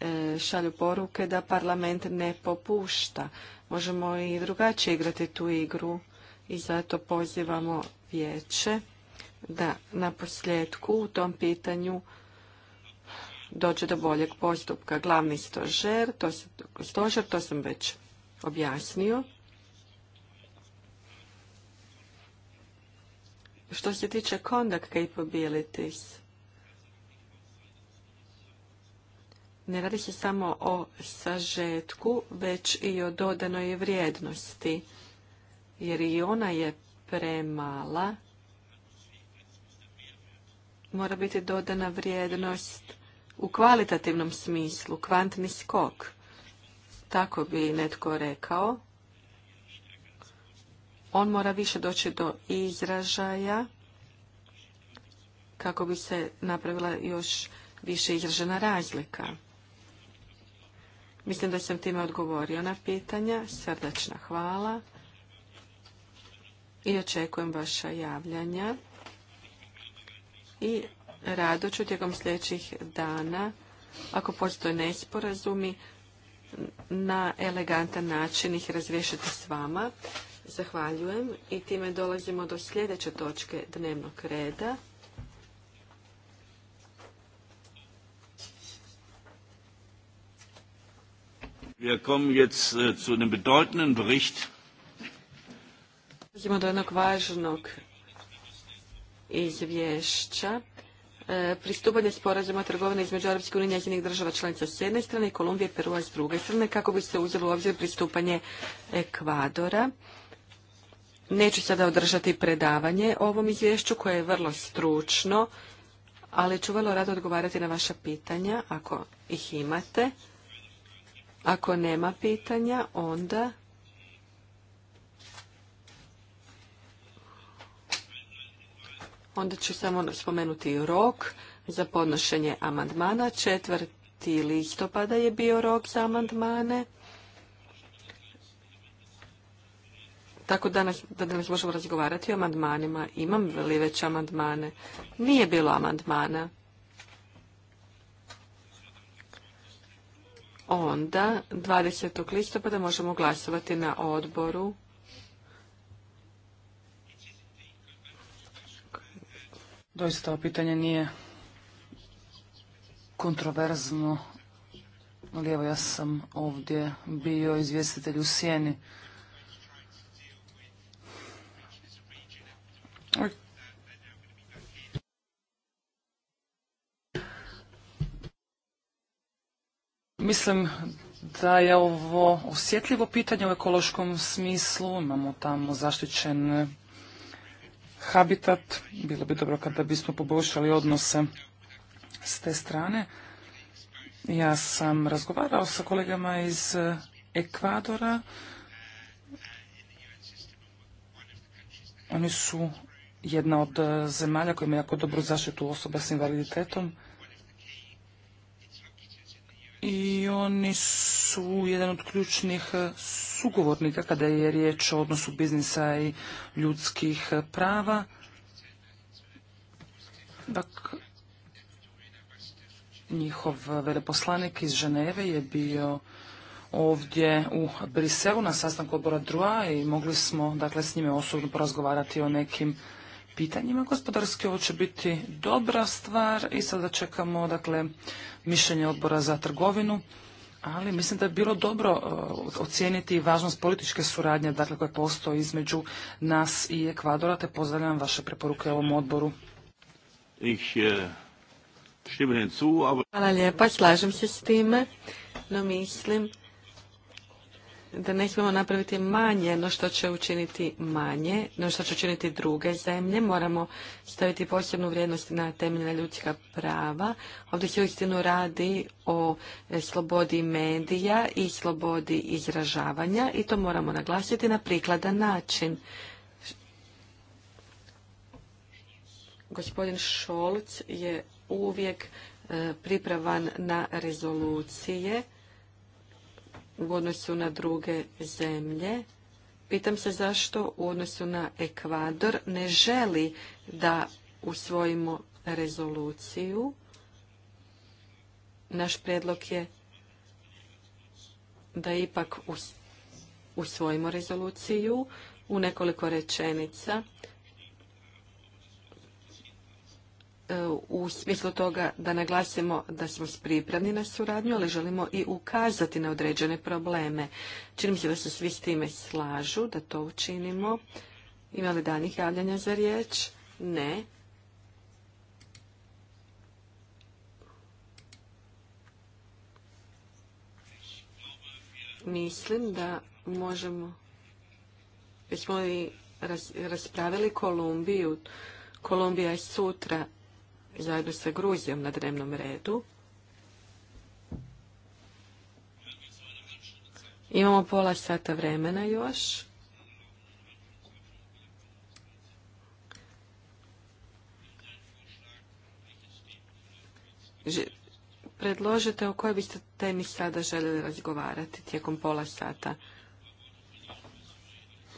e, šalju poruke da parlament ne popušta. Možemo i drugačije igrati tu igru i zato pozivamo vijeće da na posljedku u tom pitanju dođe do boljeg postupka. Glavni stožer, to, stožer, to sam već objasnio. Što se tiče conduct capabilities, ne radi se samo o sažetku, već i o dodanoj vrijednosti, jer i ona je premala mora biti dodana vrijednost u kvalitativnom smislu, kvantni skok. Tako bi netko rekao. On mora više doći do izražaja kako bi se napravila još više izražena razlika. Mislim da sam time odgovorio na pitanja. Srdačna hvala i očekujem vaša javljanja i rado ću tijekom sljedećih dana, ako postoje nesporazumi, na elegantan način ih razriješiti s vama. Zahvaljujem i time dolazimo do sljedeće točke dnevnog reda. Wir kommen jetzt äh, zu einem bedeutenden Bericht. Dolazimo do jednog važnog izvješća e, pristupanje sporazuma trgovine između Europske unije i njezinih država članica s jedne strane i Kolumbije i Perua s druge strane kako bi se uzelo u obzir pristupanje Ekvadora. Neću sada održati predavanje o ovom izvješću koje je vrlo stručno, ali ću vrlo rado odgovarati na vaša pitanja ako ih imate. Ako nema pitanja, onda Onda ću samo spomenuti rok za podnošenje amandmana. Četvrti listopada je bio rok za amandmane. Tako danas, da danas možemo razgovarati o amandmanima. Imam li već amandmane? Nije bilo amandmana. Onda, 20. listopada možemo glasovati na odboru. Doista, ovo pitanje nije kontroverzno, ali evo ja sam ovdje bio izvjestitelj u Sjeni. Mislim da je ovo osjetljivo pitanje u ekološkom smislu. Imamo tamo zaštićene habitat. Bilo bi dobro kada bismo poboljšali odnose s te strane. Ja sam razgovarao sa kolegama iz e, Ekvadora. Oni su jedna od e, zemalja koja ima jako dobru zaštitu osoba s invaliditetom. I oni su jedan od ključnih e, sugovornika kada je riječ o odnosu biznisa i ljudskih prava. njihov veleposlanik iz Ženeve je bio ovdje u Briselu na sastanku odbora Drua i mogli smo dakle, s njime osobno porazgovarati o nekim pitanjima. Gospodarski ovo će biti dobra stvar i sada čekamo dakle, mišljenje odbora za trgovinu ali mislim da je bilo dobro e, ocijeniti važnost političke suradnje dakle, koja postoji između nas i Ekvadora, te pozdravljam vaše preporuke ovom odboru. E, Hvala lijepa, slažem se s time, no mislim da ne smijemo napraviti manje no što će učiniti manje, no što će učiniti druge zemlje. Moramo staviti posebnu vrijednost na temeljna ljudska prava. Ovdje se uistinu radi o e, slobodi medija i slobodi izražavanja i to moramo naglasiti na prikladan način. Gospodin Šolc je uvijek e, pripravan na rezolucije u odnosu na druge zemlje. Pitam se zašto u odnosu na Ekvador ne želi da usvojimo rezoluciju. Naš predlog je da ipak usvojimo rezoluciju u nekoliko rečenica. E, u smislu toga da naglasimo da smo spripravni na suradnju, ali želimo i ukazati na određene probleme. Čini se da se svi s time slažu, da to učinimo. Ima li danih javljanja za riječ? Ne. Mislim da možemo... Jesmo li raspravili Kolumbiju? Kolumbija je sutra zajedno sa Gruzijom na dnevnom redu. Imamo pola sata vremena još. Predložite o kojoj biste temi sada željeli razgovarati tijekom pola sata.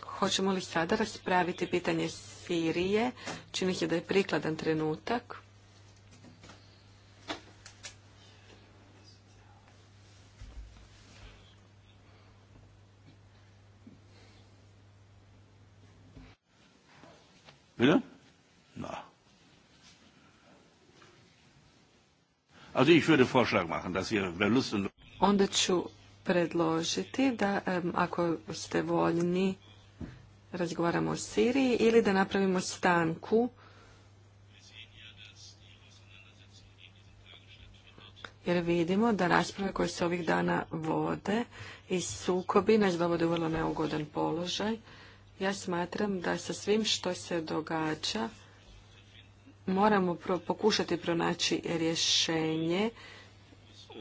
Hoćemo li sada raspraviti pitanje Sirije? Čini se da je prikladan trenutak. Bitte? Na. Also Onda ću predložiti da, ako ste voljni, razgovaramo o Siriji ili da napravimo stanku jer vidimo da rasprave koje se ovih dana vode i sukobi nas dovode u vrlo neugodan položaj. Ja smatram da sa svim što se događa moramo pokušati pronaći rješenje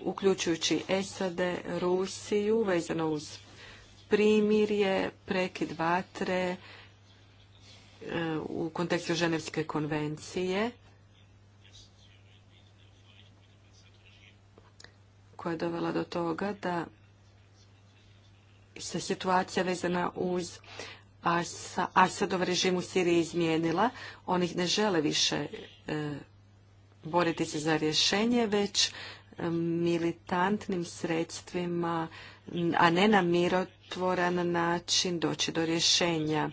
uključujući SAD, Rusiju, vezano uz primirje, prekid vatre e, u kontekstu Ženevske konvencije koja je dovela do toga da se situacija vezana uz Asadov režim u Siriji izmijenila. Oni ne žele više e, boriti se za rješenje, već e, militantnim sredstvima, a ne na mirotvoran način doći do rješenja.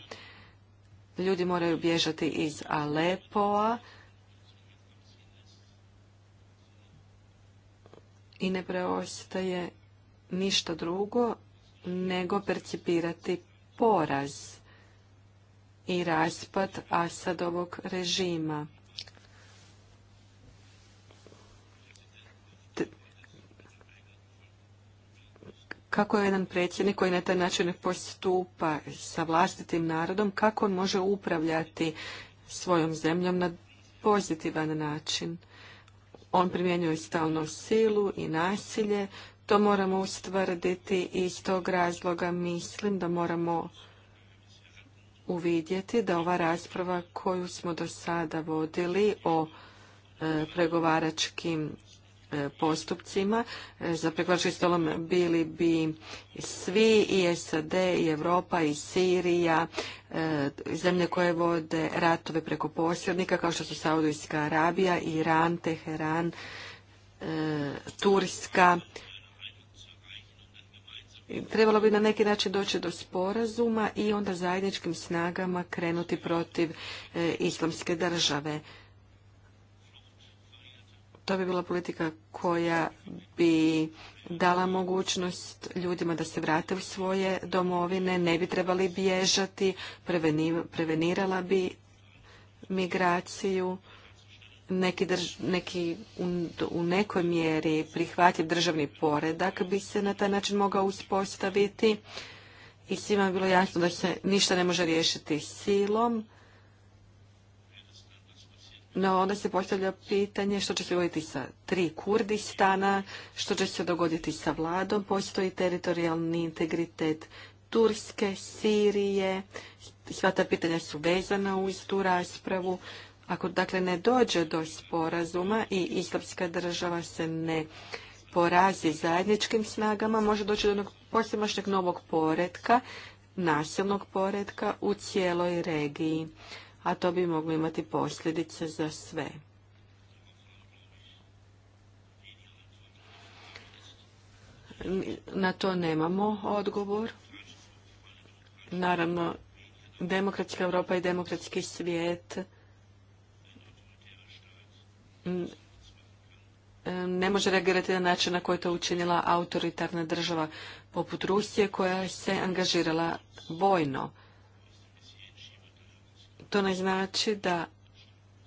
Ljudi moraju bježati iz Alepoa i ne preostaje ništa drugo nego percipirati poraz i raspad Asadovog režima. kako je jedan predsjednik koji na taj način postupa sa vlastitim narodom, kako on može upravljati svojom zemljom na pozitivan način. On primjenjuje stalno silu i nasilje, to moramo ustvrditi i iz tog razloga mislim da moramo uvidjeti da ova rasprava koju smo do sada vodili o e, pregovaračkim e, postupcima. E, za pregovaračkim stolom bili bi svi i SAD i Europa i Sirija, zemlje koje vode ratove preko posljednika kao što su Saudijska Arabija, Iran, Teheran, Turska, trebalo bi na neki način doći do sporazuma i onda zajedničkim snagama krenuti protiv e, islamske države. To bi bila politika koja bi dala mogućnost ljudima da se vrate u svoje domovine, ne bi trebali bježati, prevenirala bi migraciju neki, neki u nekoj mjeri prihvatljiv državni poredak bi se na taj način mogao uspostaviti i svima je bilo jasno da se ništa ne može riješiti silom. No onda se postavlja pitanje što će se dogoditi sa tri Kurdistana, što će se dogoditi sa vladom, postoji teritorijalni integritet Turske, Sirije, sva ta pitanja su vezana uz tu raspravu. Ako dakle ne dođe do sporazuma i islamska država se ne porazi zajedničkim snagama, može doći do jednog novog poredka, nasilnog poredka u cijeloj regiji, a to bi moglo imati posljedice za sve. Na to nemamo odgovor. Naravno, demokratska Europa i demokratski svijet ne može reagirati na način na koji je to učinila autoritarna država poput Rusije koja se angažirala vojno. To ne znači da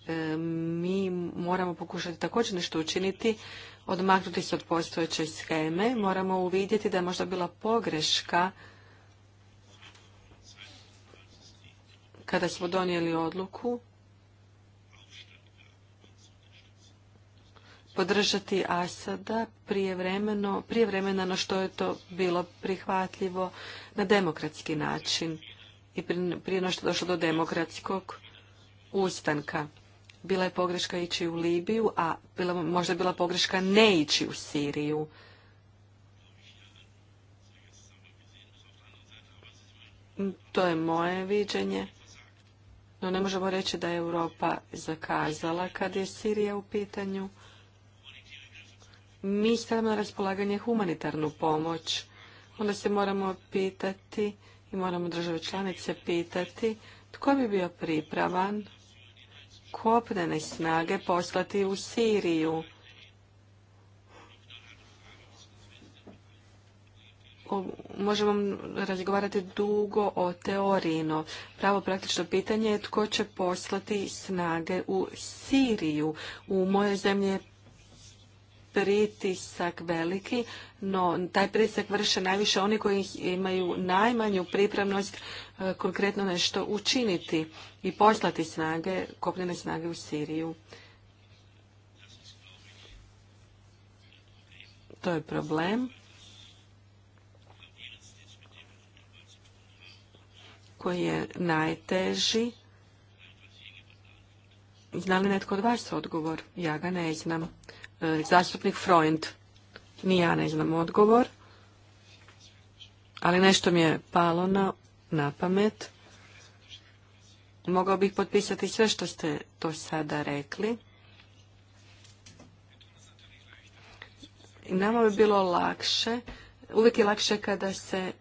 e, mi moramo pokušati također nešto učiniti, odmaknuti se od postojeće scheme, moramo uvidjeti da je možda bila pogreška kada smo donijeli odluku podržati Asada prije, prijevremeno, vremena na što je to bilo prihvatljivo na demokratski način i prije na što došlo do demokratskog ustanka. Bila je pogreška ići u Libiju, a bila, možda je bila pogreška ne ići u Siriju. To je moje viđenje. No ne možemo reći da je Europa zakazala kad je Sirija u pitanju mi stavimo na raspolaganje humanitarnu pomoć, onda se moramo pitati i moramo države članice pitati tko bi bio pripravan kopnene snage poslati u Siriju. možemo razgovarati dugo o teorijno. pravo praktično pitanje je tko će poslati snage u Siriju. U mojoj zemlji je pritisak veliki, no taj pritisak vrše najviše oni koji imaju najmanju pripremnost e, konkretno nešto učiniti i poslati snage, kopnjene snage u Siriju. To je problem. koji je najteži. Zna li netko od vas odgovor? Ja ga ne znam. E, zastupnik Freund. Ni ja ne znam odgovor. Ali nešto mi je palo na, pamet. Mogao bih potpisati sve što ste to sada rekli. I nama bi bilo lakše, uvijek je lakše kada se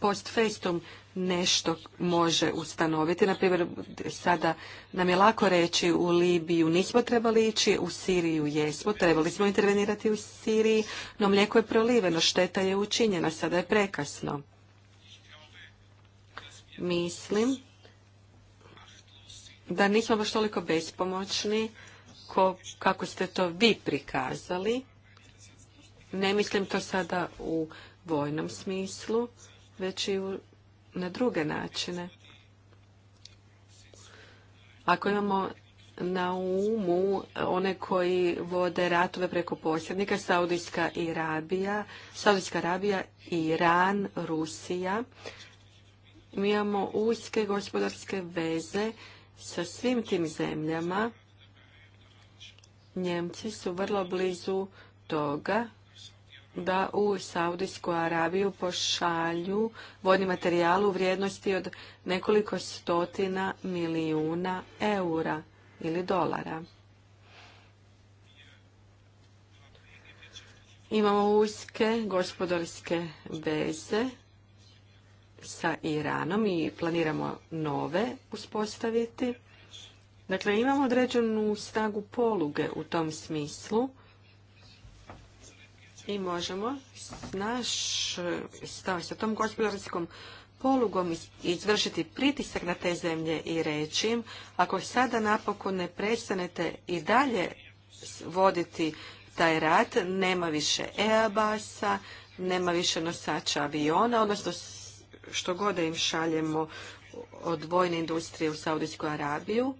post festum nešto može ustanoviti. Naprimjer, sada nam je lako reći u Libiju nismo trebali ići, u Siriju jesmo, trebali smo intervenirati u Siriji, no mlijeko je proliveno, šteta je učinjena, sada je prekasno. Mislim da nismo baš toliko bespomoćni ko, kako ste to vi prikazali. Ne mislim to sada u vojnom smislu, već i na druge načine. Ako imamo na umu one koji vode ratove preko posljednika, Saudijska Arabija, Saudijska Arabija, Iran, Rusija, mi imamo uske gospodarske veze sa svim tim zemljama. Njemci su vrlo blizu toga da u Saudijsku Arabiju pošalju vodni materijal u vrijednosti od nekoliko stotina milijuna eura ili dolara. Imamo uske gospodarske veze sa Iranom i planiramo nove uspostaviti. Dakle, imamo određenu snagu poluge u tom smislu i možemo naš stav sa tom gospodarskom polugom izvršiti pritisak na te zemlje i reći im, ako sada napokon ne prestanete i dalje voditi taj rat, nema više eabas nema više nosača aviona, odnosno što god da im šaljemo od vojne industrije u Saudijsku Arabiju,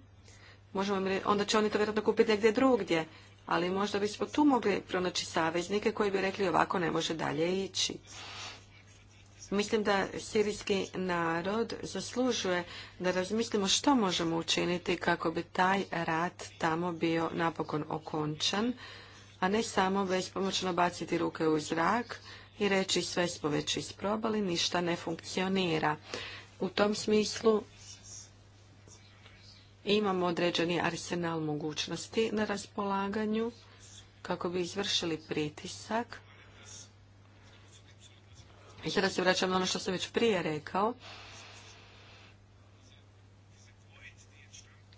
možemo, onda će oni to vjerojatno kupiti negdje drugdje ali možda bismo tu mogli pronaći saveznike koji bi rekli ovako ne može dalje ići. Mislim da sirijski narod zaslužuje da razmislimo što možemo učiniti kako bi taj rat tamo bio napokon okončan, a ne samo bespomoćno baciti ruke u zrak i reći sve smo već isprobali, ništa ne funkcionira. U tom smislu imamo određeni arsenal mogućnosti na raspolaganju kako bi izvršili pritisak. I sada se vraćam na ono što sam već prije rekao.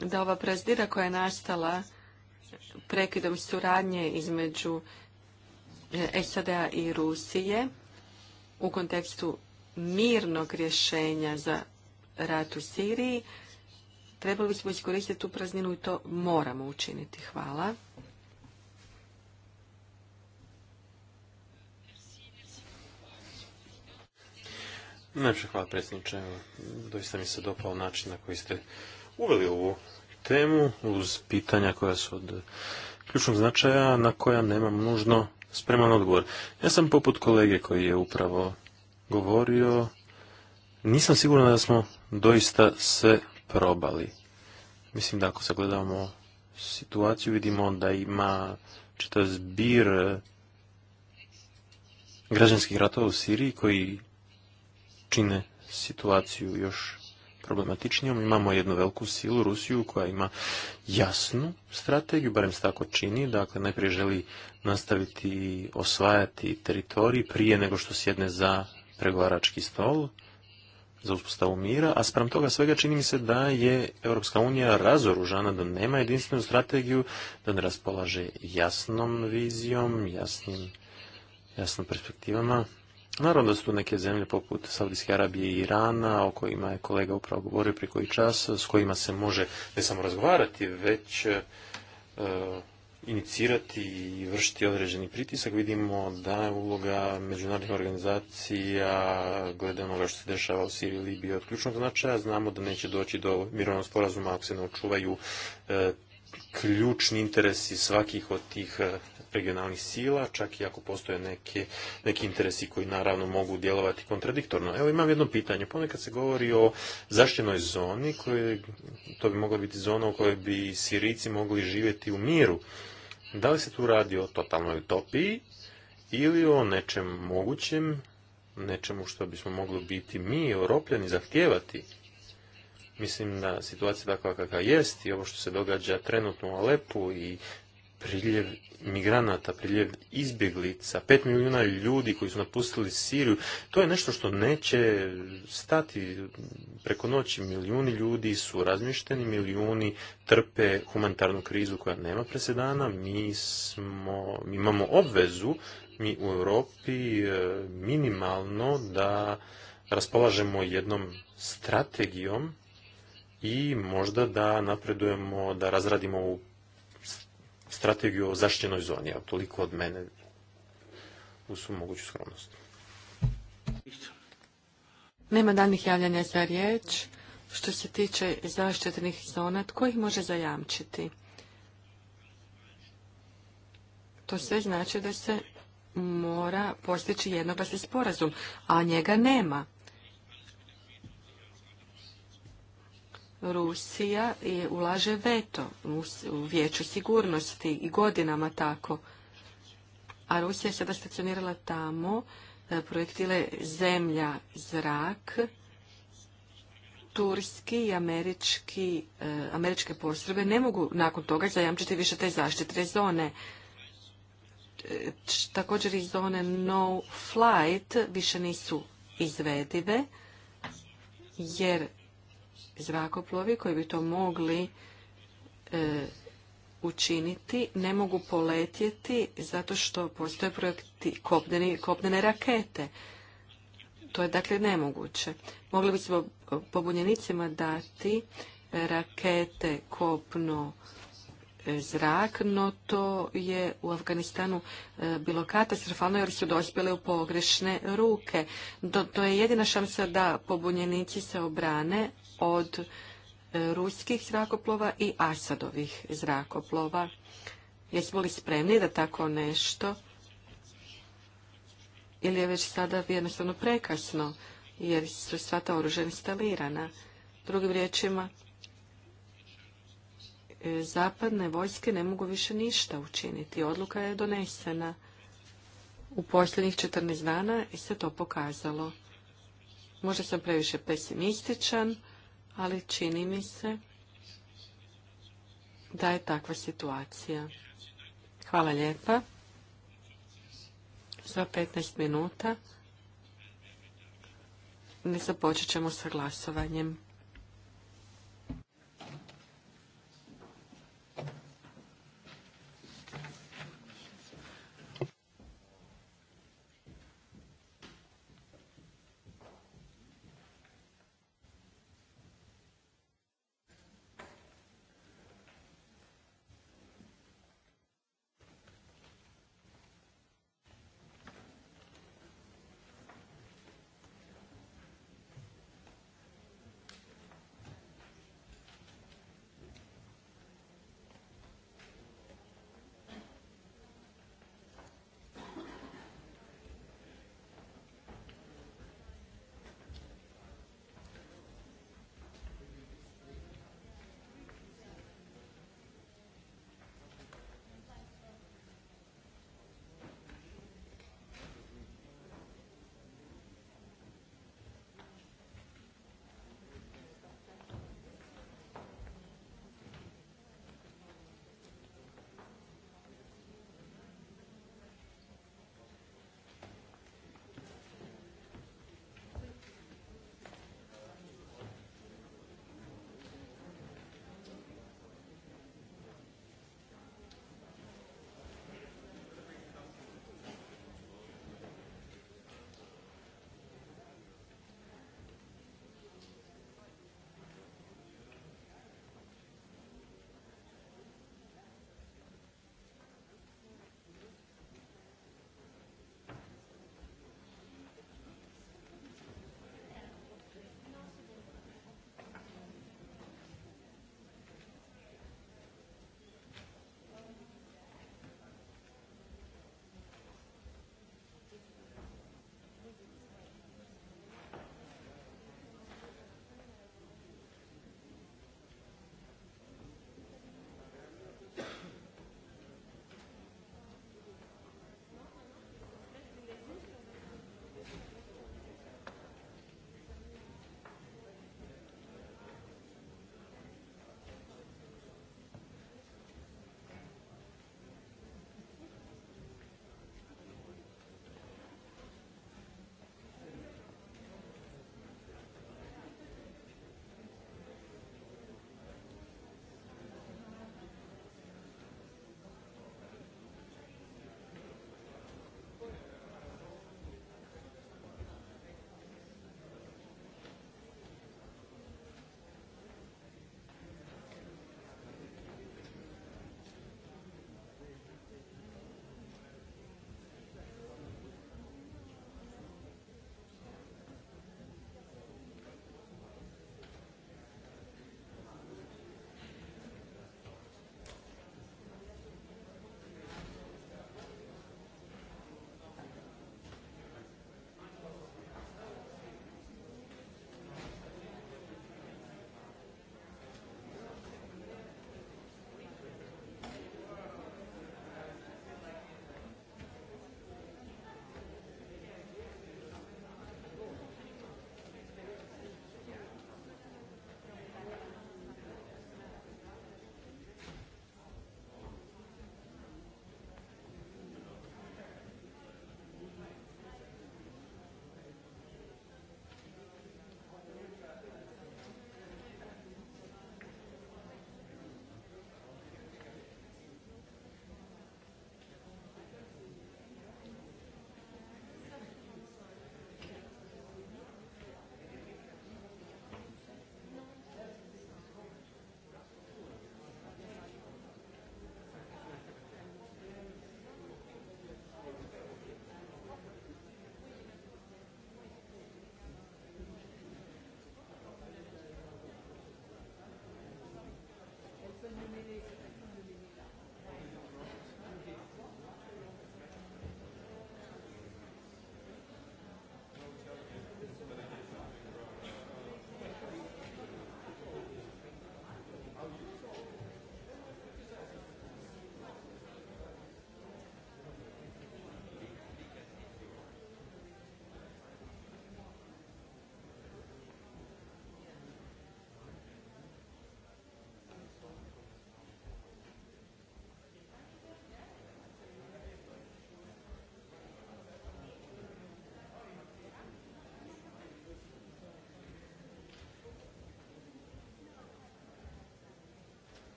Da ova prezdira koja je nastala prekidom suradnje između e, SAD-a i Rusije u kontekstu mirnog rješenja za rat u Siriji Trebali bismo iskoristiti tu prazninu i to moramo učiniti. Hvala. Najprej hvala predsjedniče. Doista mi se dopao način na koji ste uveli ovu temu uz pitanja koja su od ključnog značaja na koja nemam nužno spreman odgovor. Ja sam poput kolege koji je upravo govorio, nisam siguran da smo doista se probali. Mislim da ako sagledamo situaciju vidimo da ima čitav zbir e, građanskih ratova u Siriji koji čine situaciju još problematičnijom. Imamo jednu veliku silu, Rusiju, koja ima jasnu strategiju, barem se tako čini. Dakle, najprije želi nastaviti osvajati teritorij prije nego što sjedne za pregovarački stol za uspostavu mira, a spram toga svega čini mi se da je Europska unija razoružana, da nema jedinstvenu strategiju, da ne raspolaže jasnom vizijom, jasnim, jasnom perspektivama. Naravno da su tu neke zemlje poput Saudijske Arabije i Irana, o kojima je kolega upravo govorio pri koji čas, s kojima se može ne samo razgovarati, već e, inicirati i vršiti određeni pritisak. Vidimo da je uloga međunarodnih organizacija glede onoga što se dešava u Siriji i Libiji od ključnog značaja. Znamo da neće doći do mirovnog sporazuma ako se ne očuvaju e, ključni interesi svakih od tih e, regionalnih sila, čak i ako postoje neke, neki interesi koji naravno mogu djelovati kontradiktorno. Evo imam jedno pitanje. Ponekad se govori o zaštjenoj zoni, koje, to bi mogla biti zona u kojoj bi Sirici mogli živjeti u miru. Da li se tu radi o totalnoj utopiji ili o nečem mogućem, nečemu što bismo mogli biti mi, europljani, zahtijevati? Mislim da situacija takva kakva jest i ovo što se događa trenutno u Alepu i priljev migranata, priljev izbjeglica, pet milijuna ljudi koji su napustili Siriju, to je nešto što neće stati preko noći. Milijuni ljudi su razmišteni, milijuni trpe humanitarnu krizu koja nema presedana. Mi, smo, mi imamo obvezu, mi u Europi e, minimalno da raspolažemo jednom strategijom i možda da napredujemo, da razradimo ovu strategiju o zaštićenoj zoni. a toliko od mene u svu moguću skromnost. Nema danih javljanja za riječ. Što se tiče zaštitnih zona, tko ih može zajamčiti? To sve znači da se mora postići jednoglasni sporazum, a njega nema. Rusija je ulaže veto u vijeću sigurnosti i godinama tako. A Rusija je sada stacionirala tamo e, projektile zemlja, zrak, turski i američki, e, američke postrebe. ne mogu nakon toga zajamčiti više te zaštitne zone. E, također i zone no flight više nisu izvedive, jer zrakoplovi koji bi to mogli e, učiniti ne mogu poletjeti zato što postoje projekti kopnene rakete. To je dakle nemoguće. Mogli bismo pobunjenicima dati e, rakete kopno e, zrak, no to je u Afganistanu bilo katastrofalno jer su dospjele u pogrešne ruke. To je jedina šansa da pobunjenici se obrane, od e, ruskih zrakoplova i Asadovih zrakoplova. Jesmo li spremni da tako nešto? Ili je već sada jednostavno prekasno, jer su sva ta oružja instalirana? Drugim riječima, e, zapadne vojske ne mogu više ništa učiniti. Odluka je donesena. U posljednjih 14 dana se to pokazalo. Možda sam previše pesimističan, ali čini mi se da je takva situacija. Hvala lijepa. Za 15 minuta ne započet ćemo sa glasovanjem.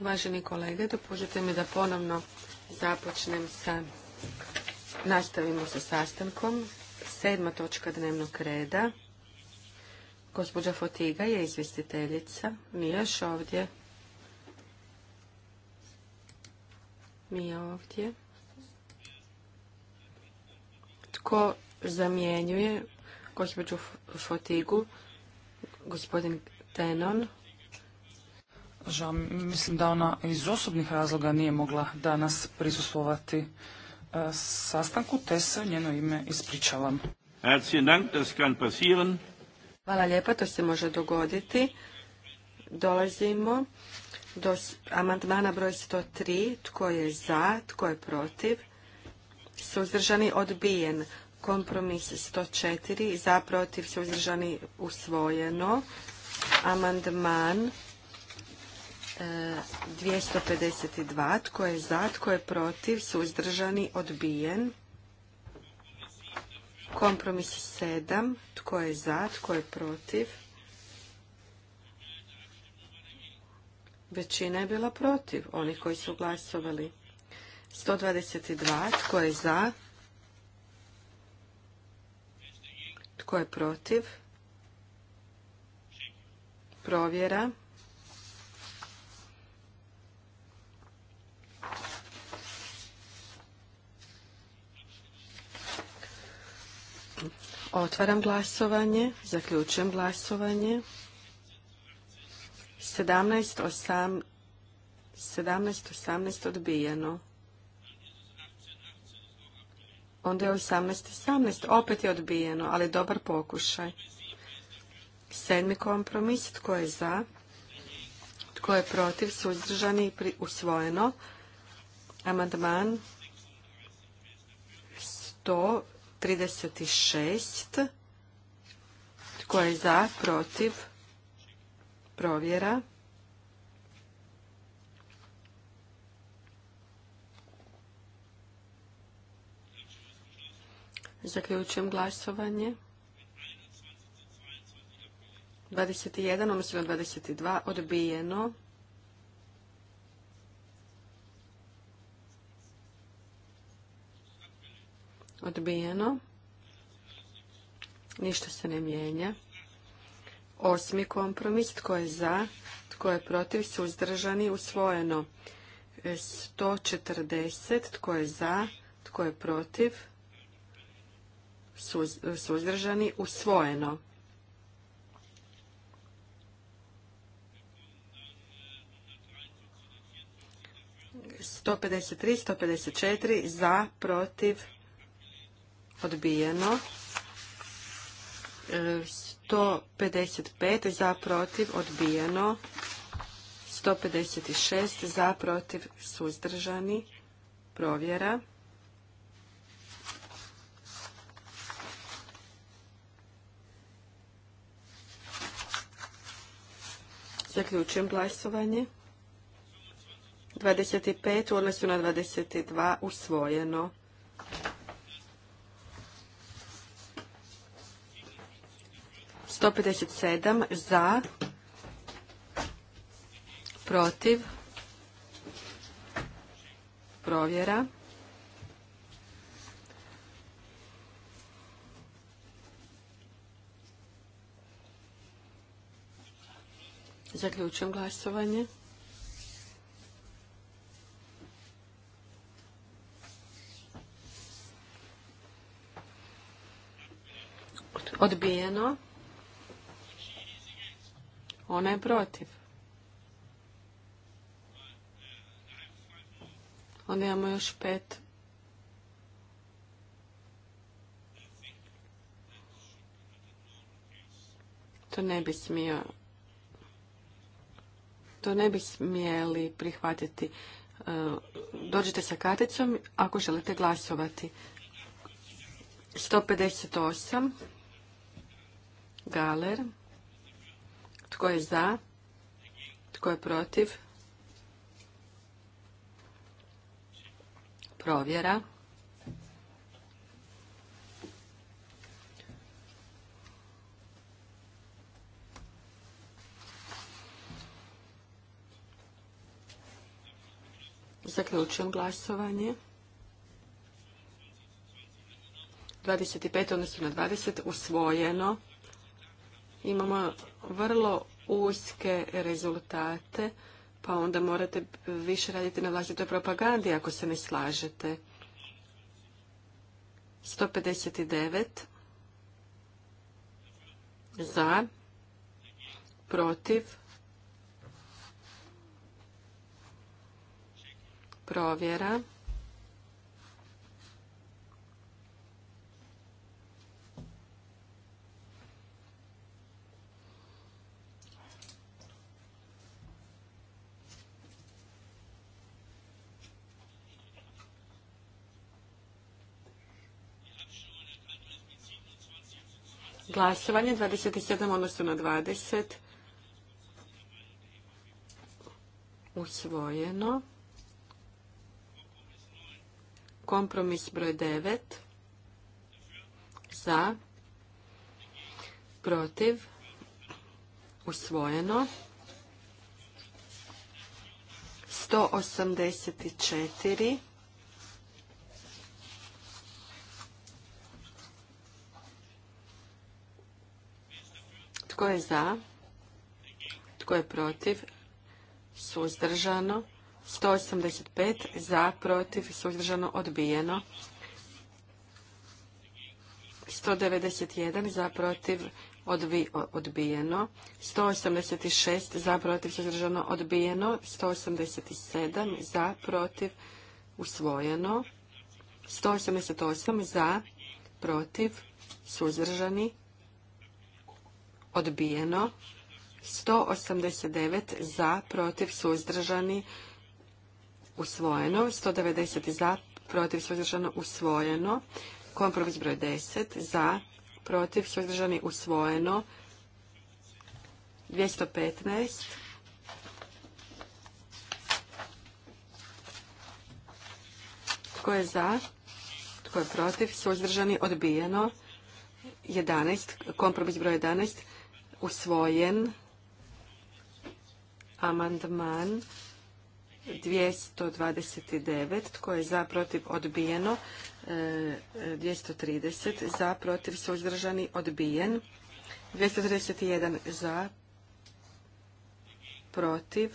Uvaženi kolege, dopužite mi da ponovno započnem sa, nastavimo sa sastankom. Sedma točka dnevnog reda. Gospođa Fotiga je izvjestiteljica. Mi još ovdje. Mi ovdje. Tko zamjenjuje gospođu Fotigu? Gospodin Tenon. Žao, mislim da ona iz osobnih razloga nije mogla danas prisustvovati e, sastanku, te se njeno ime ispričavam. Hvala lijepa, to se može dogoditi. Dolazimo do amandmana broj 103. Tko je za, tko je protiv? Suzdržani odbijen. Kompromis 104 za protiv suzdržani usvojeno. Amandman 252. E, tko je za, tko je protiv, suzdržani, odbijen. Kompromis 7. Tko je za, tko je protiv. Većina je bila protiv, oni koji su glasovali. 122. Tko je za, Tko je protiv? Provjera. Otvaram glasovanje, zaključujem glasovanje. 17, 18, odbijeno. Onda je 18. 18. Opet je odbijeno, ali dobar pokušaj. Sedmi kompromis. Tko je za? Tko je protiv? Suzdržani i usvojeno. Amandman 136. Tko je za? Protiv? Provjera. Zaključujem glasovanje. 21, odnosno 22, odbijeno. Odbijeno. Ništa se ne mijenja. Osmi kompromis. Tko je za? Tko je protiv? Suzdržani? Usvojeno. 140. Tko je za? Tko je protiv? suzdržani, usvojeno. Sto pedeset tri, pedeset četiri za, protiv, odbijeno. 155 e, za protiv odbijeno 156 za protiv suzdržani provjera Zaključujem glasovanje. 25 u odnosu na 22 usvojeno. Sto pedeset sedam za protiv provjera Zaključujem glasovanje. Odbijeno. Ona je protiv. Onda imamo još pet. To ne bi smio to ne bi smjeli prihvatiti. E, dođite sa karticom ako želite glasovati. 158. Galer. Tko je za? Tko je protiv? Provjera. Zaključujem glasovanje. 25, odnosno na 20, usvojeno. Imamo vrlo uske rezultate, pa onda morate više raditi na vlastitoj propagandi ako se ne slažete. 159 za, protiv, provjera. Glasovanje 27 odnosno na 20 usvojeno. Kompromis broj 9. Za. Protiv. Usvojeno. 184. Tko je za? Tko je protiv? Suzdržano. 185 za, protiv, suzdržano, odbijeno. 191 za, protiv, odbijeno. 186 za, protiv, suzdržano, odbijeno. 187 za, protiv, usvojeno. 188 za, protiv, suzdržani, odbijeno. 189 za, protiv, suzdržani, odbijeno usvojeno, 190 za, protiv, suzdržano, usvojeno, kompromis broj 10 za, protiv, suzdržani, usvojeno, 215 Tko je za? Tko je protiv? Suzdržani? Odbijeno. 11. Kompromis broj 11. Usvojen. Amandman 229, tko je za, protiv, odbijeno. 230, e, za, protiv, suzdržani, odbijen. 231, za, protiv,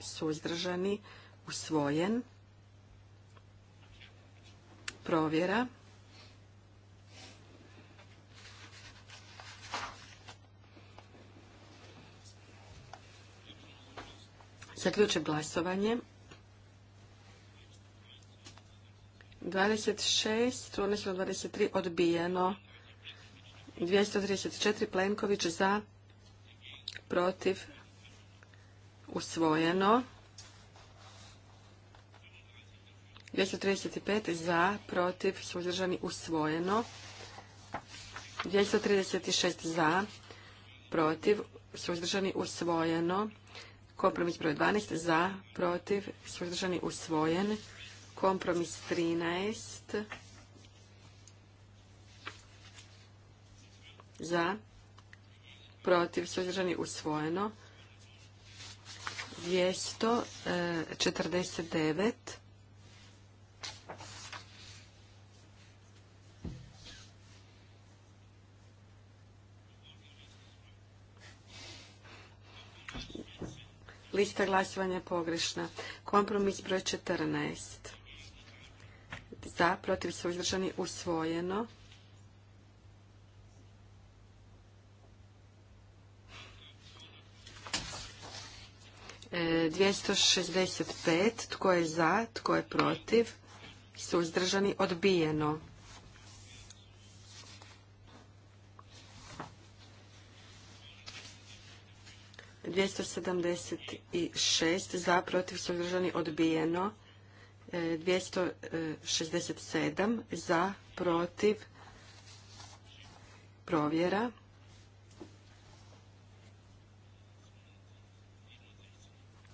suzdržani, usvojen. Provjera. Zaključujem glasovanje. 26, odnosno 23, odbijeno. 234, Plenković za, protiv, usvojeno. 235 za, protiv, suzdržani, usvojeno. 236 za, protiv, suzdržani, usvojeno. Kompromis broj 12 za, protiv, suzdržani, usvojen. Kompromis 13 za, protiv, suzdržani, usvojeno. 249 Lista glasovanja je pogrešna. Kompromis broj 14. Za, protiv, suzdržani, usvojeno. E, 265. Tko je za, tko je protiv? Suzdržani, odbijeno. 276 za, protiv, suzdržani, odbijeno. 267 e, za, protiv, provjera.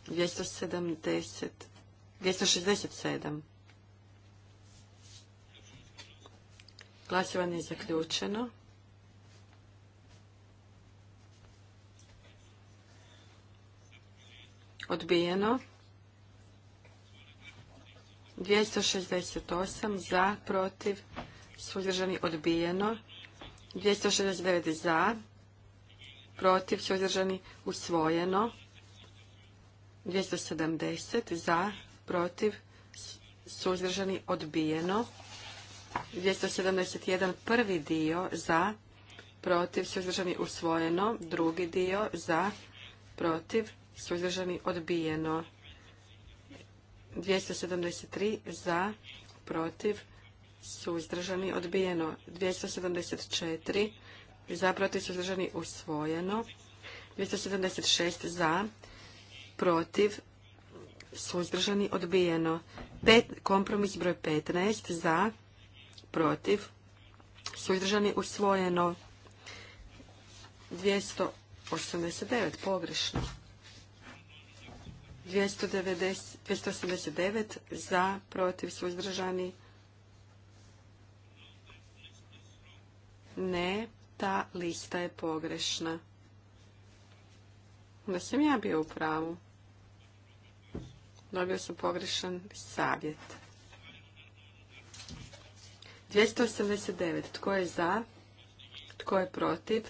Dvjesto sedamdeset, dvjesto šestdeset sedam. Glasovanje je zaključeno. odbijeno. 268 za, protiv, suzdržani, odbijeno. 269 za, protiv, suzdržani, usvojeno. 270 za, protiv, suzdržani, odbijeno. 271 prvi dio za, protiv, suzdržani, usvojeno. Drugi dio za, protiv, suzdržani odbijeno. 273 za, protiv, suzdržani odbijeno. 274 za, protiv, suzdržani usvojeno. 276 za, protiv, suzdržani odbijeno. Pet, kompromis broj 15 za, protiv, suzdržani usvojeno. 289 pogrešno. 289 za, protiv, suzdržani. Ne, ta lista je pogrešna. Da sam ja bio u pravu. Dobio sam pogrešan savjet. 289. Tko je za? Tko je protiv?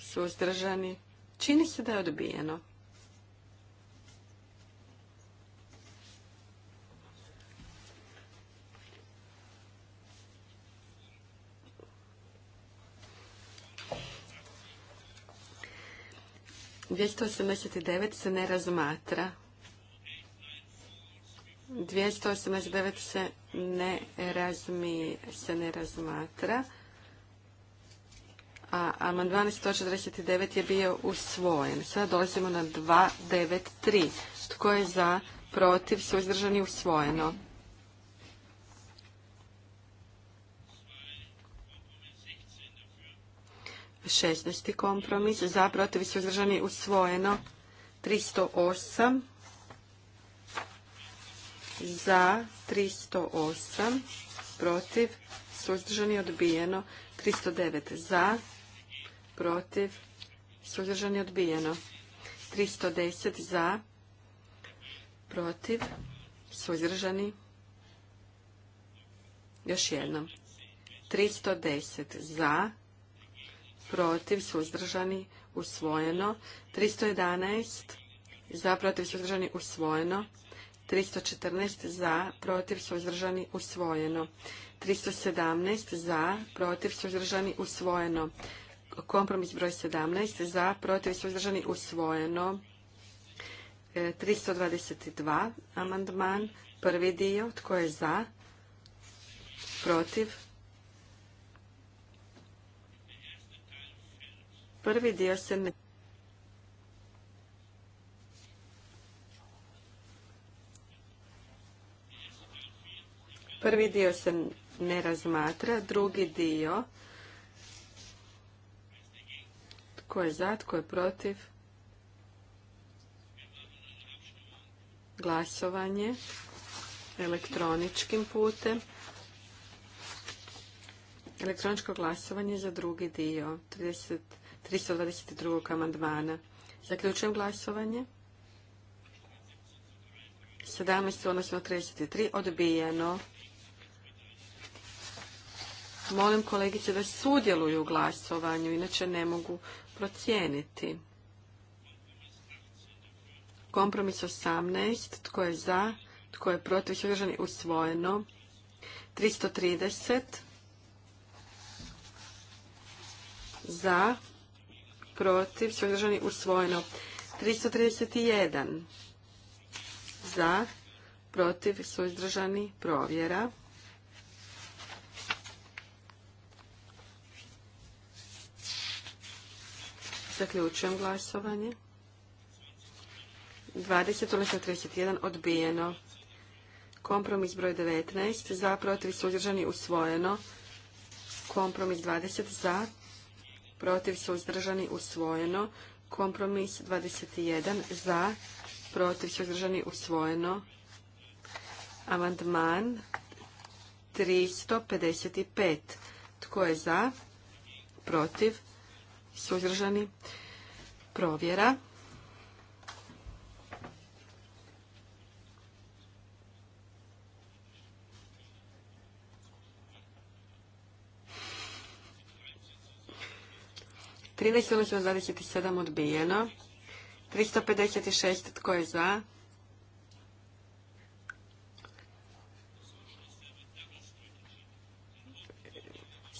Suzdržani. Čini se da je odbijeno. 289 se ne razmatra. 289 se ne, razmi, se ne razmatra. A amandman 149 je bio usvojen. Sada dolazimo na 293. Tko je za, protiv, suzdržani, usvojeno. 16. kompromis za protiv suzdržani usvojeno 308 za 308 protiv suzdržani odbijeno 309 za protiv suzdržani odbijeno 310 za protiv suzdržani još jednom 310 za protiv, suzdržani, usvojeno. 311 za, protiv, suzdržani, usvojeno. 314 za, protiv, suzdržani, usvojeno. 317 za, protiv, suzdržani, usvojeno. Kompromis broj 17 za, protiv, suzdržani, usvojeno. 322 e, amandman, prvi dio, tko je za, protiv, Prvi dio se ne... Prvi dio se ne razmatra, drugi dio tko je za, tko je protiv, glasovanje elektroničkim putem, elektroničko glasovanje za drugi dio, 30 322. amandmana. Zaključujem glasovanje. 17, odnosno 33, odbijeno. Molim kolegice da sudjeluju u glasovanju, inače ne mogu procijeniti. Kompromis 18, tko je za, tko je protiv, je usvojeno. 330, za, protiv, suzdržani, usvojeno. 331 za, protiv, suzdržani, provjera. Zaključujem glasovanje. 20, odbijeno. Kompromis broj 19, za, protiv, suzdržani, usvojeno. Kompromis 20, za, protiv, suzdržani, usvojeno. Kompromis 21 za, protiv, suzdržani, usvojeno. Amandman 355. Tko je za? Protiv? Suzdržani? Provjera. 13.27. odbijeno. 356 tko je za?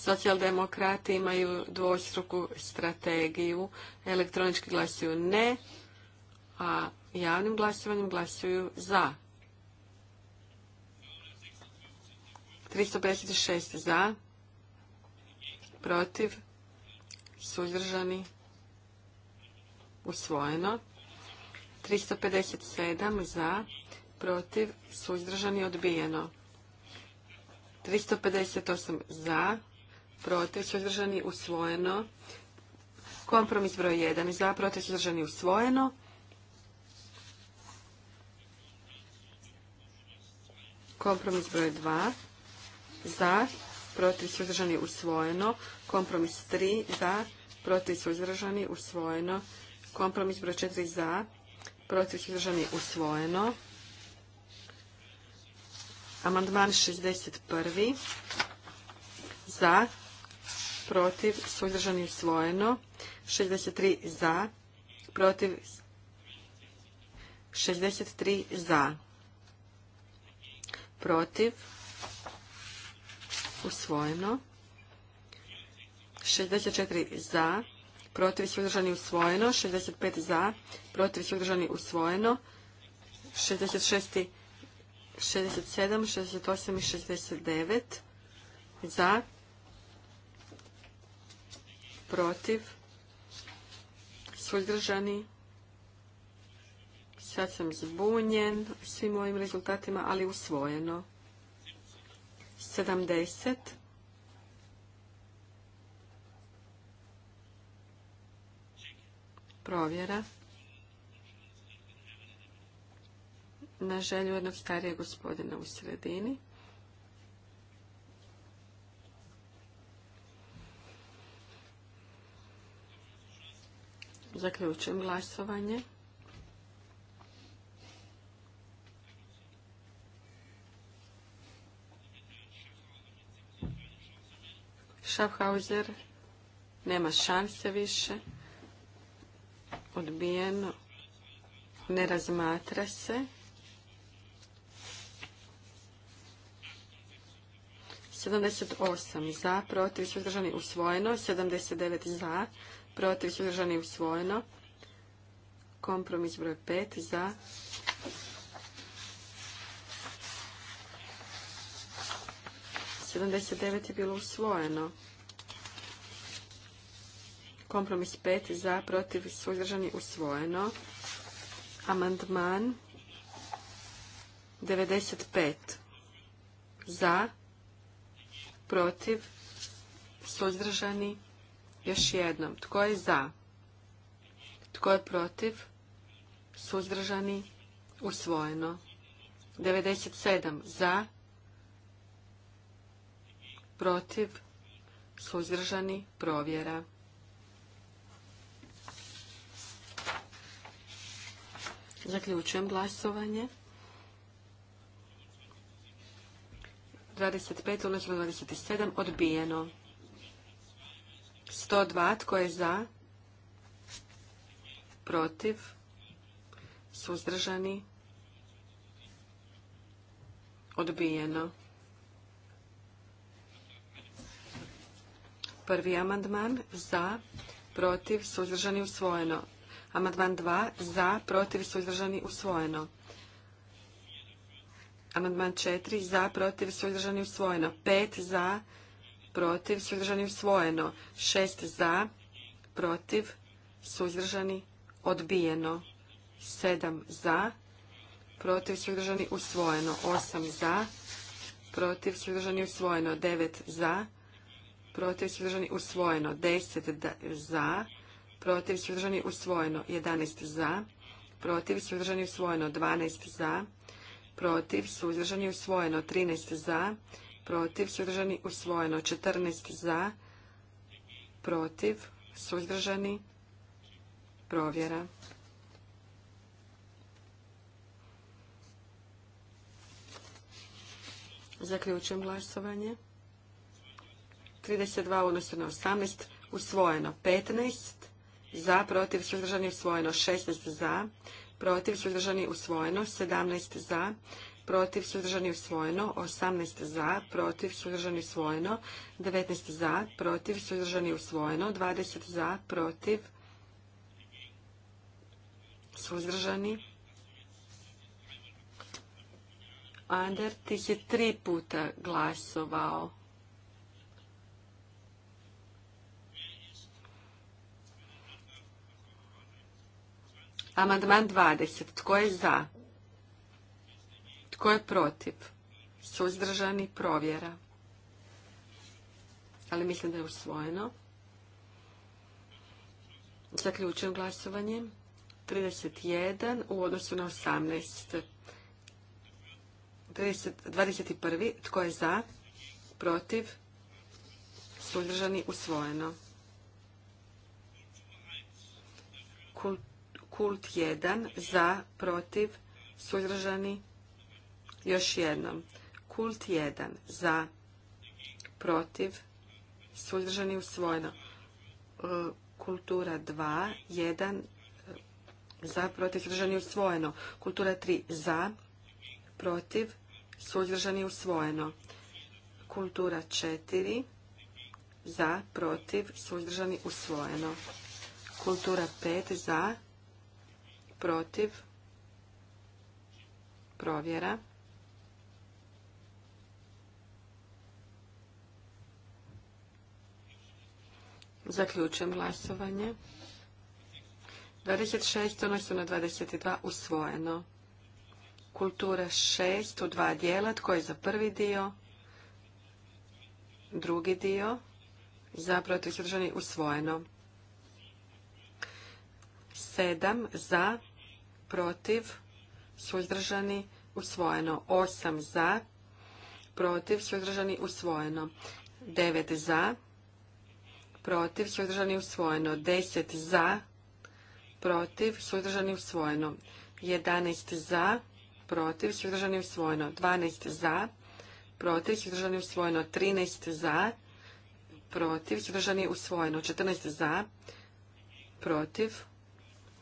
Socijaldemokrati imaju dvostruku strategiju. Elektronički glasuju ne, a javnim glasovanjem glasuju za. 356 za, protiv, suzdržani, usvojeno. 357 za, protiv, suzdržani, odbijeno. 358 za, protiv, suzdržani, usvojeno. Kompromis broj 1 za, protiv, suzdržani, usvojeno. Kompromis broj 2 za, protiv, suzdržani, usvojeno. Kompromis 3 za, protiv suzdržani usvojeno. Kompromis broj četiri, za, protiv suzdržani usvojeno. Amandman 61. Za, protiv suzdržani usvojeno. 63 za, protiv 63 za, protiv usvojeno. 64 za, protiv suzdržani usvojeno, 65 za, protiv suzdržani usvojeno, 66, 67, 68 i 69 za, protiv, suzdržani, sad sam zbunjen svim ovim rezultatima, ali usvojeno. 70 provjera na želju jednog starijeg gospodina u sredini. Zaključujem glasovanje. Schaffhauser nema šanse više. Odbijeno. Ne razmatra se. osam za, protiv, suzdržani, usvojeno. devet za, protiv, suzdržani, usvojeno. Kompromis broj pet za. Sedamdeset devet je bilo usvojeno. Kompromis 5 za, protiv, suzdržani, usvojeno. Amandman 95 za, protiv, suzdržani, još jednom. Tko je za? Tko je protiv? Suzdržani, usvojeno. 97 za, protiv, suzdržani, provjera. Zaključujem glasovanje. 25 odnosno 27 odbijeno. 102 tko je za? Protiv? Suzdržani? Odbijeno. Prvi amandman za, protiv, suzdržani, usvojeno. Amandman 2 za, protiv, suzdržani, usvojeno. Amandman 4 za, protiv, suzdržani, usvojeno. 5 za, protiv, suzdržani, usvojeno. 6 za, protiv, suzdržani, odbijeno. 7 za, protiv, suzdržani, usvojeno. 8 za, protiv, suzdržani, usvojeno. 9 za, protiv, suzdržani, usvojeno. 10 za, protiv, suzdržani, usvojeno. 11 za, protiv, suzdržani, usvojeno. 12 za, protiv, suzdržani, usvojeno. 13 za, protiv, suzdržani, usvojeno. 14 za, protiv, suzdržani, provjera. Zaključujem glasovanje. 32 odnosno 18, usvojeno 15, za, protiv, suzdržani, usvojeno. 16 za, protiv, suzdržani, usvojeno. 17 za, protiv, suzdržani, usvojeno. 18 za, protiv, suzdržani, usvojeno. 19 za, protiv, suzdržani, usvojeno. 20 za, protiv, suzdržani. Ander, ti si tri puta glasovao. Amandman 20. Tko je za? Tko je protiv? Suzdržani provjera. Ali mislim da je usvojeno. Zaključujem glasovanje. 31 u odnosu na 18. 21. Tko je za? Protiv? Suzdržani usvojeno. Kultura Kult 1 za, protiv, suzdržani. Još jednom. Kult 1 e, za, protiv, suzdržani, usvojeno. Kultura 2, 1 za, protiv, suzdržani, usvojeno. Kultura 3 za, protiv, suzdržani, usvojeno. Kultura 4 za, protiv, suzdržani, usvojeno. Kultura 5 za, protiv, provjera. Zaključujem glasovanje. 26, odnosno na 22, usvojeno. Kultura 6 u dva dijela, tko je za prvi dio, drugi dio, za protiv usvojeno. 7 za, protiv, suzdržani, usvojeno. 8 za, protiv, suzdržani, usvojeno. 9 za, protiv, suzdržani, usvojeno. 10 za, protiv, suzdržani, usvojeno. 11 za, protiv, suzdržani, usvojeno. 12 za, protiv, suzdržani, usvojeno. 13 za, protiv, suzdržani, usvojeno. 14 za, protiv,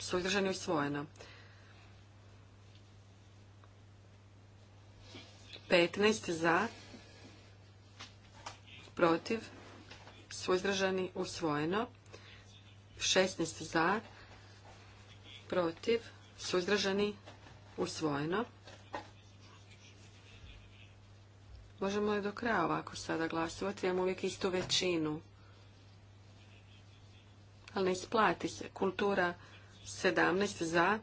Suzdržani usvojeno. 15 za, protiv, suzdržani, usvojeno. 16 za, protiv, suzdržani, usvojeno. Možemo li do kraja ovako sada glasovati? Imamo uvijek istu većinu. Ali ne isplati se. Kultura 17 za,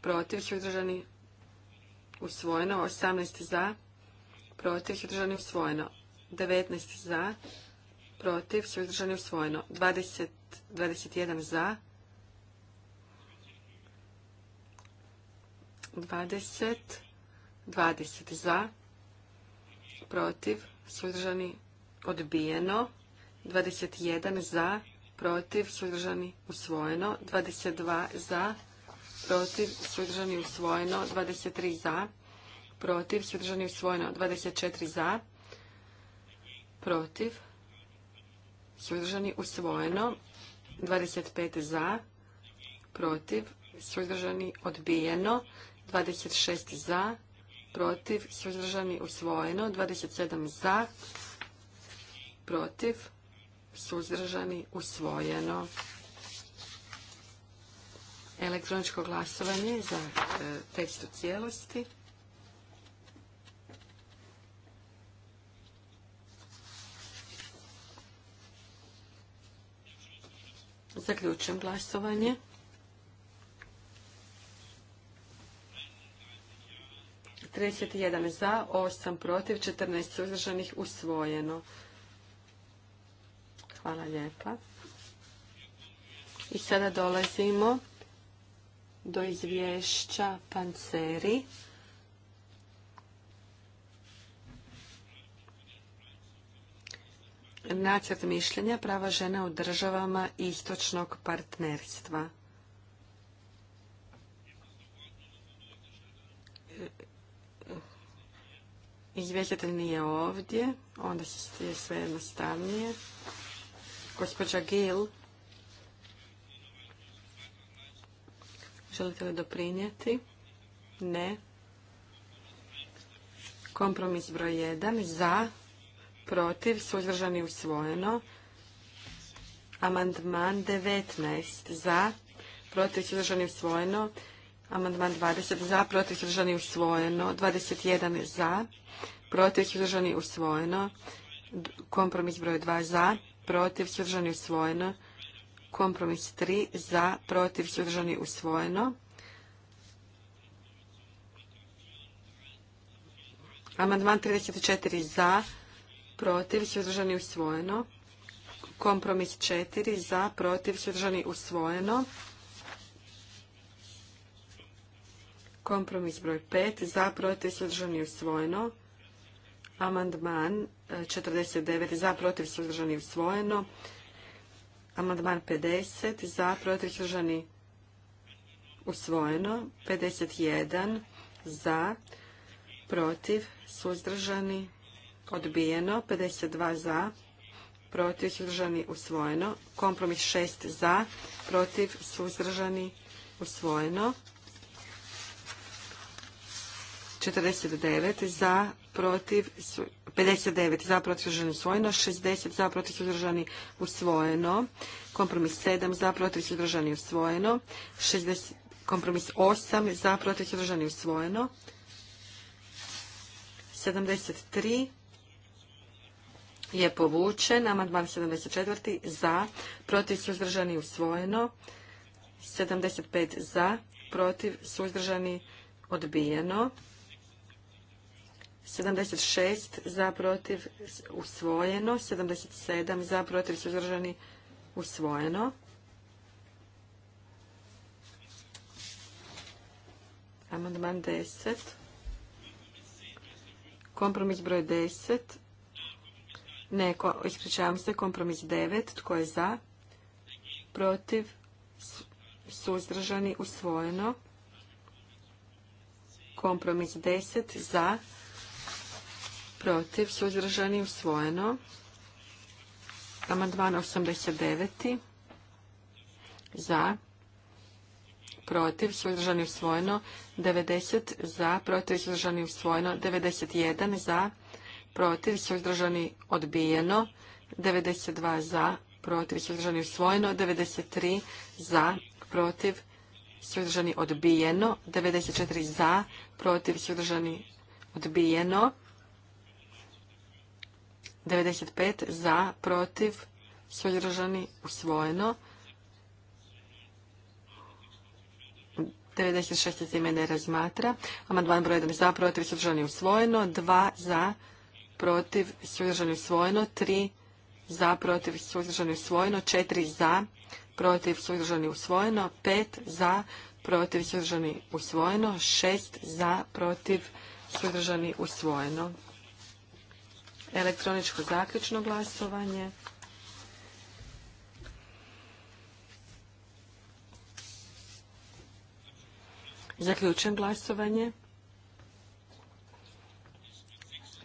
protiv, održani usvojeno. 18 za, protiv, usvojeno. 19 za, protiv, suzdržani, usvojeno. 20, 21 za, 20, 20 za, protiv, suzdržani, odbijeno. 21 za, protiv, suzdržani, usvojeno. 22 za, protiv, suzdržani, usvojeno. 23 za, protiv, suzdržani, usvojeno. 24 za, protiv, suzdržani, usvojeno. 25 za, protiv, suzdržani, odbijeno. 26 za, protiv, suzdržani, usvojeno. 27 za, protiv, suzdržani, usvojeno. Elektroničko glasovanje za e, tekst u cijelosti. Zaključujem glasovanje. jedan za, osam protiv, četrnaest suzdržanih usvojeno. Hvala lijepa. I sada dolazimo do izvješća Panceri. Nacrt mišljenja prava žena u državama istočnog partnerstva. Izvjestitelj nije ovdje, onda se sve jednostavnije. Gospođa Gil, želite li doprinijeti? Ne. Kompromis broj 1. Za, protiv, suzdržani usvojeno. Amandman 19. Za, protiv, suzdržani usvojeno. Amandman 20. Za, protiv, suzdržani usvojeno. 21. Za, protiv, suzdržani usvojeno. Kompromis broj 2. Za, protiv, suzdržani, usvojeno. Kompromis 3 za, protiv, suzdržani, usvojeno. Amandman 34 za, protiv, suzdržani, usvojeno. Kompromis 4 za, protiv, suzdržani, usvojeno. Kompromis broj 5 za, protiv, suzdržani, usvojeno. Amandman 49 e, za, protiv, suzdržani, usvojeno. Amandman 50 za, protiv, suzdržani, usvojeno. 51 za, protiv, suzdržani, odbijeno. 52 za, protiv, suzdržani, usvojeno. Kompromis 6 za, protiv, suzdržani, usvojeno. 49 za, protiv, 59 za protiv suzdržani usvojeno, 60 za protiv suzdržani usvojeno, kompromis 7 za protiv suzdržani usvojeno, 60, kompromis 8 za protiv suzdržani usvojeno, 73 je povučen, amandman 74 za protiv suzdržani usvojeno, 75 za protiv suzdržani odbijeno. 76 za protiv usvojeno, 77 za protiv suzdržani usvojeno. Amandman 10. Kompromis broj 10. Ne, ispričavam se, kompromis 9. Tko je za? Protiv? Suzdržani? Usvojeno? Kompromis 10. Za? protiv, suzdržani, usvojeno. Amandman 89. Za, protiv, suzdržani, usvojeno. 90. Za, protiv, suzdržani, usvojeno. 91. Za, protiv, suzdržani, odbijeno. 92. Za, protiv, suzdržani, usvojeno. 93. Za, protiv, suzdržani, odbijeno. 94. Za, protiv, suzdržani, odbijeno. 95 za, protiv, suzdržani, usvojeno. 96 se time ne razmatra. Amandman broj 1 za, protiv, sudržani, usvojeno. 2 za, protiv, sudržani, usvojeno. 3 za, protiv, suzdržani, usvojeno. 4 za, protiv, sudržani, usvojeno. 5 za, protiv, sudržani, usvojeno. 6 za, protiv, sudržani, usvojeno. Elektroničko zaključno glasovanje. Zaključujem glasovanje.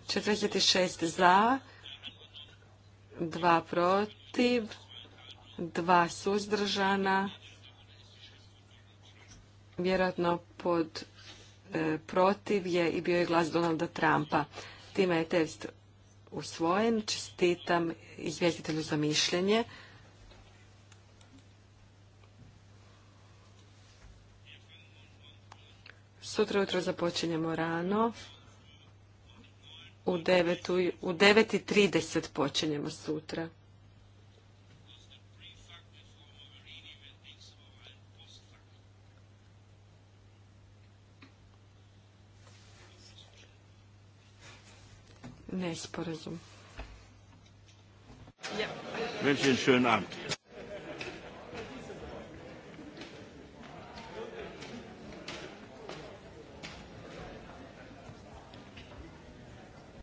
46 za, 2 protiv, 2 suzdržana. Vjerojatno pod e, protiv je i bio je glas Donalda Trumpa. Time je test usvojen. Čestitam izvjestitelju za mišljenje. Sutra jutro započinjemo rano. U 9.30 počinjemo sutra. nesporazum. Ja.